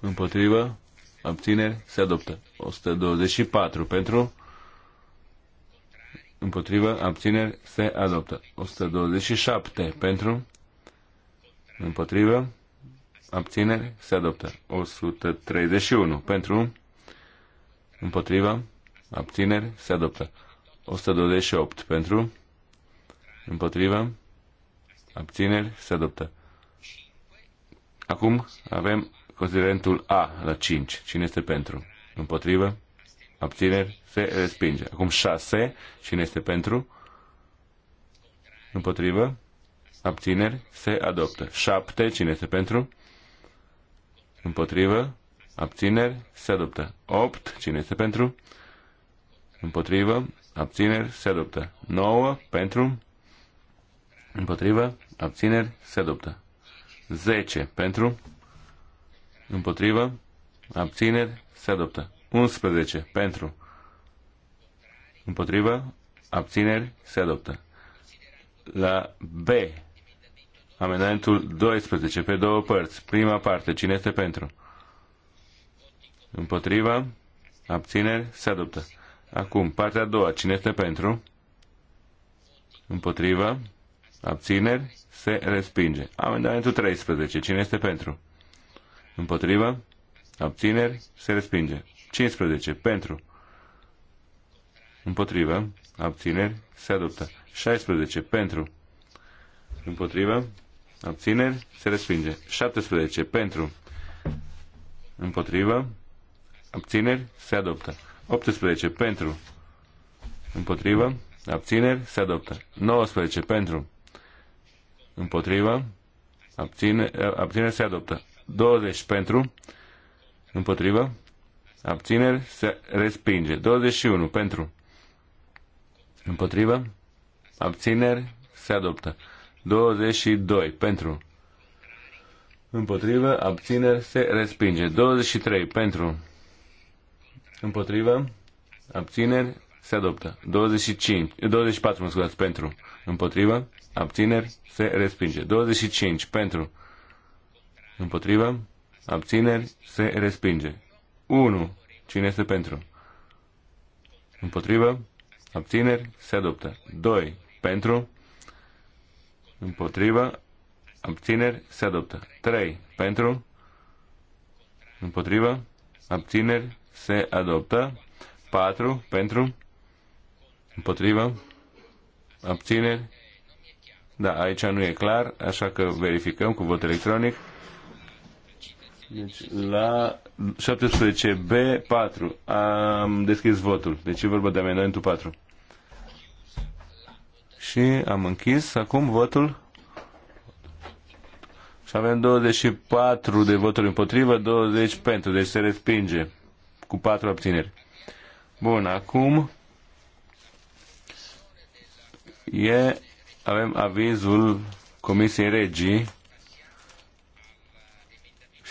Împotrivă? Abțineri? Se adoptă. 124 pentru? Împotrivă? Abțineri? Se adoptă. 127 pentru? Împotrivă? Abțineri? Se adoptă. 131 pentru? Împotrivă? Abțineri? Se adoptă. 128 pentru? Împotrivă? Abțineri? Se adoptă. Acum avem Considerentul A la 5. Cine este pentru? Împotrivă? Abțineri? Se respinge. Acum 6. Cine este pentru? Împotrivă? Abțineri? Se adoptă. 7. Cine este pentru? Împotrivă? Abțineri? Se adoptă. 8. Cine este pentru? Împotrivă? Abțineri? Se adoptă. 9. Pentru? Împotrivă? Abțineri? Se adoptă. 10. Pentru? Împotrivă. Abțineri. Se adoptă. 11. Pentru. Împotrivă. Abțineri. Se adoptă. La B. Amendamentul 12 pe două părți. Prima parte. Cine este pentru? Împotrivă? Abțineri. Se adoptă. Acum, partea a doua. Cine este pentru? Împotrivă? Abțineri. Se respinge. Amendamentul 13. Cine este pentru? Împotrivă? Abțineri? Se respinge. 15. Pentru. Împotrivă? Abțineri? Se adoptă. 16. Pentru. Împotrivă? Abțineri? Se respinge. 17. Pentru. Împotrivă? Abțineri? Se adoptă. 18. Pentru. Împotrivă? Abțineri? Se adoptă. 19. Pentru. Împotrivă? Abține, abține Se adoptă. 20 pentru, împotrivă, abțineri, se respinge. 21 pentru, împotrivă, abțineri, se adoptă. 22 pentru, împotrivă, abțineri, se respinge. 23 pentru, împotrivă, abțineri, se adoptă. 25, 24, mă scuzați, pentru, împotrivă, abțineri, se respinge. 25 pentru, Împotrivă? Abțineri? Se respinge. 1. Cine este pentru? Împotrivă? Abțineri? Se adoptă. 2. Pentru? Împotrivă? Abțineri? Se adoptă. 3. Pentru? Împotrivă? Abțineri? Se adoptă. 4. Pentru? Împotrivă? Abțineri? Da, aici nu e clar, așa că verificăm cu vot electronic. Deci, la 17B4 am deschis votul. Deci e vorba de amendamentul 4. Și am închis acum votul. Și avem 24 de voturi împotrivă, 20 pentru. Deci se respinge cu 4 abțineri. Bun, acum e, avem avizul Comisiei Regii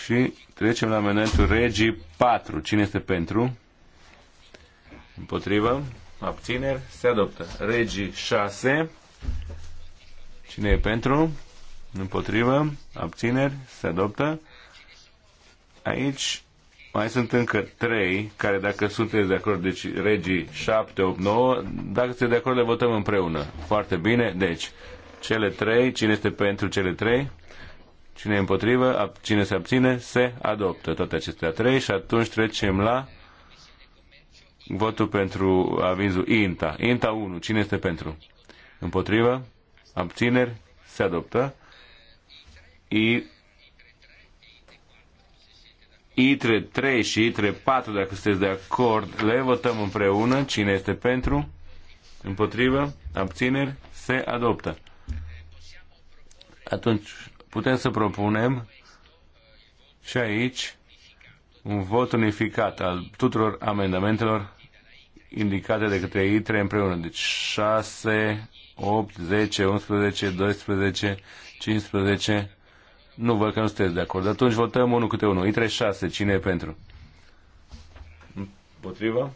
și trecem la amendamentul regii 4. Cine este pentru? Împotrivă? Abțineri? Se adoptă. Regii 6. Cine e pentru? Împotrivă? Abțineri? Se adoptă. Aici mai sunt încă 3 care, dacă sunteți de acord, deci regii 7, 8, 9, dacă sunteți de acord, le votăm împreună. Foarte bine. Deci, cele 3, cine este pentru cele 3? Cine e împotrivă, cine se abține, se adoptă toate acestea trei și atunci trecem la votul pentru avizul INTA. INTA 1. Cine este pentru? Împotrivă? Abțineri? Se adoptă. I ITRE 3 și ITRE 4, dacă sunteți de acord, le votăm împreună. Cine este pentru? Împotrivă? Abțineri? Se adoptă. Atunci putem să propunem și aici un vot unificat al tuturor amendamentelor indicate de către ei trei împreună. Deci 6, 8, 10, 11, 12, 15. Nu văd că nu sunteți de acord. Atunci votăm unul câte unul. ITRE 6. Cine e pentru? Împotrivă?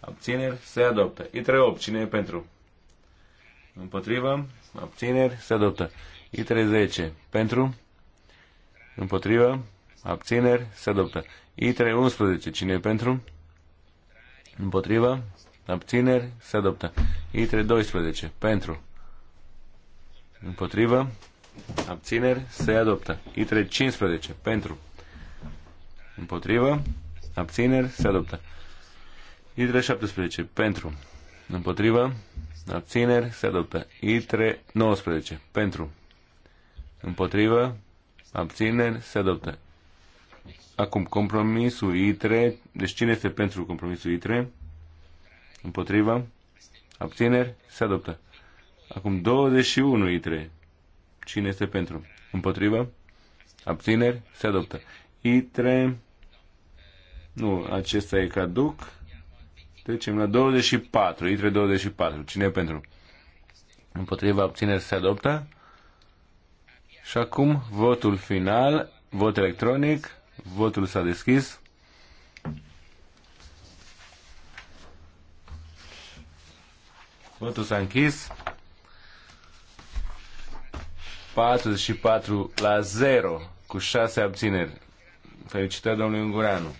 Abțineri? Se adoptă. ITRE 8. Cine e pentru? Împotrivă? Abțineri? Se adoptă i 30 pentru, împotrivă, abțineri, se adoptă. I311 cine e pentru, împotrivă, abțineri, se adoptă. I312 pentru, împotrivă, abțineri, se adoptă. I315 pentru, împotrivă, abțineri, se adoptă. I317 pentru, împotrivă, Abțineri se adoptă. I319. Pentru. Împotrivă? Abțineri? Se adoptă. Acum, compromisul I3. Deci cine este pentru compromisul I3? I3? Împotrivă? Abțineri? Se adoptă. Acum 21 I3. Cine este pentru? Împotrivă? Abțineri? Se adoptă. I3. Nu, acesta e caduc. Trecem la 24. I3 24. Cine e pentru? Împotrivă? Abțineri? Se adoptă. Și acum votul final, vot electronic, votul s-a deschis. Votul s-a închis. 44 la 0 cu 6 abțineri. Felicitări domnului Ungureanu.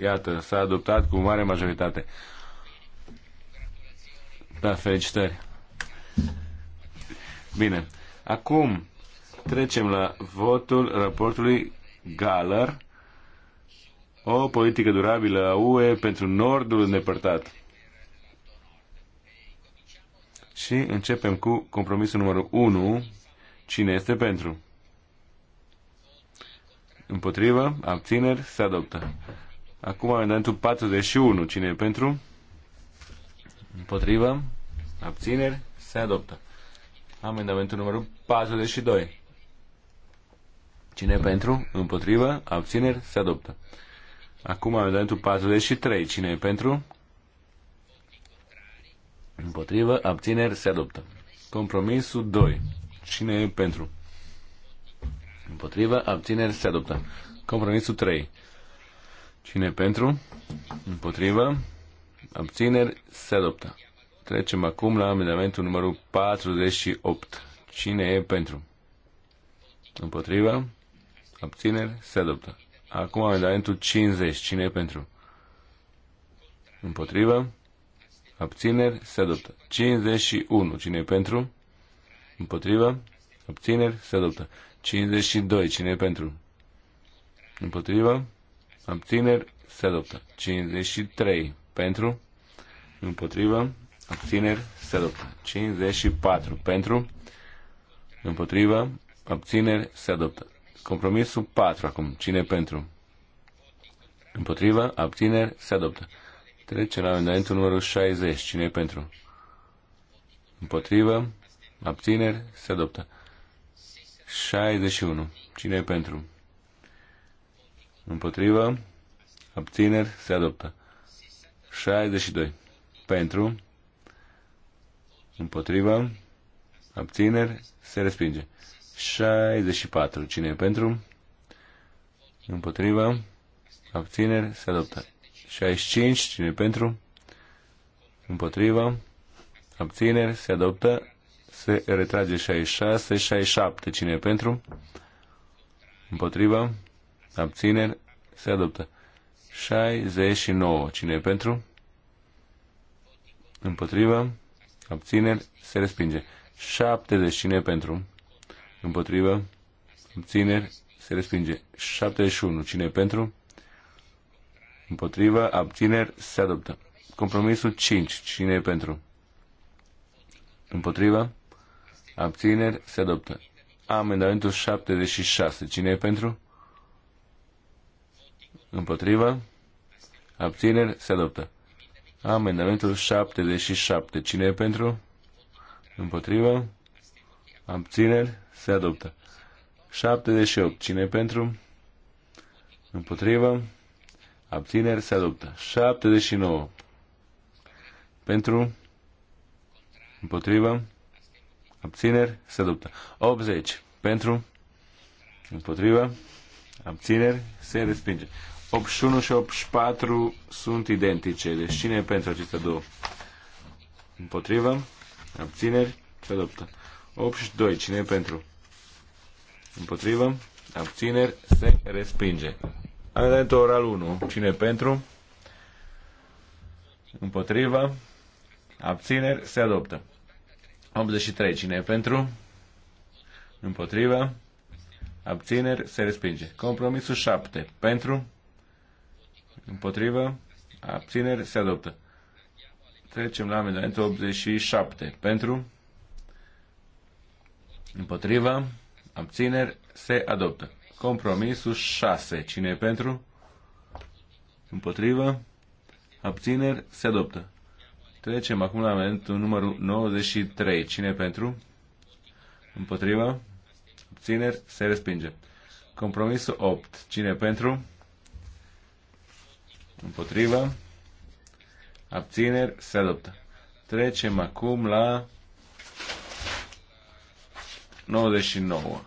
Iată, s-a adoptat cu mare majoritate. Da, felicitări. Bine. Acum, Trecem la votul raportului Galar, o politică durabilă a UE pentru Nordul îndepărtat. Și începem cu compromisul numărul 1. Cine este pentru? Împotrivă, abțineri, se adoptă. Acum amendamentul 41. Cine e pentru? Împotrivă, abțineri, se adoptă. Amendamentul numărul 42. Cine pentru? Împotrivă? Abțineri? Se adoptă. Acum amendamentul 43. Cine e pentru? Împotrivă? Abțineri? Se adoptă. Compromisul 2. Cine e pentru? Împotrivă? Abțineri? Se adoptă. Compromisul 3. Cine e pentru? Împotrivă? Abțineri? Se adoptă. Trecem acum la amendamentul numărul 48. Cine e pentru? Împotrivă? Abțineri? Se adoptă. Acum amendamentul 50. Cine e pentru? Împotrivă? Abțineri? Se adoptă. 51. Cine e pentru? Împotrivă? Abțineri? Se adoptă. 52. Cine e pentru? Împotrivă? Abțineri? Se adoptă. 53. Pentru? Împotrivă? Abțineri? Se adoptă. 54. Pentru? Împotrivă? Abțineri? Se adoptă. Compromisul 4 acum. Cine pentru? Împotriva, abțineri, se adoptă. Trece la amendamentul numărul 60. Cine pentru? Împotrivă, abțineri, se adoptă. 61. Cine pentru? Împotrivă, abțineri, se adoptă. 62. Pentru, împotrivă, abțineri, se respinge. 64. Cine e pentru? Împotrivă. Abțineri. Se adoptă. 65. Cine e pentru? Împotrivă. Abțineri. Se adoptă. Se retrage 66. 67. Cine e pentru? Împotrivă. Abțineri. Se adoptă. 69. Cine e pentru? Împotrivă. Abțineri. Se respinge. 70. Cine e pentru? Împotrivă. Abțineri. Se respinge. 71. Cine pentru? Împotrivă. Abțineri. Se adoptă. Compromisul 5. Cine e pentru? Împotrivă. Abțineri. Se adoptă. Amendamentul 76. Cine e pentru? Împotrivă. Abțineri. Se adoptă. Amendamentul 77. Cine e pentru? Împotrivă. Abțineri? Se adoptă. 78. Cine pentru? Împotrivă? Abțineri? Se adoptă. 79. Pentru? Împotrivă? Abțineri? Se adoptă. 80. Pentru? Împotrivă? Abțineri? Se respinge. 81 și 84 sunt identice. Deci cine e pentru aceste două? Împotrivă? Abțineri? Se adoptă. 82. Cine e pentru? Împotrivă? Abțineri? Se respinge. Amendamentul oral 1. Cine e pentru? Împotrivă? Abțineri? Se adoptă. 83. Cine e pentru? Împotrivă? Abțineri? Se respinge. Compromisul 7. Pentru? Împotrivă? Abțineri? Se adoptă. Trecem la amendamentul 87. Pentru? Împotriva. Abțineri. Se adoptă. Compromisul 6. Cine e pentru? Împotriva, Abțineri. Se adoptă. Trecem acum la amendamentul numărul 93. Cine e pentru? Împotriva, Abțineri. Se respinge. Compromisul 8. Cine e pentru? Împotriva, Abțineri. Se adoptă. Trecem acum la 99.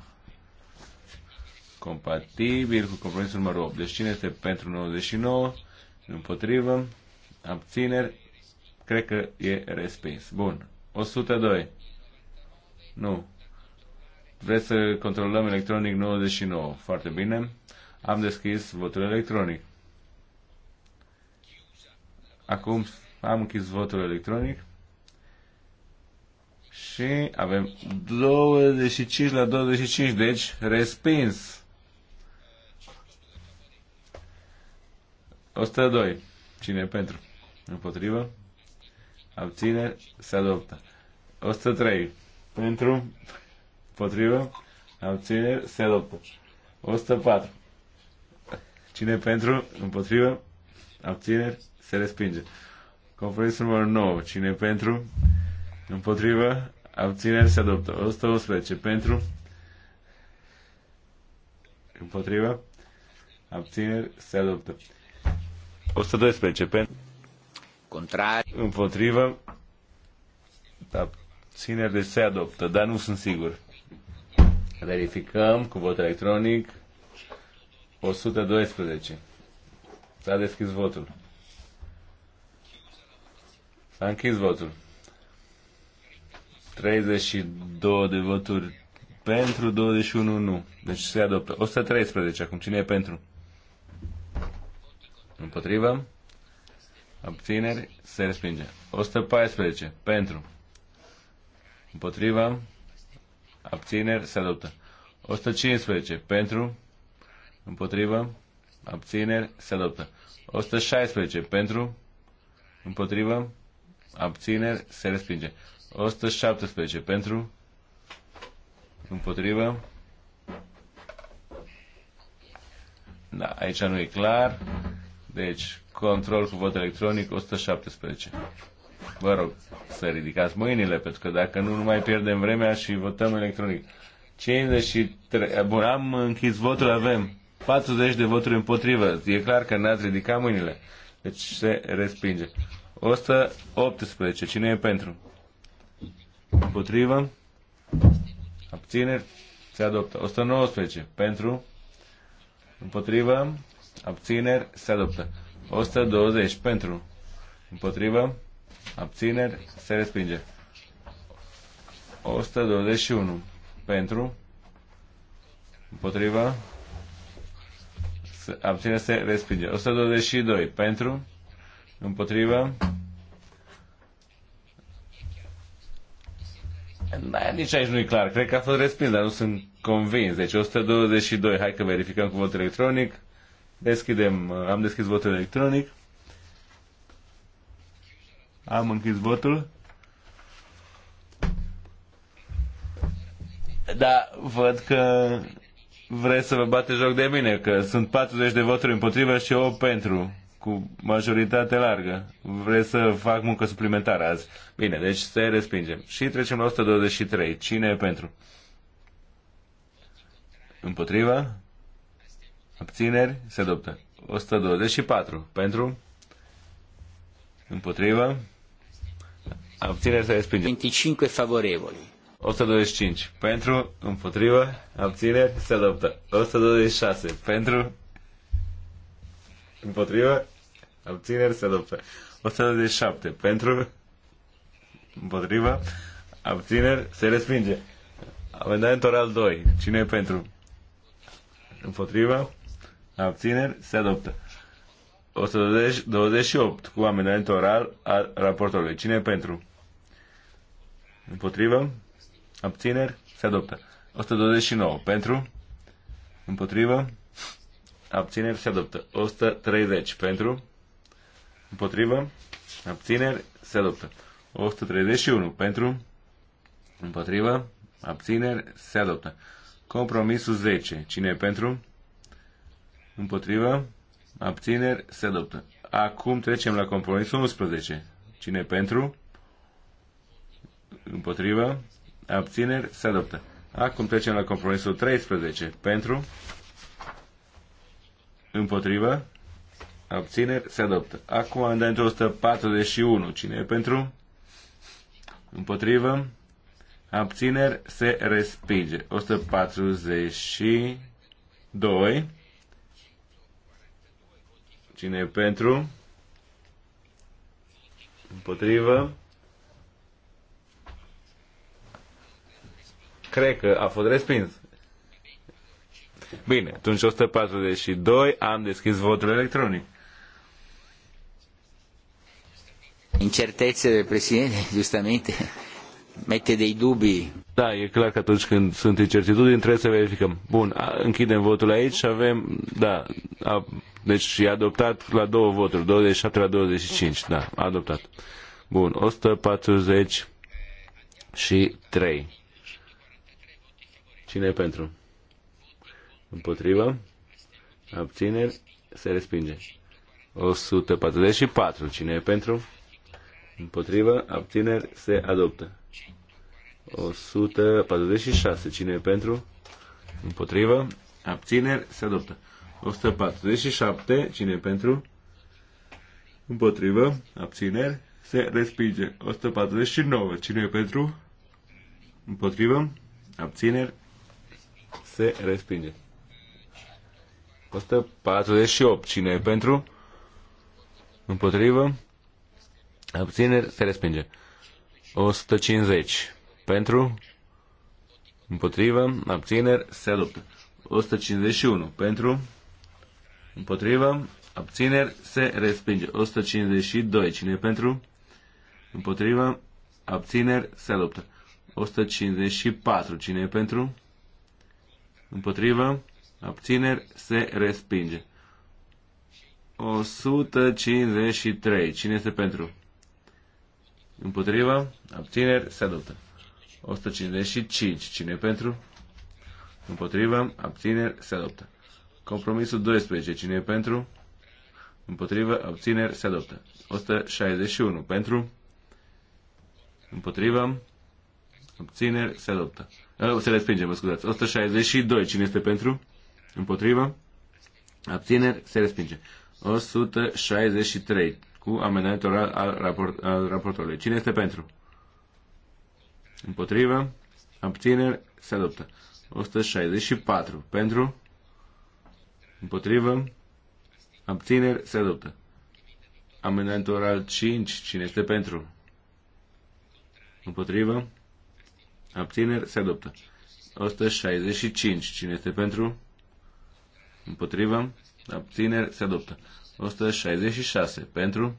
Compatibil cu compromisul numărul 8. Deci cine este pentru 99? Împotrivă? Abțineri? Cred că e respins. Bun. 102. Nu. Vreți să controlăm electronic 99. Foarte bine. Am deschis votul electronic. Acum am închis votul electronic. Și avem 25 la 25, deci respins. 102. Cine e pentru? Împotrivă? Abține, Se adoptă. 103. Pentru? Împotrivă? abține, Se adoptă. 104. Cine e pentru? Împotrivă? abține, Se respinge. Compromisul numărul 9. Cine e pentru? Împotrivă. Abțineri se adoptă. 111 pentru. Împotrivă. Abțineri se adoptă. 112 pentru. Contrar. Împotrivă. Abțineri de deci se adoptă, dar nu sunt sigur. Verificăm cu vot electronic. 112. S-a deschis votul. S-a închis votul. 32 de voturi pentru, 21 nu. Deci se adoptă. 113 acum. Cine e pentru? Împotrivă? Abțineri? Se respinge. 114 pentru. Împotrivă? Abțineri? Se adoptă. 115 pentru. Împotrivă? Abțineri? Se adoptă. 116 pentru. Împotrivă? Abțineri? Se respinge. 117 pentru, împotrivă. Da, aici nu e clar. Deci, control cu vot electronic 117. Vă rog să ridicați mâinile, pentru că dacă nu, nu mai pierdem vremea și votăm electronic. 53. Bun, am închis votul, avem 40 de voturi împotrivă. E clar că n-ați ridicat mâinile. Deci se respinge. 118. Cine e pentru? Împotrivă. Abțineri. Se adoptă. 119. Pentru. Împotrivă. Abțineri. Se adoptă. 120. Pentru. Împotrivă. Abțineri. Se respinge. 121. Pentru. Împotrivă. Abține se respinge. 122. Pentru. Împotrivă. Da, nici aici nu e clar. Cred că a fost respins, dar nu sunt convins. Deci 122. Hai că verificăm cu vot electronic. Deschidem. Uh, am deschis votul electronic. Am închis votul. Da, văd că vreți să vă bate joc de mine, că sunt 40 de voturi împotrivă și 8 pentru cu majoritate largă. Vreți să fac muncă suplimentară azi. Bine, deci se respingem. Și trecem la 123. Cine e pentru? Împotriva? Abțineri? Se adoptă. 124. Pentru? Împotriva? Abțineri se respinge. 25 favorevoli. 125. Pentru? Împotriva? Abțineri? Se adoptă. 126. Pentru? Împotriva? Abțineri se adoptă. 197 pentru. Împotriva. Abțineri se respinge. Amendament oral 2. Cine e pentru? Împotriva. Abțineri se adoptă. 128 cu amendament oral al raportului. Cine e pentru? Împotrivă? Abțineri? Se adoptă. 129 pentru? Împotrivă? Abțineri? Se adoptă. 130 pentru? Împotrivă. Abțineri. Se adoptă. 131 pentru. Împotrivă. Abțineri. Se adoptă. Compromisul 10. Cine e pentru? Împotrivă. Abțineri. Se adoptă. Acum trecem la compromisul 11. Cine e pentru? Împotrivă. Abțineri. Se adoptă. Acum trecem la compromisul 13. Pentru? Împotrivă? Abțineri se adoptă. Acum am dat 141. Cine e pentru? Împotrivă? Abțineri se respinge. 142. Cine e pentru? Împotrivă? Cred că a fost respins. Bine, atunci 142 am deschis votul electronic. Incertezze del Presidente, giustamente, mette dei dubbi. Da, e clar că atunci când sunt incertitudini trebuie să verificăm. Bun, închidem votul aici și avem, da, a, deci e adoptat la două voturi, 27 la 25, da, adoptat. Bun, 140 și 3. Cine e pentru? Împotrivă? Abțineri? Se respinge. 144. Cine e pentru? Împotrivă, abțineri, se adoptă. 146. Cine e pentru? Împotrivă, abțineri, se adoptă. 147. Cine e pentru? Împotrivă, abțineri, se respinge. 149. Cine e pentru? Împotrivă, abțineri, se respinge. 148. Cine e pentru? Împotrivă, Abțineri se respinge. 150 pentru, împotrivă, abțineri se adoptă. 151 pentru, împotrivă, abțineri se respinge. 152 cine pentru, împotrivă, abțineri se adoptă. 154 cine e pentru, împotrivă, abțineri se respinge. 153 cine este pentru? Împotrivă? Abțineri? Se adoptă. 155. Cine pentru? Împotrivă? Abțineri? Se adoptă. Compromisul 12. Cine e pentru? Împotrivă? Abțineri? Se adoptă. 161. Pentru? Împotrivă? Abțineri? Se adoptă. Uh, se respinge, mă scuzați. 162. Cine este pentru? Împotrivă? Abțineri? Se respinge. 163 cu amendamentul oral al, raport, al raportului. Cine este pentru? Împotrivă? Abțineri? Se adoptă. 164. Pentru? Împotrivă? Abțineri? Se adoptă. Amendamentul oral 5. Cine este pentru? Împotrivă? Abțineri? Se adoptă. 165. Cine este pentru? Împotrivă? Abțineri? Se adoptă. 166 pentru,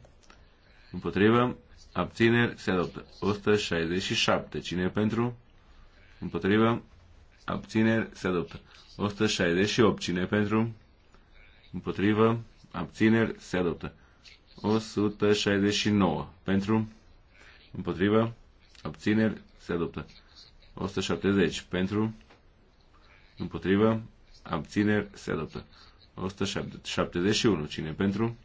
împotrivă, abțineri, se adoptă. 167, cine e pentru, împotrivă, abțineri, se adoptă. 168, cine e pentru, împotrivă, abțineri, se adoptă. 169 pentru, împotrivă, abțineri, se adoptă. 170 pentru, împotrivă, abțineri, se adoptă. 171. Cine pentru?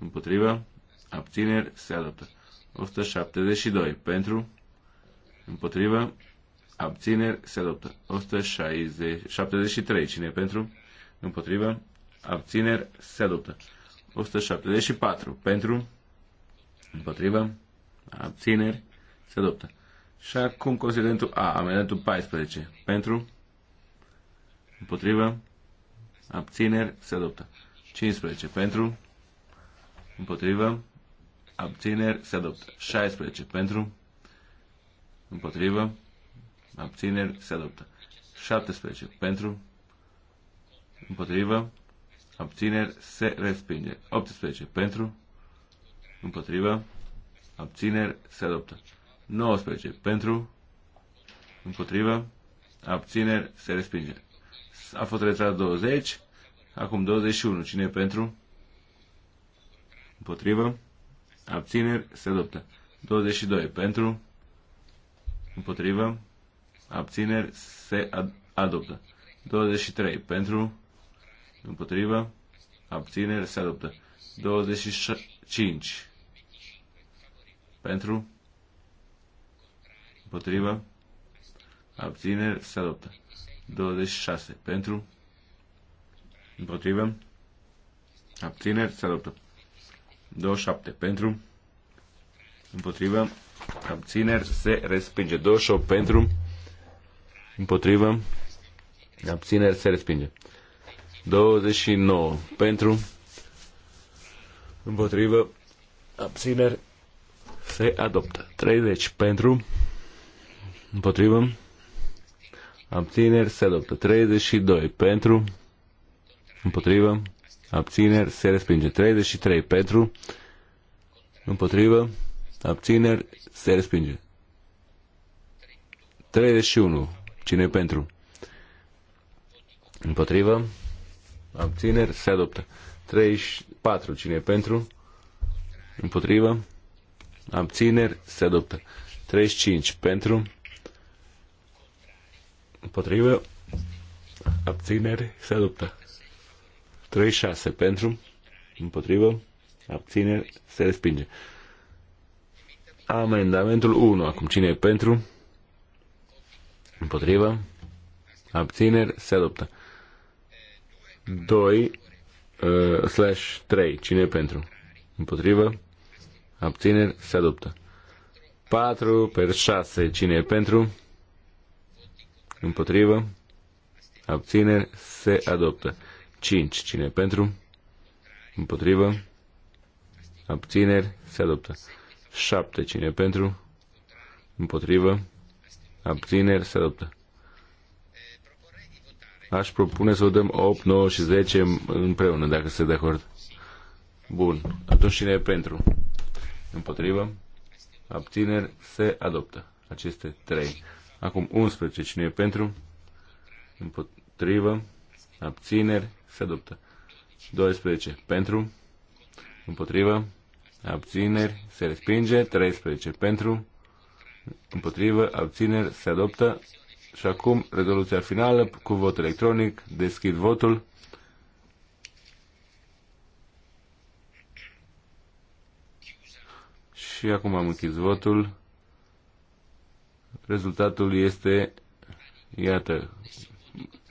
Împotriva. Abțineri. Se adoptă. 172. Pentru. Împotriva. Abțineri. Se adoptă. 173. Cine pentru? Împotriva. Abțineri. Se adoptă. 174. Pentru. Împotriva. Abțineri. Se adoptă. Și acum considerentul A, amendamentul 14. Pentru. Împotriva. Abțineri se adoptă. 15 pentru. Împotrivă. Abțineri se adoptă. 16 pentru. Împotrivă. Abțineri se adoptă. 17 pentru. Împotrivă. Abțineri se respinge. 18 pentru. Împotrivă. Abțineri se adoptă. 19 pentru. Împotrivă. Abțineri se respinge a fost retras 20, acum 21. Cine e pentru? Împotrivă. Abțineri se adoptă. 22 pentru. Împotrivă. Abțineri se ad- adoptă. 23 pentru. Împotrivă. Abțineri se adoptă. 25 pentru. Împotrivă. Abțineri se adoptă. 26. Pentru? Împotrivă? Abțineri? Se adoptă. 27. Pentru? Împotrivă? Abțineri? Se respinge. 28. Pentru? Împotrivă? Abțineri? Se respinge. 29. Pentru? Împotrivă? Abțineri? Se adoptă. 30. Pentru? Împotrivă? abțineri se adoptă. 32 pentru, împotrivă, abțineri se respinge. 33 pentru, împotrivă, abțineri se respinge. 31. Cine pentru? Împotrivă, abțineri se adoptă. 34. Cine pentru? Împotrivă, abțineri se adoptă. 35 pentru, Împotrivă. Abțineri. Se adoptă. 36 pentru. Împotrivă. Abțineri. Se respinge. Amendamentul 1. Acum cine e pentru? Împotrivă. Abțineri. Se adoptă. 2 uh, slash 3. Cine e pentru? Împotrivă. Abțineri. Se adoptă. 4 per 6. Cine e pentru? Împotrivă. Abțineri. Se adoptă. 5. Cine pentru? Împotrivă. Abțineri. Se adoptă. 7. Cine pentru? Împotrivă. Abțineri. Se adoptă. Aș propune să o dăm 8, 9 și 10 împreună, dacă se de acord. Bun. Atunci cine e pentru? Împotrivă? Abțineri? Se adoptă. Aceste trei. Acum 11. Cine e pentru? Împotrivă. Abțineri. Se adoptă. 12. Pentru. Împotrivă. Abțineri. Se respinge. 13. Pentru. Împotrivă. Abțineri. Se adoptă. Și acum rezoluția finală cu vot electronic. Deschid votul. Și acum am închis votul rezultatul este, iată,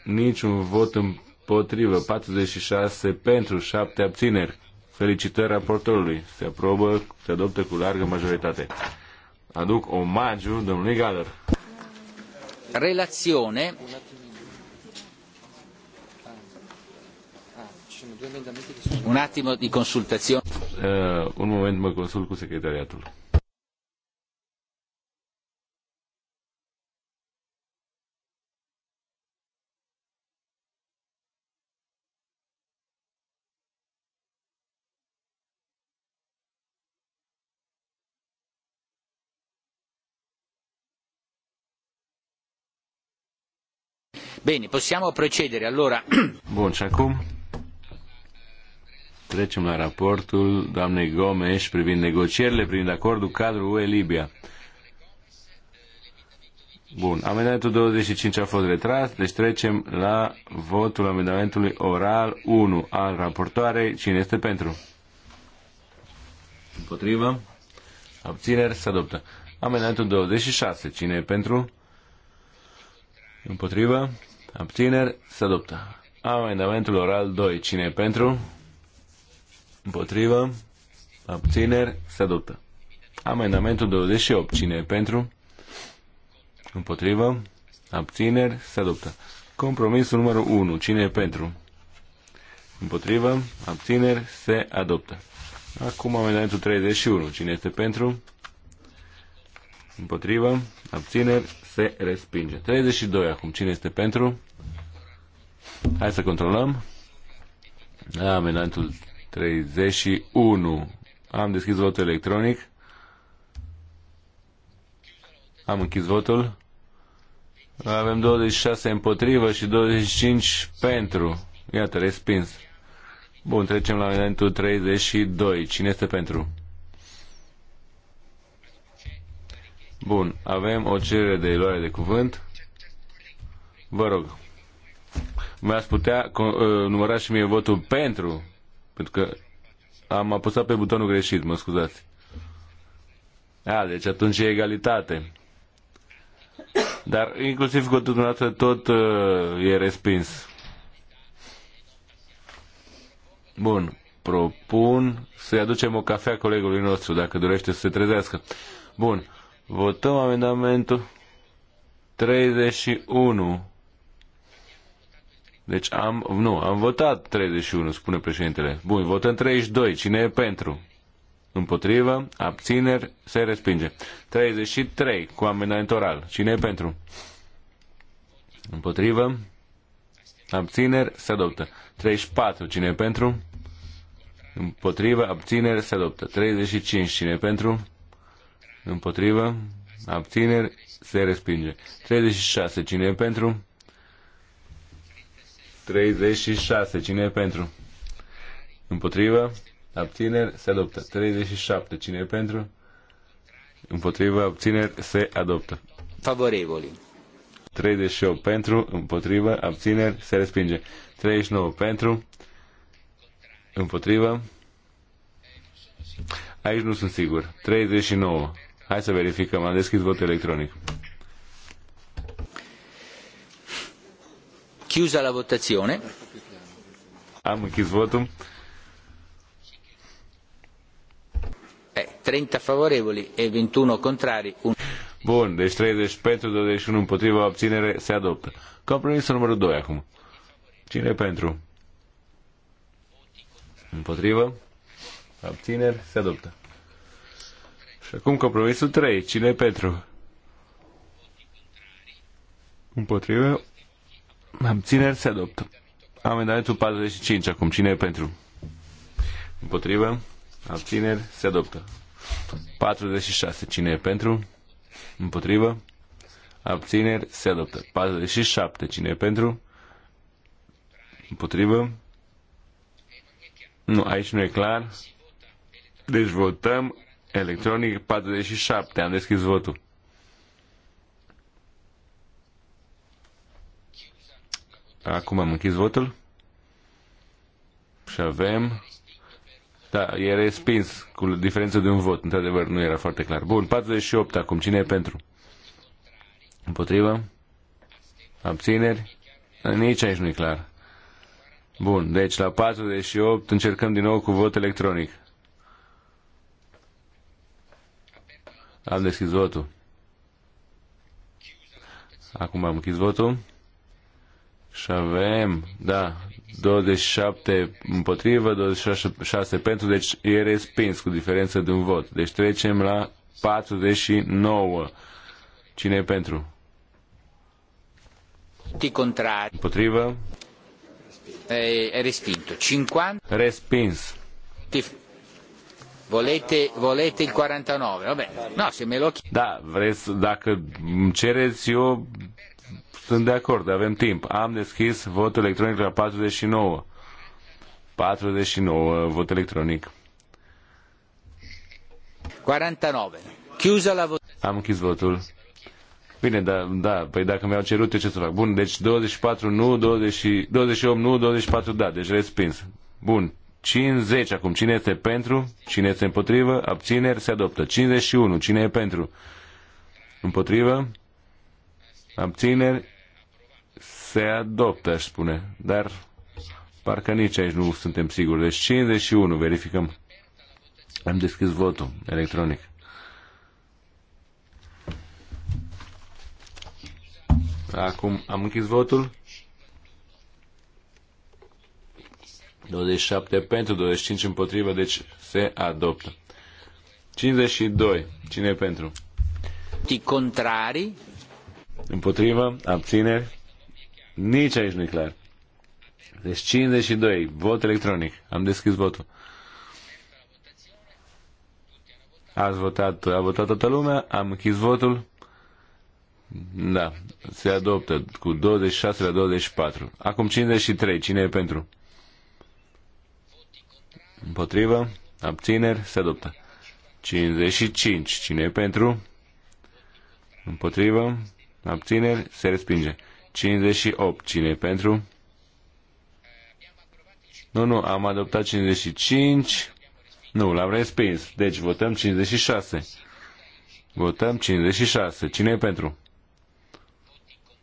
niciun vot împotrivă, 46 pentru, 7 abțineri. Felicitări raportorului. Se aprobă, se adoptă cu largă majoritate. Aduc omagiu domnului Galer. Relazione. Un attimo di consultazione. Uh, un moment mă consult cu secretariatul. Bine, possiamo procedere allora. Bun, și acum trecem la raportul doamnei Gomes privind negocierile privind acordul cadru UE-Libia. Bun, amendamentul 25 a fost retras, deci trecem la votul amendamentului oral 1 al raportoarei. Cine este pentru? Împotrivă? Abțineri? Se adoptă. Amendamentul 26. Cine e pentru? Împotrivă? Abțineri. Se adoptă. Amendamentul oral 2. Cine e pentru? Împotrivă. Abțineri. Se adoptă. Amendamentul 28. Cine e pentru? Împotrivă. Abțineri. Se adoptă. Compromisul numărul 1. Cine e pentru? Împotrivă. Abțineri. Se adoptă. Acum amendamentul 31. Cine este pentru? Împotrivă. Abțineri se respinge. 32 acum. Cine este pentru? Hai să controlăm. Amendamentul 31. Am deschis votul electronic. Am închis votul. Avem 26 împotrivă și 25 pentru. Iată, respins. Bun, trecem la amendamentul 32. Cine este pentru? Bun, avem o cerere de luare de cuvânt. Vă rog, mi-ați putea ă, număra și mie votul pentru, pentru că am apăsat pe butonul greșit, mă scuzați. A, deci atunci e egalitate. Dar inclusiv cu dumneavoastră tot uh, e respins. Bun, propun să-i aducem o cafea colegului nostru, dacă dorește să se trezească. Bun. Votăm amendamentul 31. Deci am, nu, am votat 31, spune președintele. Bun, votăm 32. Cine e pentru? Împotrivă, abțineri, se respinge. 33, cu amendament oral. Cine e pentru? Împotrivă, abțineri, se adoptă. 34, cine e pentru? Împotrivă, abțineri, se adoptă. 35, cine e pentru? Împotrivă. Abțineri. Se respinge. 36. Cine e pentru? 36. Cine e pentru? Împotrivă. Abțineri. Se adoptă. 37. Cine e pentru? Împotrivă. Abțineri. Se adoptă. Favorevoli. 38 pentru, împotrivă, abțineri, se respinge. 39 pentru, împotrivă. Aici nu sunt sigur. 39. Hai să verificăm. Am deschis votul electronic. Chiusa la votazione. Am închis votul. Eh, 30 favorevoli e 21 contrari. Un... Bun, deci 30 pentru, 21 împotriva, obținere, se adoptă. Compromisul numărul 2 acum. Cine pentru? Împotrivă? Abțineri? Se adoptă. Și acum compromisul 3. Cine e pentru? Împotrivă. țineri se adoptă. Amendamentul 45 acum. Cine e pentru? Împotrivă. Abțineri se adoptă. 46. Cine e pentru? Împotrivă. Abțineri se adoptă. 47. Cine e pentru? Împotrivă. Nu, aici nu e clar. Deci votăm electronic 47. Am deschis votul. Acum am închis votul. Și avem... Da, e respins cu diferență de un vot. Într-adevăr, nu era foarte clar. Bun, 48 acum. Cine e pentru? Împotrivă? Abțineri? Nici aici nu e clar. Bun, deci la 48 încercăm din nou cu vot electronic. Am deschis votul. Acum am închis votul. Și avem, da, 27 împotrivă, 26 pentru, deci e respins cu diferență de un vot. Deci trecem la 49. Cine e pentru? contrari. Împotrivă. E, respinto. 50. Respins. Volete, volete il 49? Vabbè, no, se me lo chiedi. Da, vreți, dacă îmi cereți, eu sunt de acord, avem timp. Am deschis vot electronic la 49. 49, vot electronic. 49. Chiusa la vot. Am închis votul. Bine, da, da, păi dacă mi-au cerut, eu ce să fac? Bun, deci 24 nu, 20, 28 nu, 24 da, deci respins. Bun, 50 acum. Cine este pentru? Cine este împotrivă? Abțineri se adoptă. 51. Cine e pentru? Împotrivă? Abțineri se adoptă, aș spune. Dar parcă nici aici nu suntem siguri. Deci 51. Verificăm. Am deschis votul electronic. Acum am închis votul. 27 pentru, 25 împotrivă, deci se adoptă. 52. Cine e pentru? Contrari. Împotrivă, abțineri. Nici aici nu e clar. Deci 52. Vot electronic. Am deschis votul. Ați votat, a votat toată lumea, am închis votul. Da, se adoptă cu 26 la 24. Acum 53. Cine e pentru? Împotrivă. Abțineri. Se adoptă. 55. Cine e pentru? Împotrivă. Abțineri. Se respinge. 58. Cine e pentru? Nu, nu, am adoptat 55. Nu, l-am respins. Deci votăm 56. Votăm 56. Cine e pentru?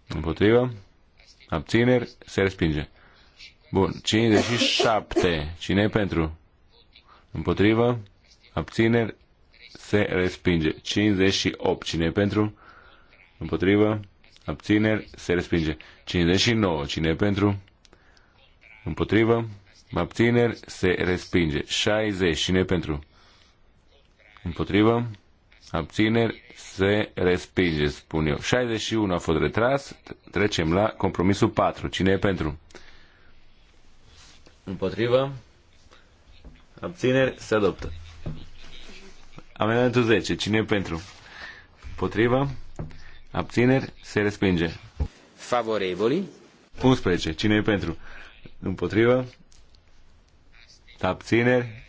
Împotrivă? Abțineri? Se respinge. Bun. 57. Cine e pentru? Împotrivă? Abțineri? Se respinge. 58. Cine e pentru? Împotrivă? Abțineri? Se respinge. 59. Cine e pentru? Împotrivă? Abțineri? Se respinge. 60. Cine e pentru? Împotrivă? Abțineri? Se respinge, spun eu. 61 a fost retras. Trecem la compromisul 4. Cine e pentru? Împotrivă? Abțineri se adoptă. Amendamentul 10. Cine e pentru? Potriva? Abțineri se respinge. Favorevoli? 11. Cine e pentru? Împotriva? Abțineri?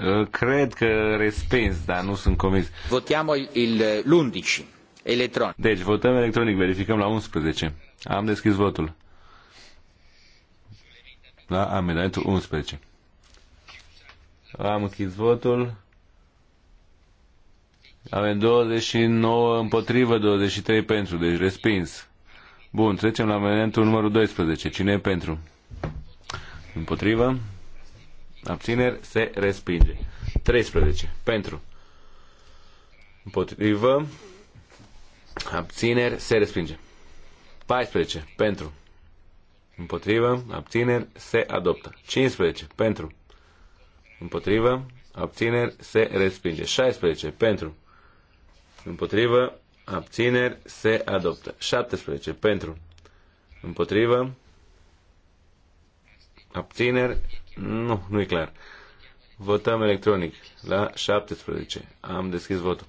Ă, cred că respins, dar nu sunt comis. Votiamo il, l'11. Electronic. Deci, votăm electronic. Verificăm la 11. Am deschis votul. La amendamentul 11. Am închis votul. Avem 29 împotrivă, 23 pentru, deci respins. Bun, trecem la amendamentul numărul 12. Cine e pentru? Împotrivă. Abțineri se respinge. 13. Pentru. Împotrivă. Abțineri se respinge. 14. Pentru. Împotrivă. Abțineri se adoptă. 15. Pentru. Împotrivă. Abțineri. Se respinge. 16. Pentru. Împotrivă. Abțineri. Se adoptă. 17. Pentru. Împotrivă. Abțineri. Nu, nu e clar. Votăm electronic la 17. Am deschis votul.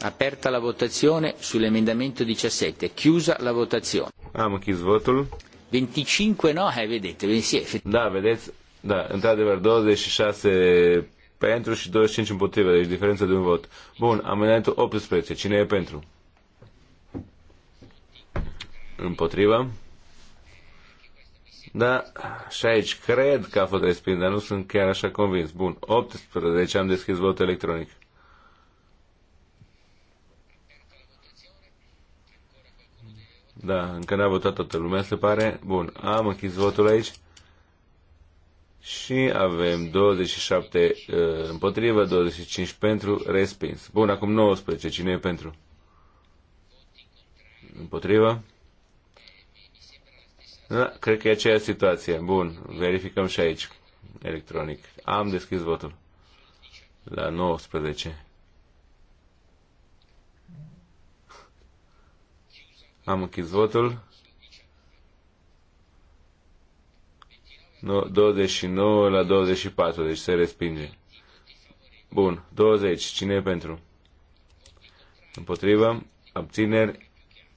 Aperta la votazione sull'emendamento 17. Chiusa la votazione. Am închis votul. 25 no, eh, vedete, sì, effettivamente. Da, vedeți, da, într-adevăr, 26 pentru și 25 împotrivă, deci diferență de un vot. Bun, amendamentul 18, cine e pentru? Împotrivă. Da, și aici cred că a fost respins, dar nu sunt chiar așa convins. Bun, 18, am deschis vot electronic. Da, încă n-a votat toată lumea, se pare. Bun, am închis votul aici. Și avem 27 uh, împotrivă, 25 pentru, respins. Bun, acum 19. Cine e pentru? Împotrivă? Da, cred că e aceeași situație. Bun, verificăm și aici, electronic. Am deschis votul. La 19. Am închis votul. 29 la 24, deci se respinge. Bun, 20. Cine e pentru? Împotrivă. Abțineri.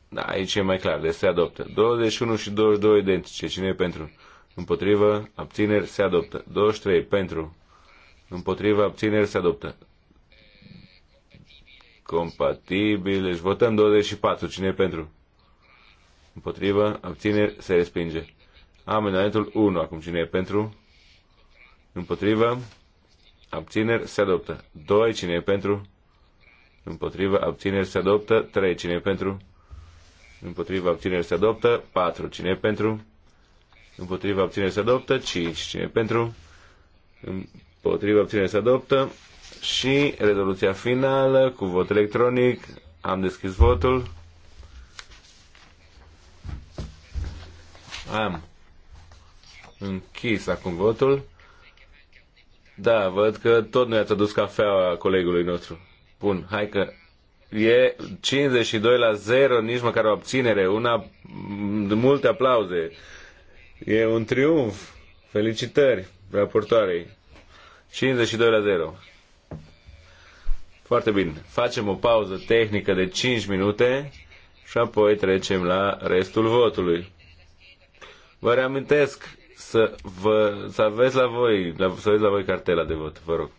Da, aici e mai clar, deci se adoptă. 21 și 22 identice. Cine e pentru? Împotrivă. Abțineri. Se adoptă. 23. Pentru. Împotrivă. Abțineri. Se adoptă. Compatibil. Deci votăm 24. Cine e pentru? Împotrivă. Abțineri. Se respinge. Amendamentul 1. Acum cine e pentru? Împotrivă. Abțineri. Se adoptă. 2. Cine e pentru? Împotrivă. Abțineri. Se adoptă. 3. Cine e pentru? Împotrivă. Abțineri. Se adoptă. 4. Cine e pentru? Împotrivă. Abțineri. Se adoptă. 5. Cine e pentru? Împotrivă. Abțineri. Se adoptă. Și rezoluția finală cu vot electronic. Am deschis votul. Am închis acum votul. Da, văd că tot nu i-ați adus cafeaua colegului nostru. Bun, hai că e 52 la 0, nici măcar o abținere, una de multe aplauze. E un triumf. Felicitări raportoarei. 52 la 0. Foarte bine. Facem o pauză tehnică de 5 minute și apoi trecem la restul votului. Vă reamintesc să, vă, să aveți la voi, la, să aveți la voi cartela de vot, vă rog.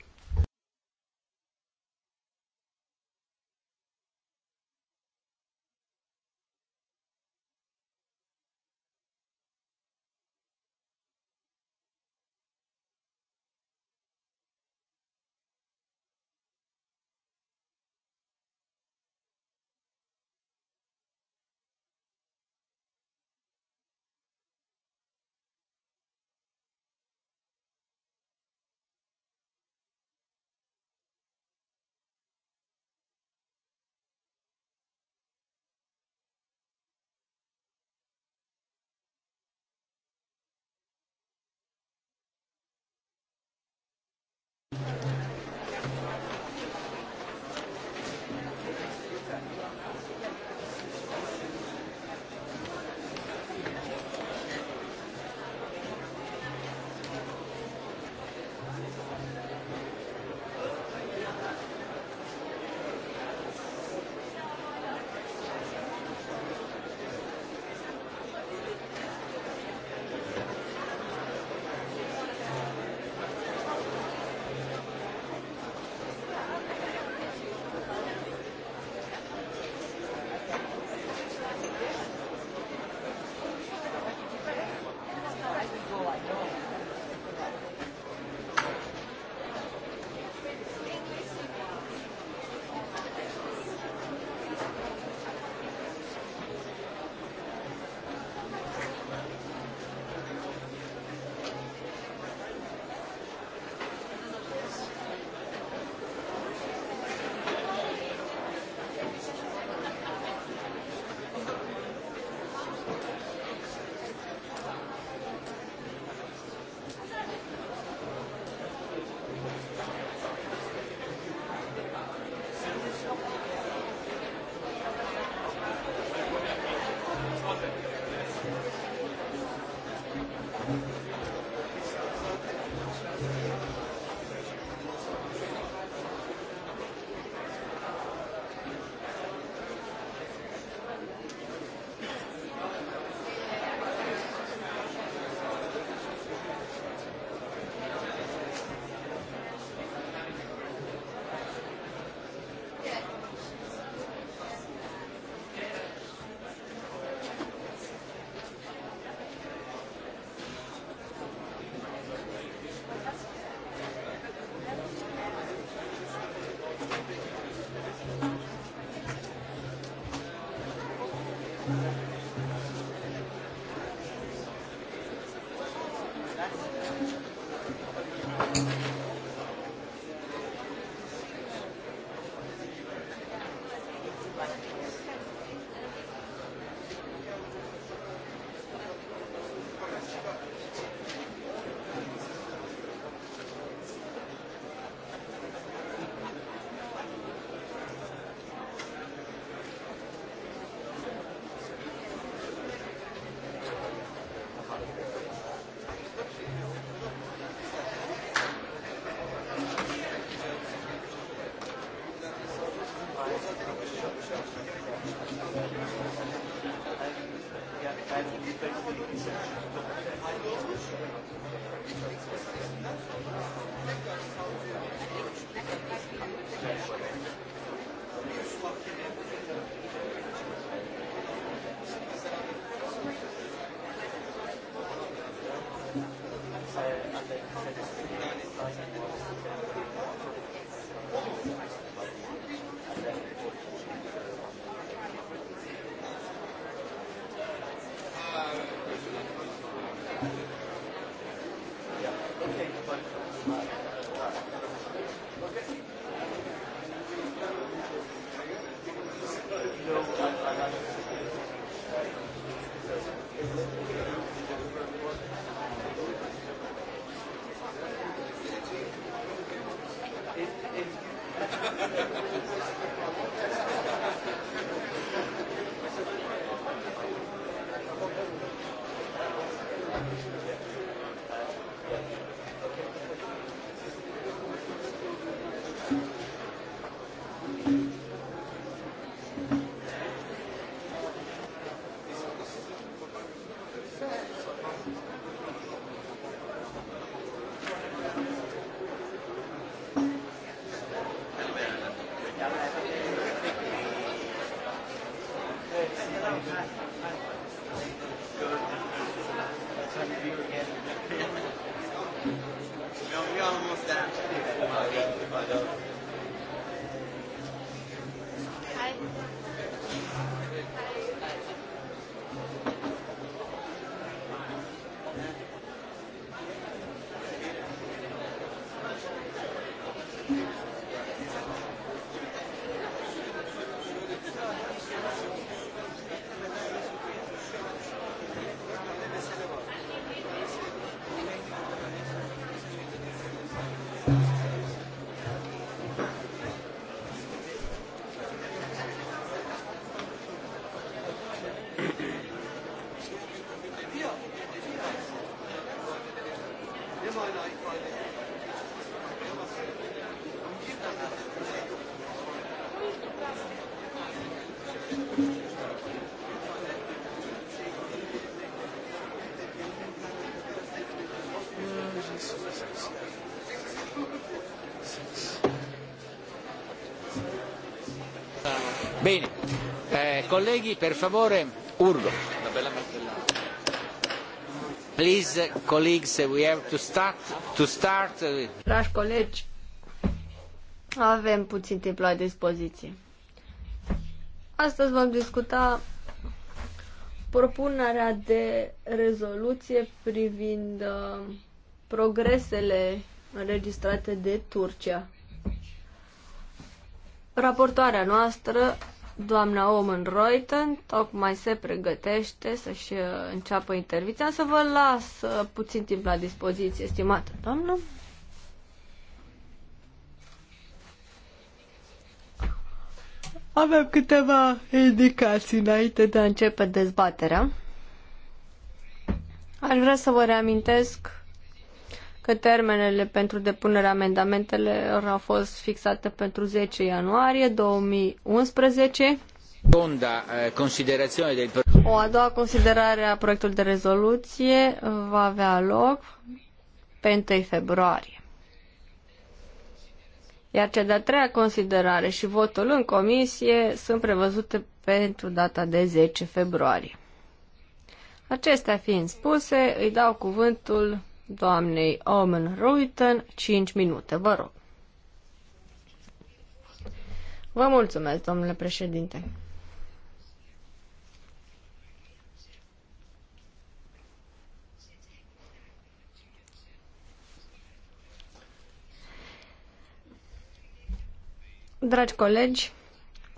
colleghi, per favore, urgo. Please, colleagues, we have to start. To start. Dragi colegi, avem puțin timp la dispoziție. Astăzi vom discuta propunerea de rezoluție privind uh, progresele înregistrate de Turcia. Raportoarea noastră Doamna Omen Reuten tocmai se pregătește să-și uh, înceapă intervenția, să vă las uh, puțin timp la dispoziție, estimată doamnă. Avem câteva indicații înainte de a începe dezbaterea. Aș vrea să vă reamintesc că termenele pentru depunerea amendamentelor au fost fixate pentru 10 ianuarie 2011. Eh, o a doua considerare a proiectului de rezoluție va avea loc pe 1 februarie. Iar cea de-a treia considerare și votul în comisie sunt prevăzute pentru data de 10 februarie. Acestea fiind spuse, îi dau cuvântul doamnei Omen Ruiten, 5 minute, vă rog. Vă mulțumesc, domnule președinte. Dragi colegi,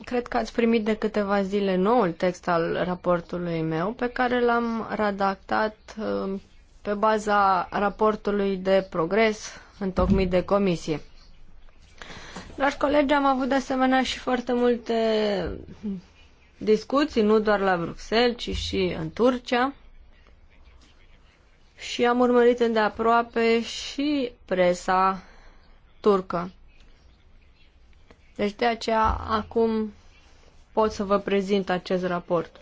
cred că ați primit de câteva zile noul text al raportului meu pe care l-am redactat uh, pe baza raportului de progres întocmit de comisie. Dragi colegi, am avut de asemenea și foarte multe discuții, nu doar la Bruxelles, ci și în Turcia. Și am urmărit îndeaproape și presa turcă. Deci de aceea acum pot să vă prezint acest raport.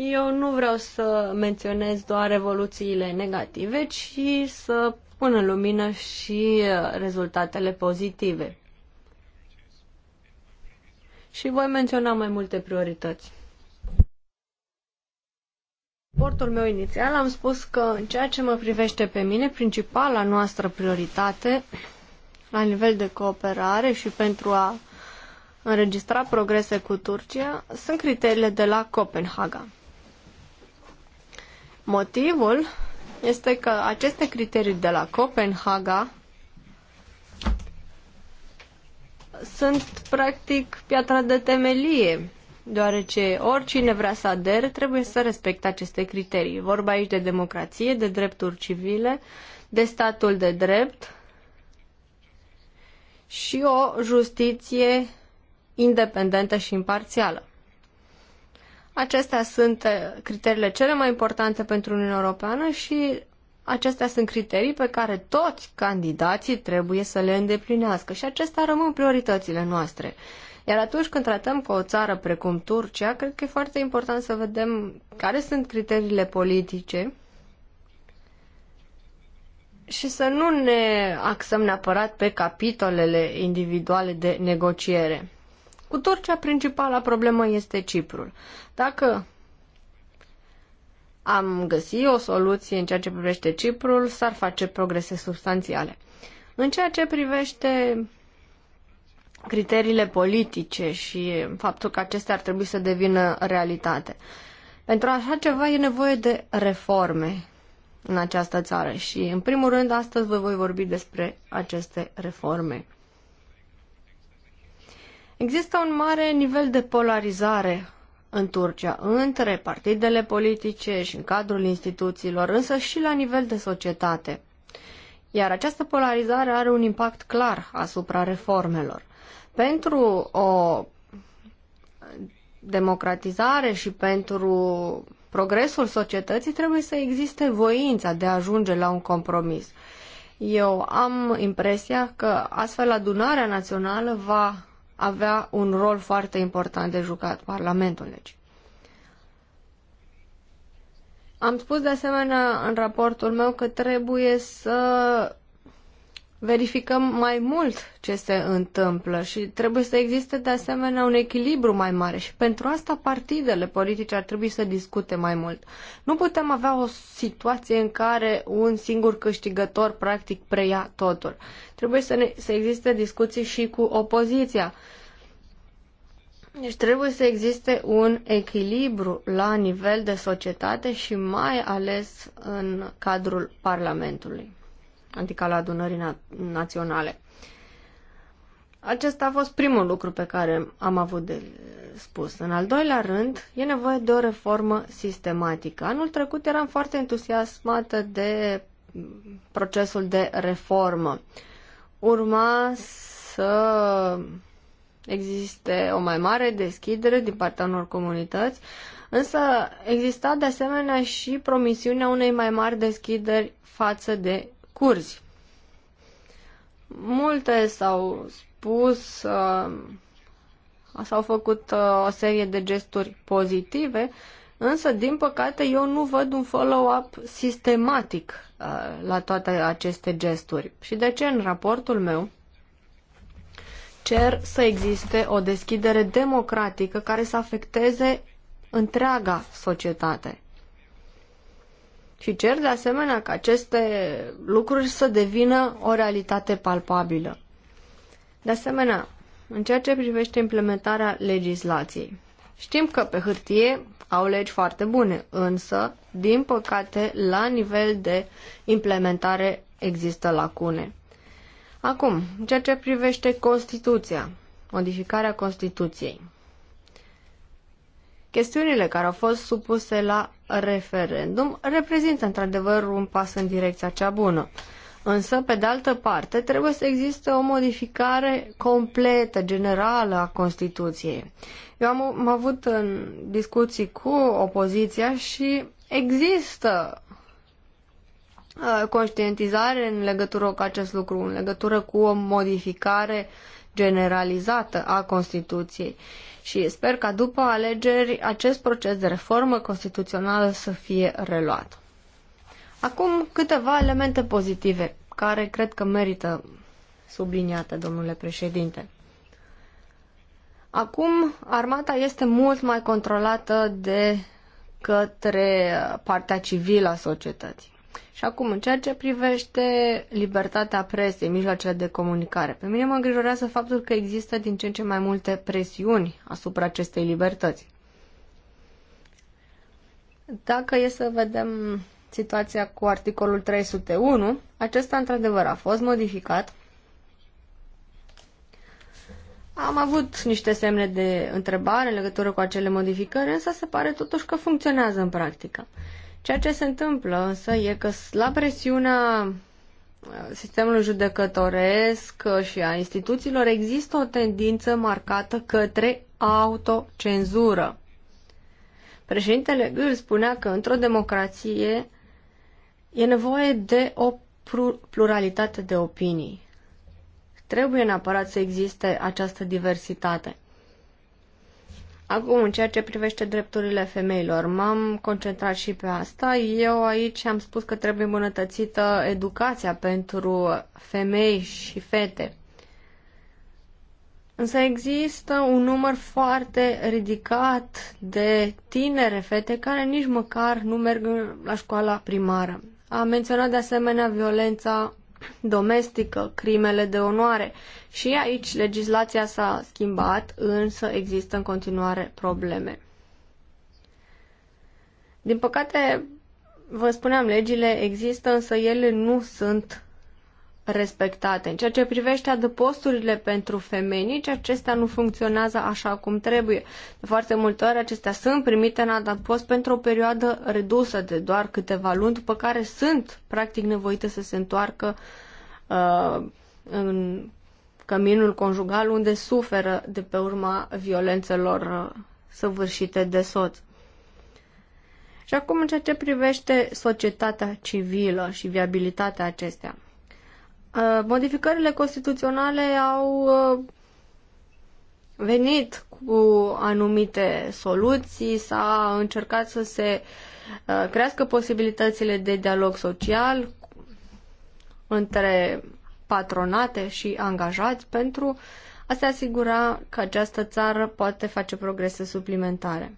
Eu nu vreau să menționez doar evoluțiile negative, ci să pun în lumină și uh, rezultatele pozitive. Și voi menționa mai multe priorități. Portul meu inițial am spus că în ceea ce mă privește pe mine, principala noastră prioritate la nivel de cooperare și pentru a înregistra progrese cu Turcia sunt criteriile de la Copenhaga. Motivul este că aceste criterii de la Copenhaga sunt practic piatra de temelie, deoarece oricine vrea să adere trebuie să respecte aceste criterii. Vorba aici de democrație, de drepturi civile, de statul de drept și o justiție independentă și imparțială. Acestea sunt eh, criteriile cele mai importante pentru Uniunea Europeană și acestea sunt criterii pe care toți candidații trebuie să le îndeplinească și acestea rămân prioritățile noastre. Iar atunci când tratăm cu o țară precum Turcia, cred că e foarte important să vedem care sunt criteriile politice și să nu ne axăm neapărat pe capitolele individuale de negociere. Cu Turcia, principala problemă este Ciprul. Dacă am găsi o soluție în ceea ce privește Ciprul, s-ar face progrese substanțiale. În ceea ce privește criteriile politice și faptul că acestea ar trebui să devină realitate. Pentru așa ceva e nevoie de reforme în această țară și, în primul rând, astăzi vă voi vorbi despre aceste reforme. Există un mare nivel de polarizare în Turcia, între partidele politice și în cadrul instituțiilor, însă și la nivel de societate. Iar această polarizare are un impact clar asupra reformelor. Pentru o democratizare și pentru progresul societății trebuie să existe voința de a ajunge la un compromis. Eu am impresia că astfel adunarea națională va avea un rol foarte important de jucat, Parlamentul, deci. Am spus de asemenea în raportul meu că trebuie să verificăm mai mult ce se întâmplă și trebuie să existe de asemenea un echilibru mai mare și pentru asta partidele politice ar trebui să discute mai mult. Nu putem avea o situație în care un singur câștigător practic preia totul. Trebuie să, ne, să existe discuții și cu opoziția. Deci trebuie să existe un echilibru la nivel de societate și mai ales în cadrul Parlamentului, adică la adunării na- naționale. Acesta a fost primul lucru pe care am avut de spus. În al doilea rând, e nevoie de o reformă sistematică. Anul trecut eram foarte entuziasmată de procesul de reformă urma să existe o mai mare deschidere din partea unor comunități, însă exista de asemenea și promisiunea unei mai mari deschideri față de curzi. Multe s-au spus, uh, s-au făcut uh, o serie de gesturi pozitive, însă, din păcate, eu nu văd un follow-up sistematic Uh, la toate aceste gesturi. Și de ce în raportul meu cer să existe o deschidere democratică care să afecteze întreaga societate. Și cer de asemenea ca aceste lucruri să devină o realitate palpabilă. De asemenea, în ceea ce privește implementarea legislației, știm că pe hârtie au legi foarte bune, însă, din păcate, la nivel de implementare există lacune. Acum, ceea ce privește Constituția, modificarea Constituției. Chestiunile care au fost supuse la referendum reprezintă într-adevăr un pas în direcția cea bună. Însă, pe de altă parte, trebuie să existe o modificare completă, generală a Constituției. Eu am, am avut în discuții cu opoziția și există uh, conștientizare în legătură cu acest lucru, în legătură cu o modificare generalizată a Constituției. Și sper ca după alegeri acest proces de reformă constituțională să fie reluat. Acum câteva elemente pozitive care cred că merită subliniate, domnule președinte. Acum, armata este mult mai controlată de către partea civilă a societății. Și acum, în ceea ce privește libertatea presei, mijloacele de comunicare, pe mine mă îngrijorează faptul că există din ce în ce mai multe presiuni asupra acestei libertăți. Dacă e să vedem situația cu articolul 301. Acesta, într-adevăr, a fost modificat. Am avut niște semne de întrebare în legătură cu acele modificări, însă se pare totuși că funcționează în practică. Ceea ce se întâmplă însă e că la presiunea uh, sistemului judecătoresc uh, și a instituțiilor există o tendință marcată către autocenzură. Președintele Gül spunea că într-o democrație E nevoie de o pluralitate de opinii. Trebuie neapărat să existe această diversitate. Acum, în ceea ce privește drepturile femeilor, m-am concentrat și pe asta. Eu aici am spus că trebuie îmbunătățită educația pentru femei și fete. Însă există un număr foarte ridicat de tinere fete care nici măcar nu merg la școala primară. A menționat de asemenea violența domestică, crimele de onoare. Și aici legislația s-a schimbat, însă există în continuare probleme. Din păcate, vă spuneam, legile există, însă ele nu sunt respectate. În ceea ce privește adăposturile pentru femei, nici acestea nu funcționează așa cum trebuie. De foarte multe ori acestea sunt primite în adăpost pentru o perioadă redusă de doar câteva luni, după care sunt practic nevoite să se întoarcă uh, în căminul conjugal unde suferă de pe urma violențelor uh, săvârșite de soț. Și acum în ceea ce privește societatea civilă și viabilitatea acestea. Uh, modificările constituționale au uh, venit cu anumite soluții, s-a încercat să se uh, crească posibilitățile de dialog social între patronate și angajați pentru a se asigura că această țară poate face progrese suplimentare.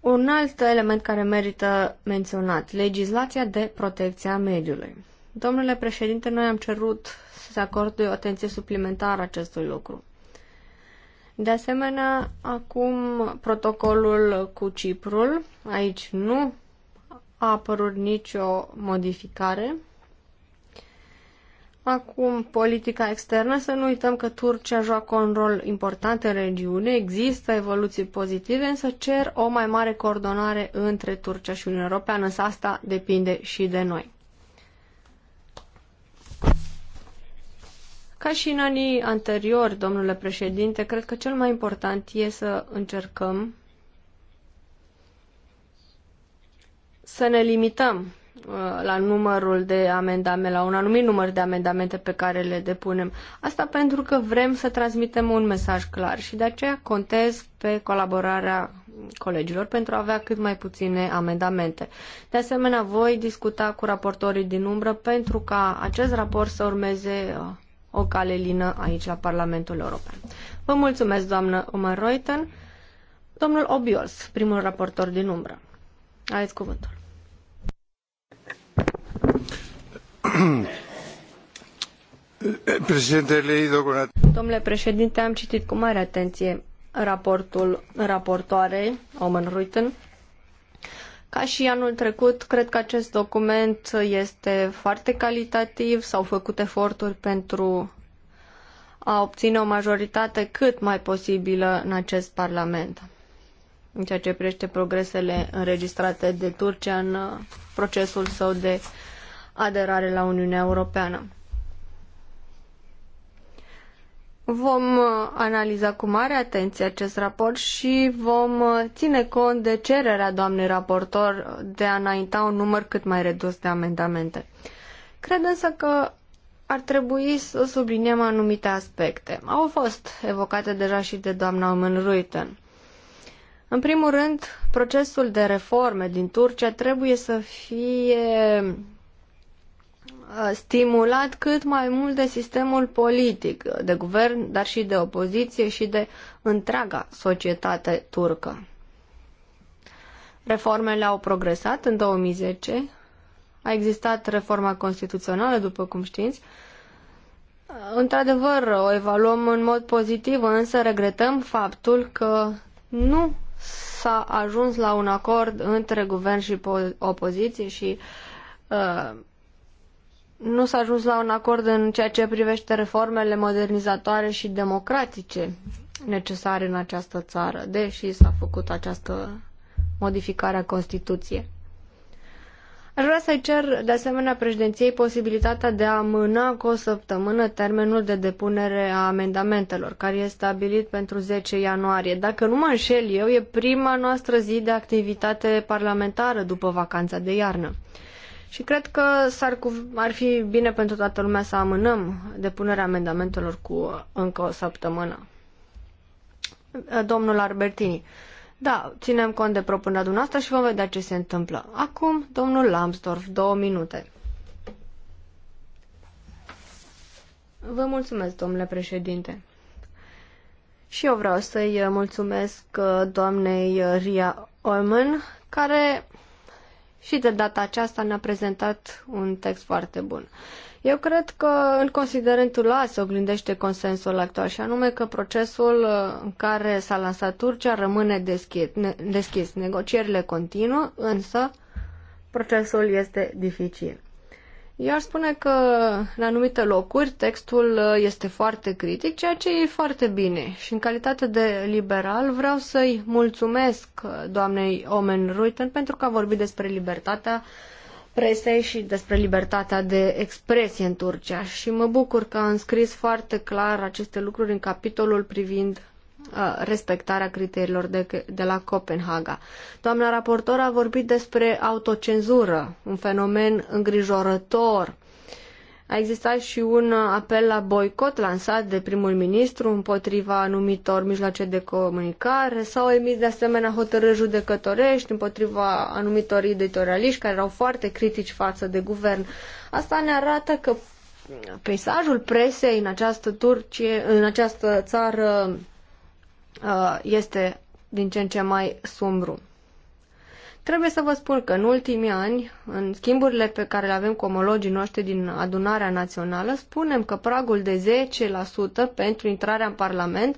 Un alt element care merită menționat, legislația de protecție a mediului. Domnule președinte, noi am cerut să se acorde o atenție suplimentară acestui lucru. De asemenea, acum protocolul cu Ciprul, aici nu a apărut nicio modificare Acum, politica externă, să nu uităm că Turcia joacă un rol important în regiune, există evoluții pozitive, însă cer o mai mare coordonare între Turcia și Uniunea Europeană, însă asta depinde și de noi. Ca și în anii anteriori, domnule președinte, cred că cel mai important e să încercăm să ne limităm Uh, la numărul de amendamente, la un anumit număr de amendamente pe care le depunem. Asta pentru că vrem să transmitem un mesaj clar și de aceea contez pe colaborarea colegilor pentru a avea cât mai puține amendamente. De asemenea, voi discuta cu raportorii din umbră pentru ca acest raport să urmeze uh, o cale lină aici la Parlamentul European. Vă mulțumesc, doamnă Omer Reuten. Domnul Obiols, primul raportor din umbră. Aveți cuvântul. Domnule președinte, am citit cu mare atenție raportul raportoarei, Omen Ruiten. Ca și anul trecut, cred că acest document este foarte calitativ, s-au făcut eforturi pentru a obține o majoritate cât mai posibilă în acest Parlament în ceea ce privește progresele înregistrate de Turcia în procesul său de aderare la Uniunea Europeană. Vom uh, analiza cu mare atenție acest raport și vom uh, ține cont de cererea doamnei raportor de a înainta un număr cât mai redus de amendamente. Cred însă că ar trebui să subliniem anumite aspecte. Au fost evocate deja și de doamna Omen Ruiten. În primul rând, procesul de reforme din Turcia trebuie să fie Uh, stimulat cât mai mult de sistemul politic, de guvern, dar și de opoziție și de întreaga societate turcă. Reformele au progresat în 2010, a existat reforma constituțională, după cum știți. Uh, într-adevăr, o evaluăm în mod pozitiv, însă regretăm faptul că nu s-a ajuns la un acord între guvern și opoziție și uh, nu s-a ajuns la un acord în ceea ce privește reformele modernizatoare și democratice necesare în această țară, deși s-a făcut această modificare a Constituției. Aș vrea să-i cer de asemenea președinției posibilitatea de a amâna cu o săptămână termenul de depunere a amendamentelor, care este stabilit pentru 10 ianuarie. Dacă nu mă înșel eu, e prima noastră zi de activitate parlamentară după vacanța de iarnă. Și cred că s-ar, ar fi bine pentru toată lumea să amânăm depunerea amendamentelor cu uh, încă o săptămână. Uh, domnul Albertini. Da, ținem cont de propunerea dumneavoastră și vom vedea ce se întâmplă. Acum, domnul Lambsdorff, două minute. Vă mulțumesc, domnule președinte. Și eu vreau să-i mulțumesc uh, doamnei Ria Oman, care și de data aceasta ne-a prezentat un text foarte bun. Eu cred că în considerentul A se oglindește consensul actual și anume că procesul uh, în care s-a lansat Turcia rămâne deschis. Ne- deschis. Negocierile continuă, însă procesul este dificil. Eu ar spune că în anumite locuri textul uh, este foarte critic, ceea ce e foarte bine. Și în calitate de liberal vreau să-i mulțumesc uh, doamnei Omen Ruiten pentru că a vorbit despre libertatea presei și despre libertatea de expresie în Turcia. Și mă bucur că a înscris foarte clar aceste lucruri în capitolul privind respectarea criteriilor de, de la Copenhaga. Doamna raportor a vorbit despre autocenzură, un fenomen îngrijorător. A existat și un apel la boicot lansat de primul ministru împotriva anumitor mijloace de comunicare. S-au emis de asemenea hotărâri judecătorești împotriva anumitor editorialiști care erau foarte critici față de guvern. Asta ne arată că peisajul presei în această Turcie, în această țară Uh, este din ce în ce mai sumbru. Trebuie să vă spun că în ultimii ani, în schimburile pe care le avem cu omologii noștri din adunarea națională, spunem că pragul de 10% pentru intrarea în Parlament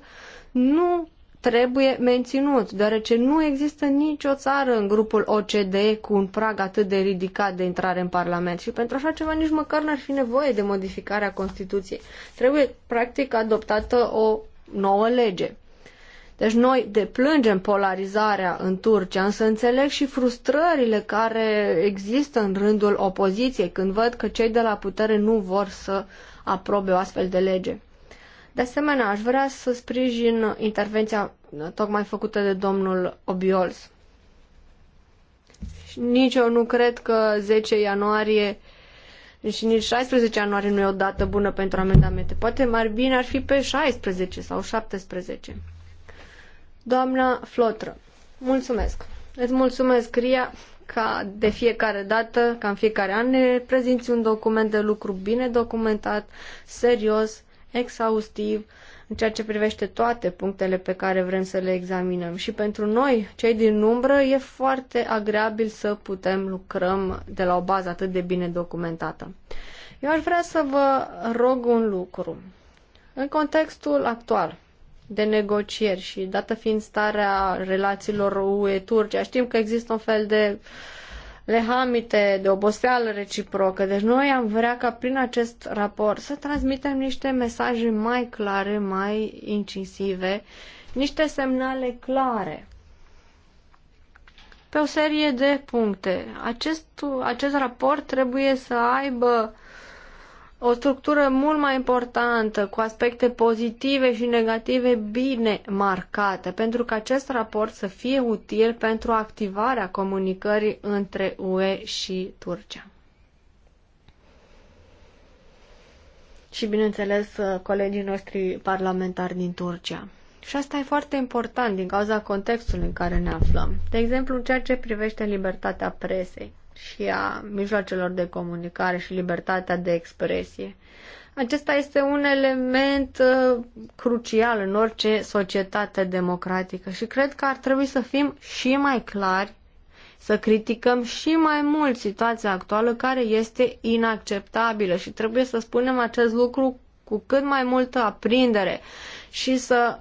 nu trebuie menținut, deoarece nu există nicio țară în grupul OCDE cu un prag atât de ridicat de intrare în Parlament și pentru așa ceva nici măcar n-ar fi nevoie de modificarea Constituției. Trebuie, practic, adoptată o nouă lege. Deci noi deplângem polarizarea în Turcia, însă înțeleg și frustrările care există în rândul opoziției când văd că cei de la putere nu vor să aprobe o astfel de lege. De asemenea, aș vrea să sprijin intervenția tocmai făcută de domnul Obiols. Și nici eu nu cred că 10 ianuarie și nici 16 ianuarie nu e o dată bună pentru amendamente. Poate mai bine ar fi pe 16 sau 17. Doamna Flotră, mulțumesc. Îți mulțumesc, Ria, ca de fiecare dată, ca în fiecare an, ne prezinți un document de lucru bine documentat, serios, exhaustiv, în ceea ce privește toate punctele pe care vrem să le examinăm. Și pentru noi, cei din umbră, e foarte agreabil să putem lucrăm de la o bază atât de bine documentată. Eu aș vrea să vă rog un lucru. În contextul actual, de negocieri și dată fiind starea relațiilor UE-Turcia, știm că există un fel de lehamite, de oboseală reciprocă. Deci noi am vrea ca prin acest raport să transmitem niște mesaje mai clare, mai incisive, niște semnale clare pe o serie de puncte. Acest, acest raport trebuie să aibă o structură mult mai importantă, cu aspecte pozitive și negative bine marcate, pentru că acest raport să fie util pentru activarea comunicării între UE și Turcia. Și, bineînțeles, colegii noștri parlamentari din Turcia. Și asta e foarte important din cauza contextului în care ne aflăm. De exemplu, în ceea ce privește libertatea presei și a mijloacelor de comunicare și libertatea de expresie. Acesta este un element uh, crucial în orice societate democratică și cred că ar trebui să fim și mai clari, să criticăm și mai mult situația actuală care este inacceptabilă și trebuie să spunem acest lucru cu cât mai multă aprindere și să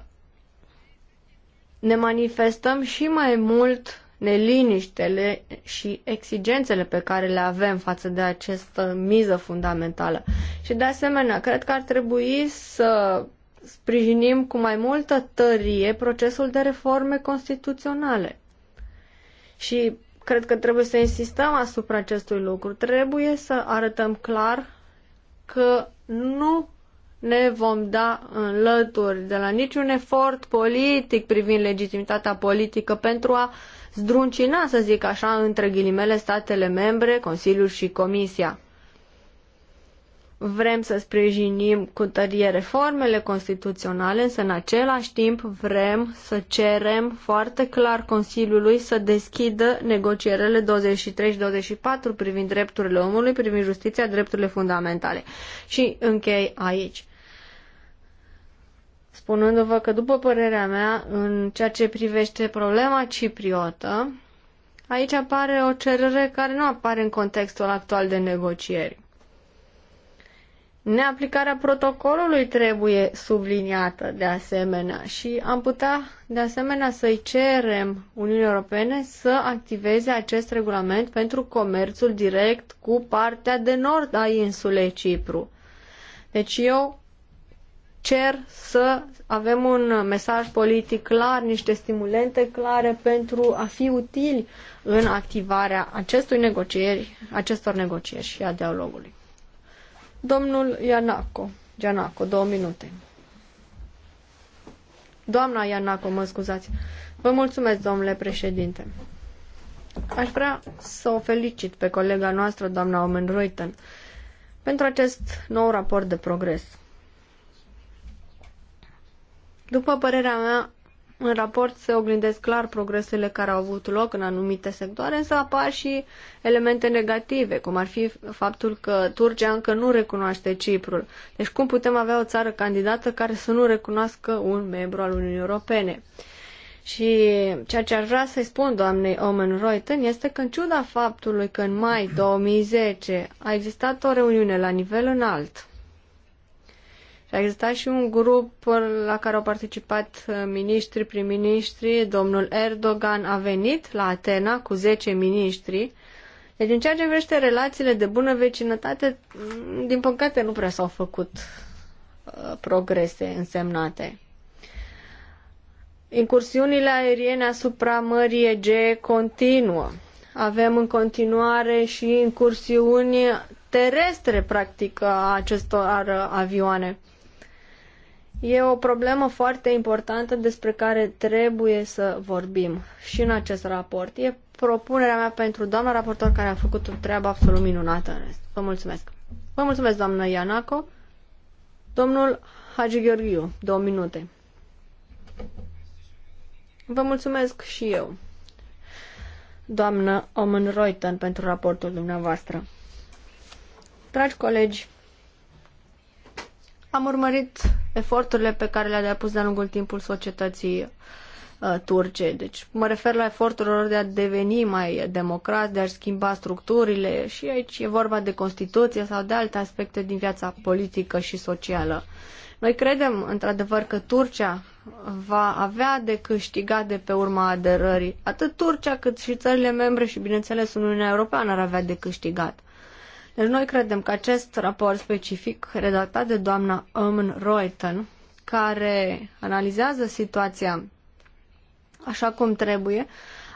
ne manifestăm și mai mult neliniștele și exigențele pe care le avem față de această miză fundamentală. Și de asemenea, cred că ar trebui să sprijinim cu mai multă tărie procesul de reforme constituționale. Și cred că trebuie să insistăm asupra acestui lucru. Trebuie să arătăm clar că nu ne vom da înlături de la niciun efort politic privind legitimitatea politică pentru a zdruncina, să zic așa, între ghilimele statele membre, Consiliul și Comisia. Vrem să sprijinim cu tărie reformele constituționale, însă în același timp vrem să cerem foarte clar Consiliului să deschidă negocierele 23 și 24 privind drepturile omului, privind justiția, drepturile fundamentale. Și închei aici spunându-vă că, după părerea mea, în ceea ce privește problema cipriotă, aici apare o cerere care nu apare în contextul actual de negocieri. Neaplicarea protocolului trebuie subliniată de asemenea și am putea de asemenea să-i cerem Uniunii Europene să activeze acest regulament pentru comerțul direct cu partea de nord a insulei Cipru. Deci eu cer să avem un mesaj politic clar, niște stimulente clare pentru a fi utili în activarea acestui negocieri, acestor negocieri și a dialogului. Domnul Ianaco, Ianaco, două minute. Doamna Ianaco, mă scuzați. Vă mulțumesc, domnule președinte. Aș vrea să o felicit pe colega noastră, doamna Omen Reuten, pentru acest nou raport de progres. După părerea mea, în raport se oglindesc clar progresele care au avut loc în anumite sectoare, însă apar și elemente negative, cum ar fi faptul că Turcia încă nu recunoaște Ciprul. Deci cum putem avea o țară candidată care să nu recunoască un membru al Uniunii Europene? Și ceea ce aș vrea să-i spun doamnei Omen Reuten este că în ciuda faptului că în mai 2010 a existat o reuniune la nivel înalt și a existat și un grup la care au participat uh, miniștri, prim-miniștri, domnul Erdogan a venit la Atena cu 10 miniștri. Deci în ceea ce vrește relațiile de bună vecinătate, mm, din păcate nu prea s-au făcut uh, progrese însemnate. Incursiunile aeriene asupra Mării Egee continuă. Avem în continuare și incursiuni terestre, practic, acestor uh, avioane. E o problemă foarte importantă despre care trebuie să vorbim și în acest raport. E propunerea mea pentru doamna raportor care a făcut o treabă absolut minunată în rest. Vă mulțumesc. Vă mulțumesc, doamna Ianaco. Domnul Hagi Gheorghiu, două minute. Vă mulțumesc și eu, doamnă Omen Reuten, pentru raportul dumneavoastră. Dragi colegi, am urmărit eforturile pe care le-a depus de-a lungul timpul societății uh, turce. Deci mă refer la eforturile lor de a deveni mai democrați, de a schimba structurile și aici e vorba de Constituție sau de alte aspecte din viața politică și socială. Noi credem, într-adevăr, că Turcia va avea de câștigat de pe urma aderării. Atât Turcia cât și țările membre și, bineînțeles, Uniunea Europeană ar avea de câștigat. Deci noi credem că acest raport specific redactat de doamna Omen Reuten, care analizează situația așa cum trebuie,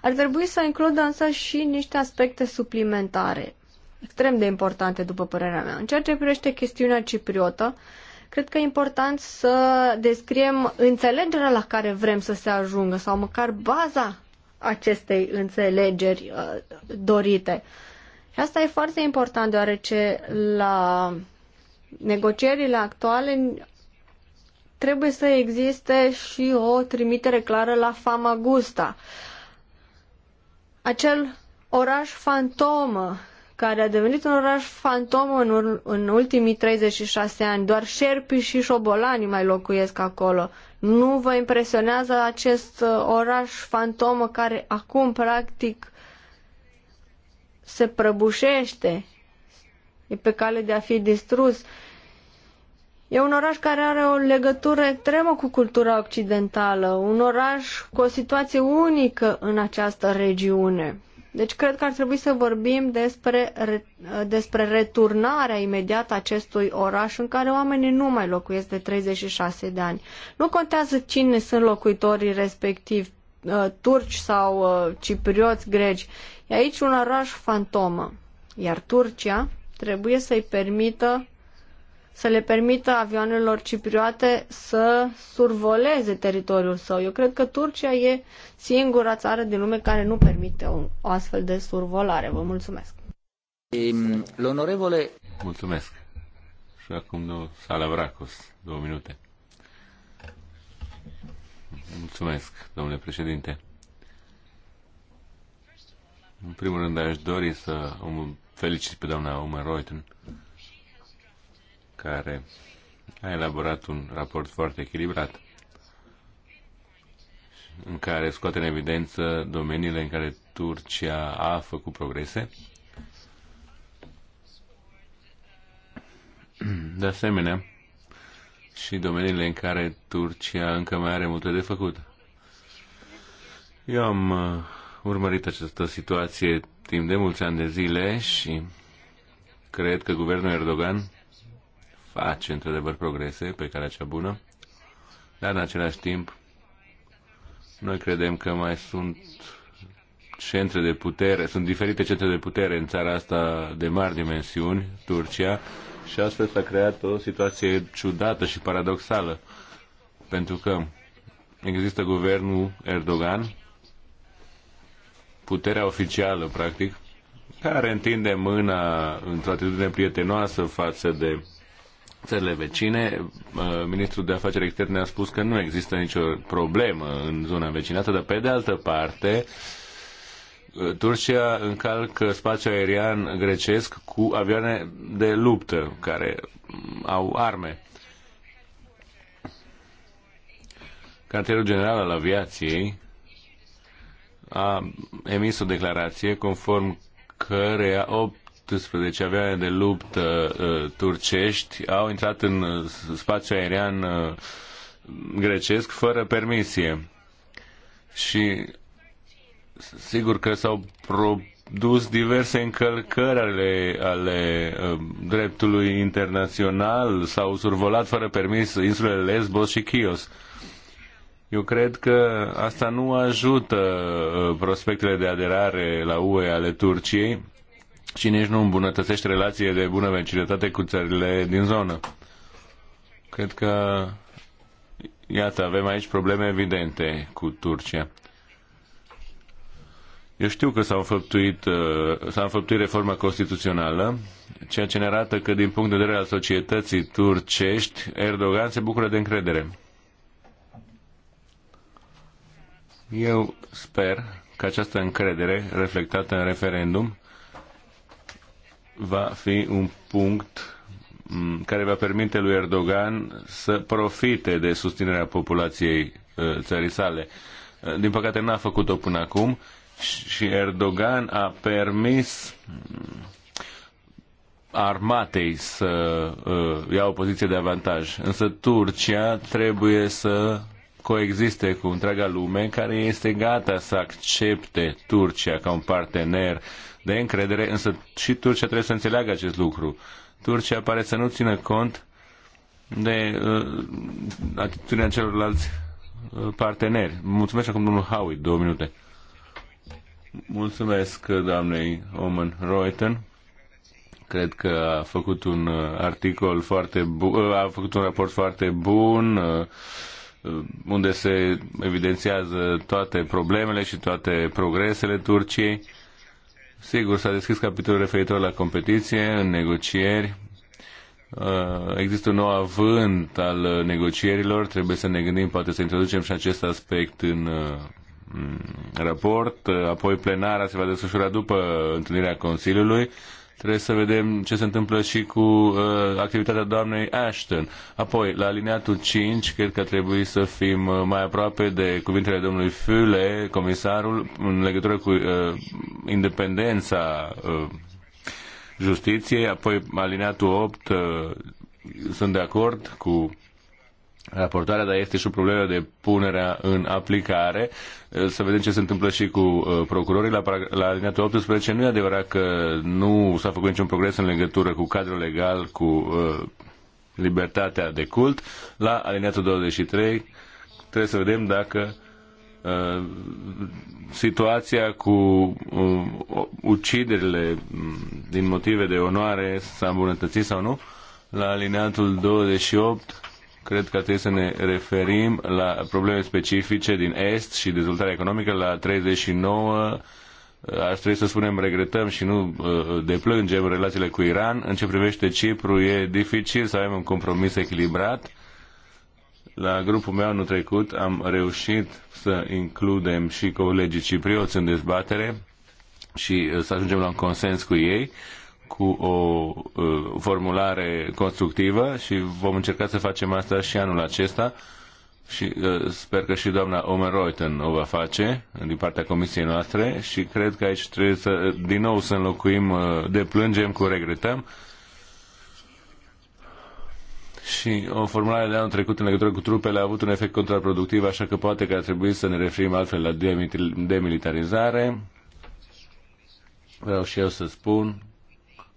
ar trebui să includă însă și niște aspecte suplimentare, extrem de importante după părerea mea. În ceea ce privește chestiunea cipriotă, cred că e important să descriem înțelegerea la care vrem să se ajungă sau măcar baza acestei înțelegeri uh, dorite. Uh, și asta e foarte important, deoarece la negocierile actuale trebuie să existe și o trimitere clară la Famagusta. Acel oraș fantomă care a devenit un oraș fantomă în, în ultimii 36 ani. Doar șerpi și șobolanii mai locuiesc acolo. Nu vă impresionează acest uh, oraș fantomă care acum, practic, se prăbușește, e pe cale de a fi distrus. E un oraș care are o legătură extremă cu cultura occidentală, un oraș cu o situație unică în această regiune. Deci cred că ar trebui să vorbim despre, despre returnarea imediată acestui oraș în care oamenii nu mai locuiesc de 36 de ani. Nu contează cine sunt locuitorii respectivi, uh, turci sau uh, ciprioți greci. E aici un oraș fantomă, iar Turcia trebuie să-i permită să le permită avioanelor cipriote să survoleze teritoriul său. Eu cred că Turcia e singura țară din lume care nu permite o, o astfel de survolare. Vă mulțumesc. Ehm, l'onorevole... Mulțumesc. Și acum domnul Salavracos, două minute. Mulțumesc, domnule președinte. În primul rând aș dori să o felicit pe doamna Omer Reuten, care a elaborat un raport foarte echilibrat în care scoate în evidență domeniile în care Turcia a făcut progrese. De asemenea, și domeniile în care Turcia încă mai are multe de făcut. Eu am uh, urmărit această situație timp de mulți ani de zile și cred că guvernul Erdogan face într-adevăr progrese pe calea cea bună, dar în același timp noi credem că mai sunt centre de putere, sunt diferite centre de putere în țara asta de mari dimensiuni, Turcia, și astfel s-a creat o situație ciudată și paradoxală, pentru că există guvernul Erdogan, puterea oficială, practic, care întinde mâna într-o atitudine prietenoasă față de țările vecine. Uh, Ministrul de Afaceri Externe a spus că nu există nicio problemă în zona vecinată, dar pe de altă parte, uh, Turcia încalcă spațiul aerian grecesc cu avioane de luptă care au arme. Cartierul General al Aviației a emis o declarație conform căreia 18 avioane de luptă uh, turcești au intrat în uh, spațiul aerian uh, grecesc fără permisie. Și sigur că s-au produs diverse încălcări ale, ale dreptului internațional, s-au survolat fără permis insulele Lesbos și Chios eu cred că asta nu ajută uh, prospectele de aderare la UE ale Turciei și nici nu îmbunătățește relațiile de bună vecinătate cu țările din zonă. Cred că, iată, avem aici probleme evidente cu Turcia. Eu știu că s-a înfăptuit, uh, s-a înfăptuit reforma constituțională, ceea ce ne arată că din punct de vedere al societății turcești, Erdogan se bucură de încredere. Eu sper că această încredere reflectată în referendum va fi un punct mm, care va permite lui Erdogan să profite de susținerea populației uh, țării sale. Uh, din păcate n-a făcut-o până acum și Erdogan a permis mm, armatei să uh, ia o poziție de avantaj. Însă Turcia trebuie să coexiste cu întreaga lume care este gata să accepte Turcia ca un partener de încredere, însă și Turcia trebuie să înțeleagă acest lucru. Turcia pare să nu țină cont de uh, atitudinea celorlalți uh, parteneri. Mulțumesc acum domnul Howie, două minute. Mulțumesc doamnei Oman Reuten. Cred că a făcut un uh, articol foarte bun, uh, a făcut un raport foarte bun. Uh, unde se evidențiază toate problemele și toate progresele Turciei. Sigur, s-a deschis capitolul referitor la competiție, în negocieri. Uh, există un nou avânt al negocierilor, trebuie să ne gândim, poate să introducem și acest aspect în uh, raport, apoi plenara se va desfășura după întâlnirea Consiliului Trebuie să vedem ce se întâmplă și cu uh, activitatea doamnei Ashton. Apoi, la alineatul 5, cred că trebuie să fim uh, mai aproape de cuvintele domnului Füle, comisarul, în legătură cu uh, independența uh, justiției. Apoi, alineatul 8, uh, sunt de acord cu raportarea, dar este și o problemă de punerea în aplicare. Să vedem ce se întâmplă și cu uh, procurorii. La, alineatul 18 nu e adevărat că nu s-a făcut niciun progres în legătură cu cadrul legal, cu uh, libertatea de cult. La alineatul 23 trebuie să vedem dacă uh, situația cu uciderile mm, din motive de onoare s-a îmbunătățit sau nu. La alineatul 28 cred că trebuie să ne referim la probleme specifice din Est și dezvoltarea economică la 39 uh, Aș trebui să spunem regretăm și nu uh, deplângem relațiile cu Iran. În ce privește Cipru e dificil să avem un compromis echilibrat. La grupul meu anul trecut am reușit să includem și colegii ciprioți în dezbatere și uh, să ajungem la un consens cu ei cu o uh, formulare constructivă și vom încerca să facem asta și anul acesta și uh, sper că și doamna Omeroyten o va face din partea comisiei noastre și cred că aici trebuie să din nou să înlocuim uh, plângem cu regretăm și o formulare de anul trecut în legătură cu trupele a avut un efect contraproductiv, așa că poate că ar trebui să ne referim altfel la demilitarizare. Vreau și eu să spun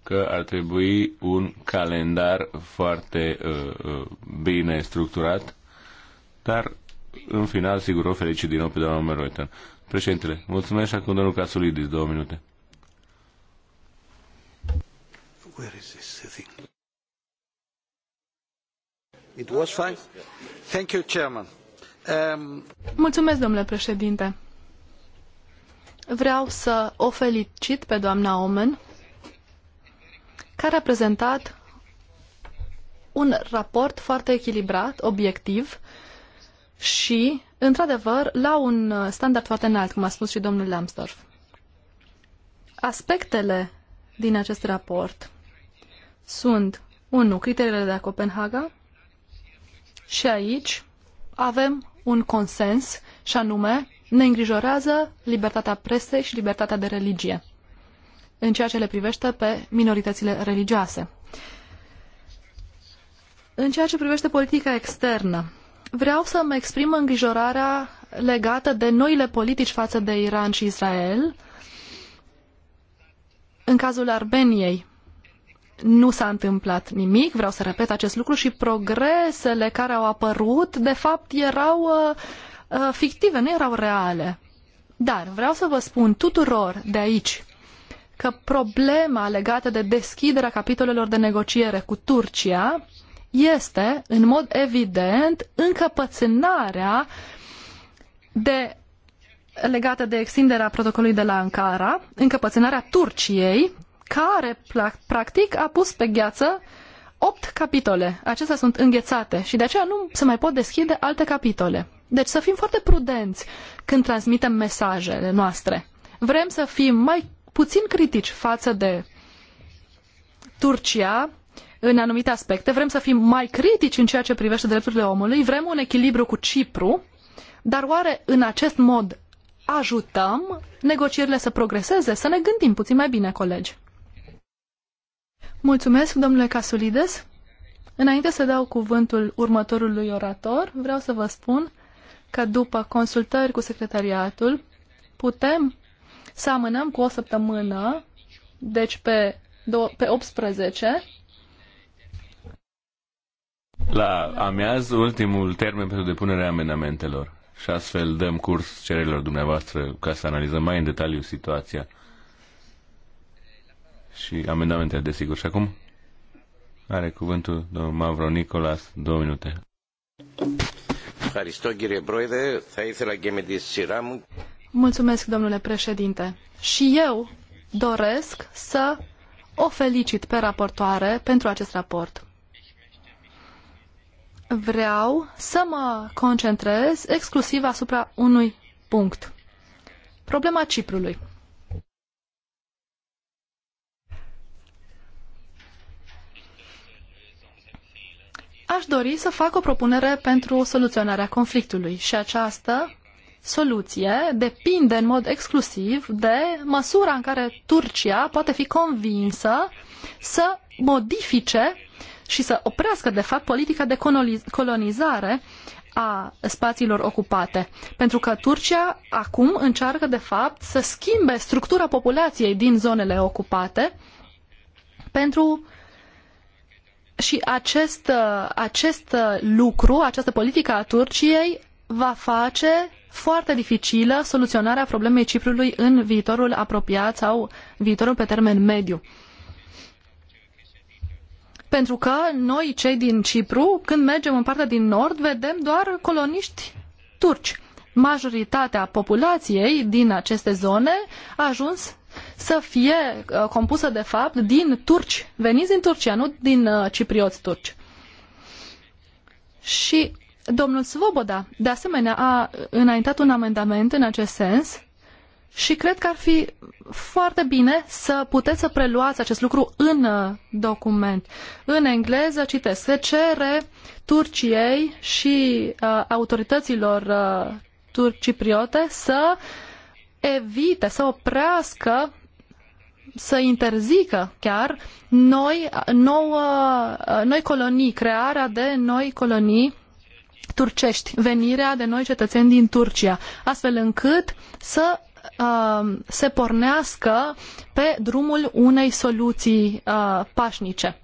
că ar trebui un calendar foarte uh, uh, bine structurat, dar în final, sigur, o felicit din nou pe doamna Meroitan. Președintele, mulțumesc și acum domnul Casulidis, două minute. Where is this thing? It was fine? Thank you, Chairman. Um... Mulțumesc, domnule președinte. Vreau să o felicit pe doamna Omen care a prezentat un raport foarte echilibrat, obiectiv și, într-adevăr, la un standard foarte înalt, cum a spus și domnul Lambsdorff. Aspectele din acest raport sunt 1. Criteriile de la Copenhaga și aici avem un consens și anume ne îngrijorează libertatea presei și libertatea de religie în ceea ce le privește pe minoritățile religioase. În ceea ce privește politica externă, vreau să-mi exprim îngrijorarea legată de noile politici față de Iran și Israel. În cazul Armeniei nu s-a întâmplat nimic, vreau să repet acest lucru și progresele care au apărut, de fapt, erau uh, uh fictive, nu erau reale. Dar vreau să vă spun tuturor de aici că problema legată de deschiderea capitolelor de negociere cu Turcia este, în mod evident, încăpățânarea de, legată de extinderea protocolului de la Ankara, încăpățânarea Turciei, care, practic, a pus pe gheață opt capitole. Acestea sunt înghețate și de aceea nu se mai pot deschide alte capitole. Deci să fim foarte prudenți când transmitem mesajele noastre. Vrem să fim mai puțin critici față de Turcia în anumite aspecte. Vrem să fim mai critici în ceea ce privește drepturile omului, vrem un echilibru cu Cipru, dar oare în acest mod ajutăm negocierile să progreseze? Să ne gândim puțin mai bine, colegi. Mulțumesc, domnule Casulides. Înainte să dau cuvântul următorului orator, vreau să vă spun că după consultări cu secretariatul putem să amânăm cu o săptămână, deci pe, pe 18, la amiaz, ultimul termen pentru depunerea amendamentelor. Și astfel dăm curs cererilor dumneavoastră ca să analizăm mai în detaliu situația și amendamentele, desigur. Și acum are cuvântul domnul Mavro Nicolas, două minute. Mulțumesc, domnule președinte. Și eu doresc să o felicit pe raportoare pentru acest raport. Vreau să mă concentrez exclusiv asupra unui punct. Problema Ciprului. Aș dori să fac o propunere pentru soluționarea conflictului și aceasta soluție depinde în mod exclusiv de măsura în care Turcia poate fi convinsă să modifice și să oprească, de fapt, politica de colonizare a spațiilor ocupate. Pentru că Turcia acum încearcă, de fapt, să schimbe structura populației din zonele ocupate pentru și acest, acest lucru, această politică a Turciei va face foarte dificilă soluționarea problemei Ciprului în viitorul apropiat sau viitorul pe termen mediu. Pentru că noi, cei din Cipru, când mergem în partea din nord, vedem doar coloniști turci. Majoritatea populației din aceste zone a ajuns să fie uh, compusă, de fapt, din turci, veniți din Turcia, nu din uh, ciprioți turci. Și Domnul Svoboda, de asemenea, a înaintat un amendament în acest sens și cred că ar fi foarte bine să puteți să preluați acest lucru în uh, document. În engleză, citesc, se cere Turciei și uh, autorităților uh, turcipriote să evite, să oprească, să interzică chiar noi, uh, nouă, uh, noi colonii, crearea de noi colonii turcești, venirea de noi cetățeni din Turcia, astfel încât să uh, se pornească pe drumul unei soluții uh, pașnice.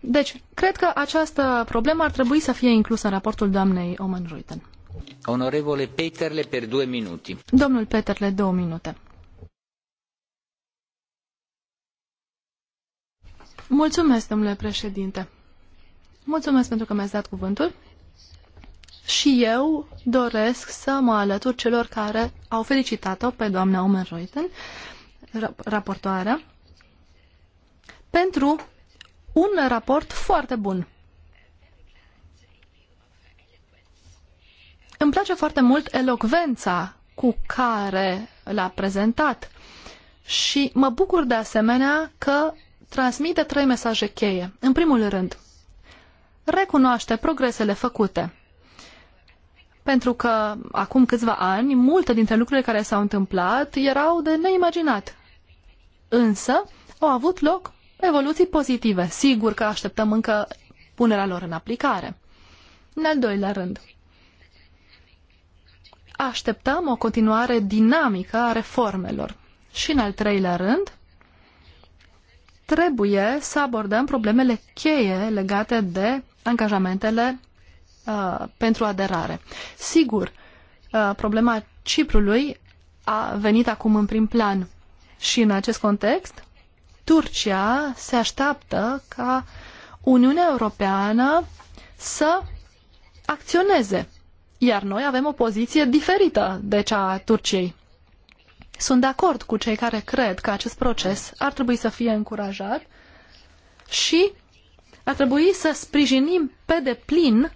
Deci, cred că această problemă ar trebui să fie inclusă în raportul doamnei Oman Ruiten. Onorevole Peterle, per două minute. Domnul Peterle, două minute. Mulțumesc, domnule președinte. Mulțumesc pentru că mi-ați dat cuvântul și eu doresc să mă alătur celor care au felicitat-o pe doamna Omer Reuten, raportoarea, pentru un raport foarte bun. Îmi place foarte mult elocvența cu care l-a prezentat și mă bucur de asemenea că transmite trei mesaje cheie. În primul rând, recunoaște progresele făcute. Pentru că acum câțiva ani, multe dintre lucrurile care s-au întâmplat erau de neimaginat. Însă, au avut loc evoluții pozitive. Sigur că așteptăm încă punerea lor în aplicare. În al doilea rând, așteptăm o continuare dinamică a reformelor. Și în al treilea rând, trebuie să abordăm problemele cheie legate de angajamentele Uh, pentru aderare. Sigur, uh, problema Ciprului a venit acum în prim plan și în acest context Turcia se așteaptă ca Uniunea Europeană să acționeze, iar noi avem o poziție diferită de cea a Turciei. Sunt de acord cu cei care cred că acest proces ar trebui să fie încurajat și ar trebui să sprijinim pe deplin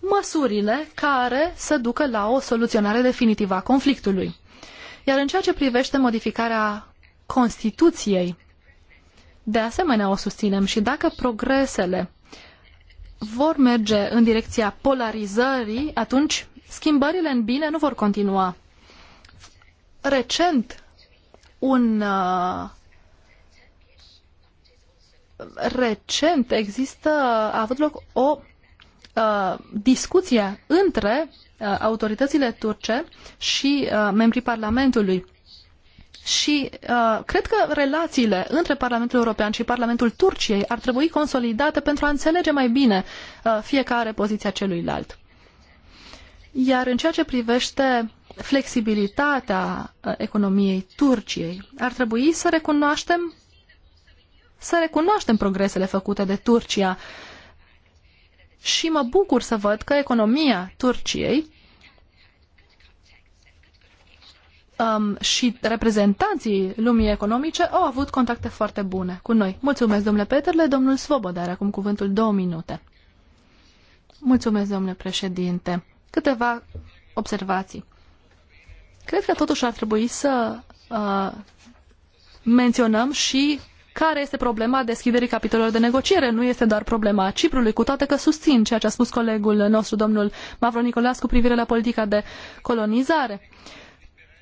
măsurile care să ducă la o soluționare definitivă a conflictului. Iar în ceea ce privește modificarea Constituției, de asemenea o susținem și dacă progresele vor merge în direcția polarizării, atunci schimbările în bine nu vor continua. Recent, un uh, recent există, a avut loc o Uh, discuția între uh, autoritățile turce și uh, membrii Parlamentului. Și uh, cred că relațiile între Parlamentul European și Parlamentul Turciei ar trebui consolidate pentru a înțelege mai bine uh, fiecare poziția celuilalt. Iar în ceea ce privește flexibilitatea uh, economiei Turciei, ar trebui să recunoaștem să recunoaștem progresele făcute de Turcia și mă bucur să văd că economia Turciei um, și reprezentanții lumii economice au avut contacte foarte bune cu noi. Mulțumesc, domnule Peterle. Domnul Svoboda are acum cuvântul două minute. Mulțumesc, domnule președinte. Câteva observații. Cred că totuși ar trebui să uh, menționăm și care este problema deschiderii capitolelor de negociere. Nu este doar problema Ciprului, cu toate că susțin ceea ce a spus colegul nostru, domnul Mavro Nicolas, cu privire la politica de colonizare.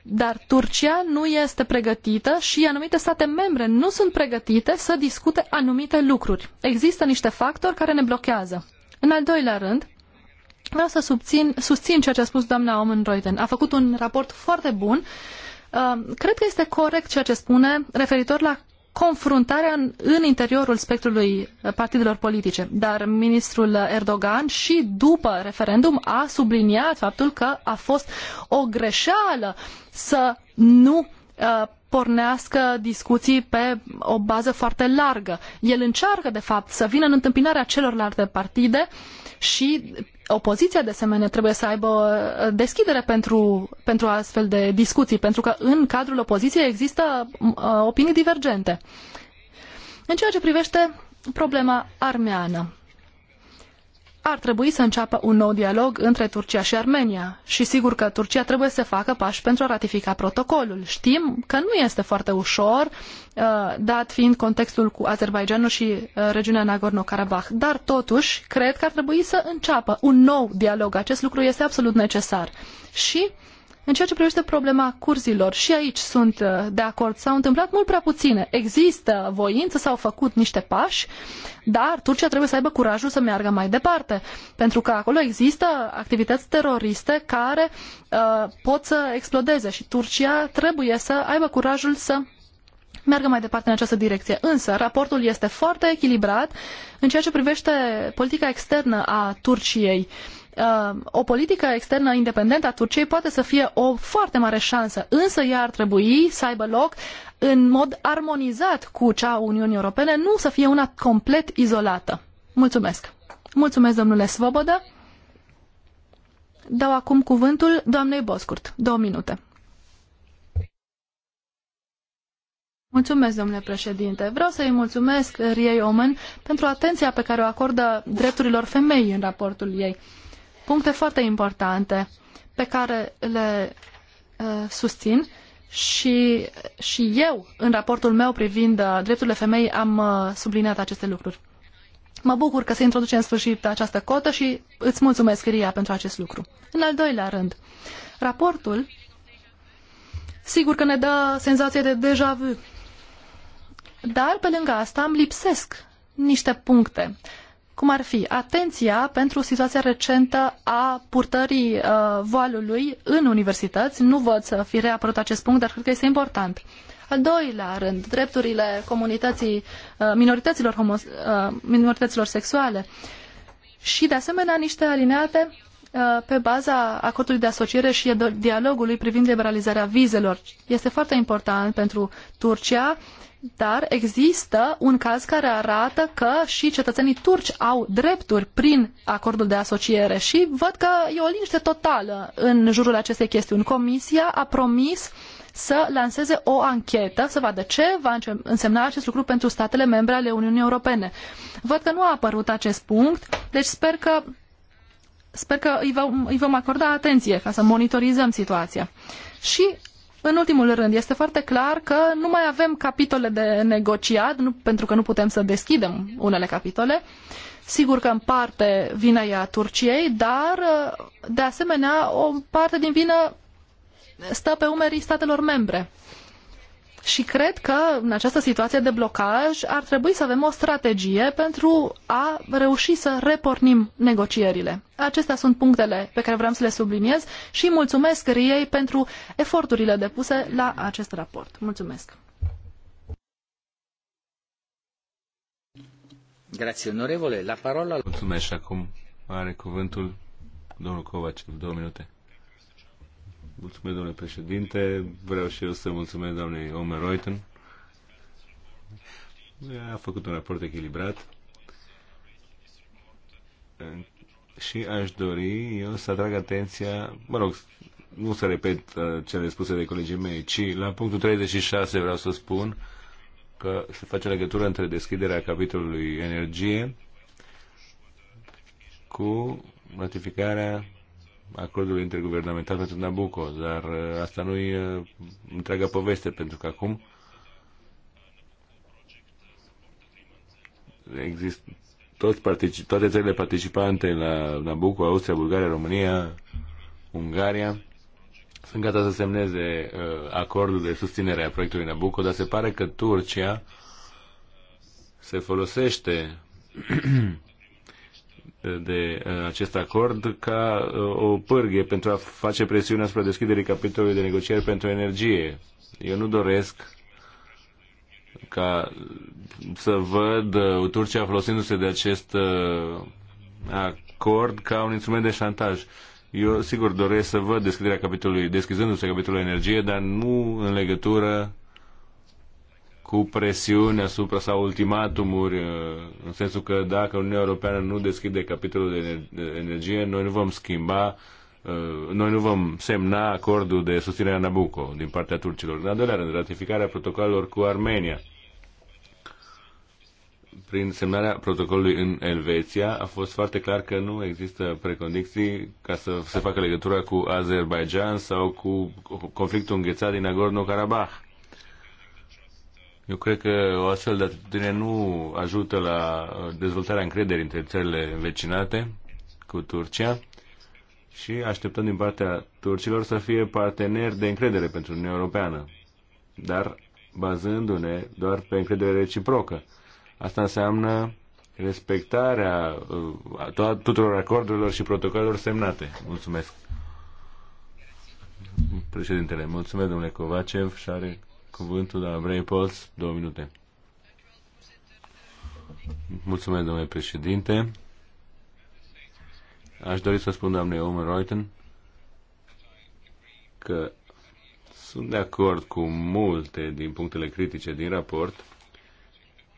Dar Turcia nu este pregătită și anumite state membre nu sunt pregătite să discute anumite lucruri. Există niște factori care ne blochează. În al doilea rând, vreau să subțin, susțin ceea ce a spus doamna Omen Reuten. A făcut un raport foarte bun. Uh, cred că este corect ceea ce spune referitor la confruntarea în, în interiorul spectrului uh, partidelor politice. Dar ministrul Erdogan și după referendum a subliniat faptul că a fost o greșeală să nu uh, pornească discuții pe o bază foarte largă. El încearcă, de fapt, să vină în întâmpinarea celorlalte partide și opoziția, de asemenea, trebuie să aibă uh, deschidere pentru, pentru astfel de discuții, pentru că în cadrul opoziției există uh, opinii divergente. În ceea ce privește problema armeană, ar trebui să înceapă un nou dialog între Turcia și Armenia și sigur că Turcia trebuie să facă pași pentru a ratifica protocolul. Știm că nu este foarte ușor, uh, dat fiind contextul cu Azerbaijanul și uh, regiunea Nagorno-Karabakh, dar totuși cred că ar trebui să înceapă un nou dialog. Acest lucru este absolut necesar. Și în ceea ce privește problema curzilor, și aici sunt uh, de acord, s-au întâmplat mult prea puține. Există voință, s-au făcut niște pași, dar Turcia trebuie să aibă curajul să meargă mai departe, pentru că acolo există activități teroriste care uh, pot să explodeze și Turcia trebuie să aibă curajul să meargă mai departe în această direcție. Însă, raportul este foarte echilibrat în ceea ce privește politica externă a Turciei. Uh, Uh, o politică externă independentă a Turciei poate să fie o foarte mare șansă, însă ea ar trebui să aibă loc în mod armonizat cu cea a Uniunii Europene, nu să fie una complet izolată. Mulțumesc! Mulțumesc, domnule Svoboda! Dau acum cuvântul doamnei Boscurt. Două minute. Mulțumesc, domnule președinte. Vreau să-i mulțumesc Riei Omen pentru atenția pe care o acordă drepturilor femei în raportul ei puncte foarte importante pe care le uh, susțin și, și eu, în raportul meu privind uh, drepturile femei, am uh, subliniat aceste lucruri. Mă bucur că se introduce în sfârșit această cotă și îți mulțumesc, Ria, pentru acest lucru. În al doilea rând, raportul sigur că ne dă senzație de deja vu. Dar, pe lângă asta, îmi lipsesc niște puncte cum ar fi atenția pentru situația recentă a purtării uh, voalului în universități. Nu văd să fi reapărut acest punct, dar cred că este important. Al doilea rând, drepturile comunității, uh, minorităților, homo, uh, minorităților sexuale și, de asemenea, niște alineate uh, pe baza acordului de asociere și dialogului privind liberalizarea vizelor. Este foarte important pentru Turcia dar există un caz care arată că și cetățenii turci au drepturi prin acordul de asociere și văd că e o liniște totală în jurul acestei chestiuni. Comisia a promis să lanseze o anchetă, să vadă ce va însemna acest lucru pentru statele membre ale Uniunii Europene. Văd că nu a apărut acest punct, deci sper că, sper că îi, vom, îi vom acorda atenție ca să monitorizăm situația. Și în ultimul rând, este foarte clar că nu mai avem capitole de negociat, nu, pentru că nu putem să deschidem unele capitole. Sigur că în parte vina ea a Turciei, dar de asemenea o parte din vină stă pe umerii statelor membre. Și cred că în această situație de blocaj ar trebui să avem o strategie pentru a reuși să repornim negocierile. Acestea sunt punctele pe care vreau să le subliniez și mulțumesc Riei pentru eforturile depuse la acest raport. Mulțumesc! Grazie, onorevole. La parola... Mulțumesc acum are cuvântul domnul Covaci, două minute. Mulțumesc, domnule președinte. Vreau și eu să mulțumesc doamnei Omer Reuten. A făcut un raport echilibrat și aș dori eu să atrag atenția, mă rog, nu să repet uh, cele spuse de colegii mei, ci la punctul 36 vreau să spun că se face legătură între deschiderea capitolului energie cu notificarea acordului interguvernamental pentru Nabucco, dar uh, asta nu e uh, întreaga poveste, pentru că acum există toți particip, toate țările participante la Nabucco, Austria, Bulgaria, România, Ungaria, sunt gata să semneze uh, acordul de susținere a proiectului Nabucco, dar se pare că Turcia se folosește de uh, acest acord ca uh, o pârghie pentru a face presiune asupra deschiderii capitolului de negocieri pentru energie. Eu nu doresc ca să văd uh, Turcia folosindu-se de acest acord ca un instrument de șantaj. Eu, sigur, doresc să văd deschiderea capitolului, deschizându-se capitolul energie, dar nu în legătură cu presiune asupra sau ultimatumuri, uh, în sensul că dacă Uniunea Europeană nu deschide capitolul de energie, noi nu vom schimba, uh, noi nu vom semna acordul de susținere a Nabucco din partea turcilor. În al doilea rând, ratificarea protocolelor cu Armenia. Prin semnarea protocolului în Elveția a fost foarte clar că nu există precondiții ca să se facă legătura cu Azerbaijan sau cu conflictul înghețat din Nagorno-Karabakh eu cred că o astfel de atitudine nu ajută la uh, dezvoltarea încrederii între țările vecinate cu Turcia și așteptăm din partea turcilor să fie parteneri de încredere pentru Uniunea Europeană, dar bazându-ne doar pe încredere reciprocă. Asta înseamnă respectarea uh, tuturor acordurilor și protocolelor semnate. Mulțumesc. Președintele, mulțumesc domnule Covacev și are cuvântul la Brepols, două minute. Mulțumesc, domnule președinte. Aș dori să spun, doamne Omer Reuten, că sunt de acord cu multe din punctele critice din raport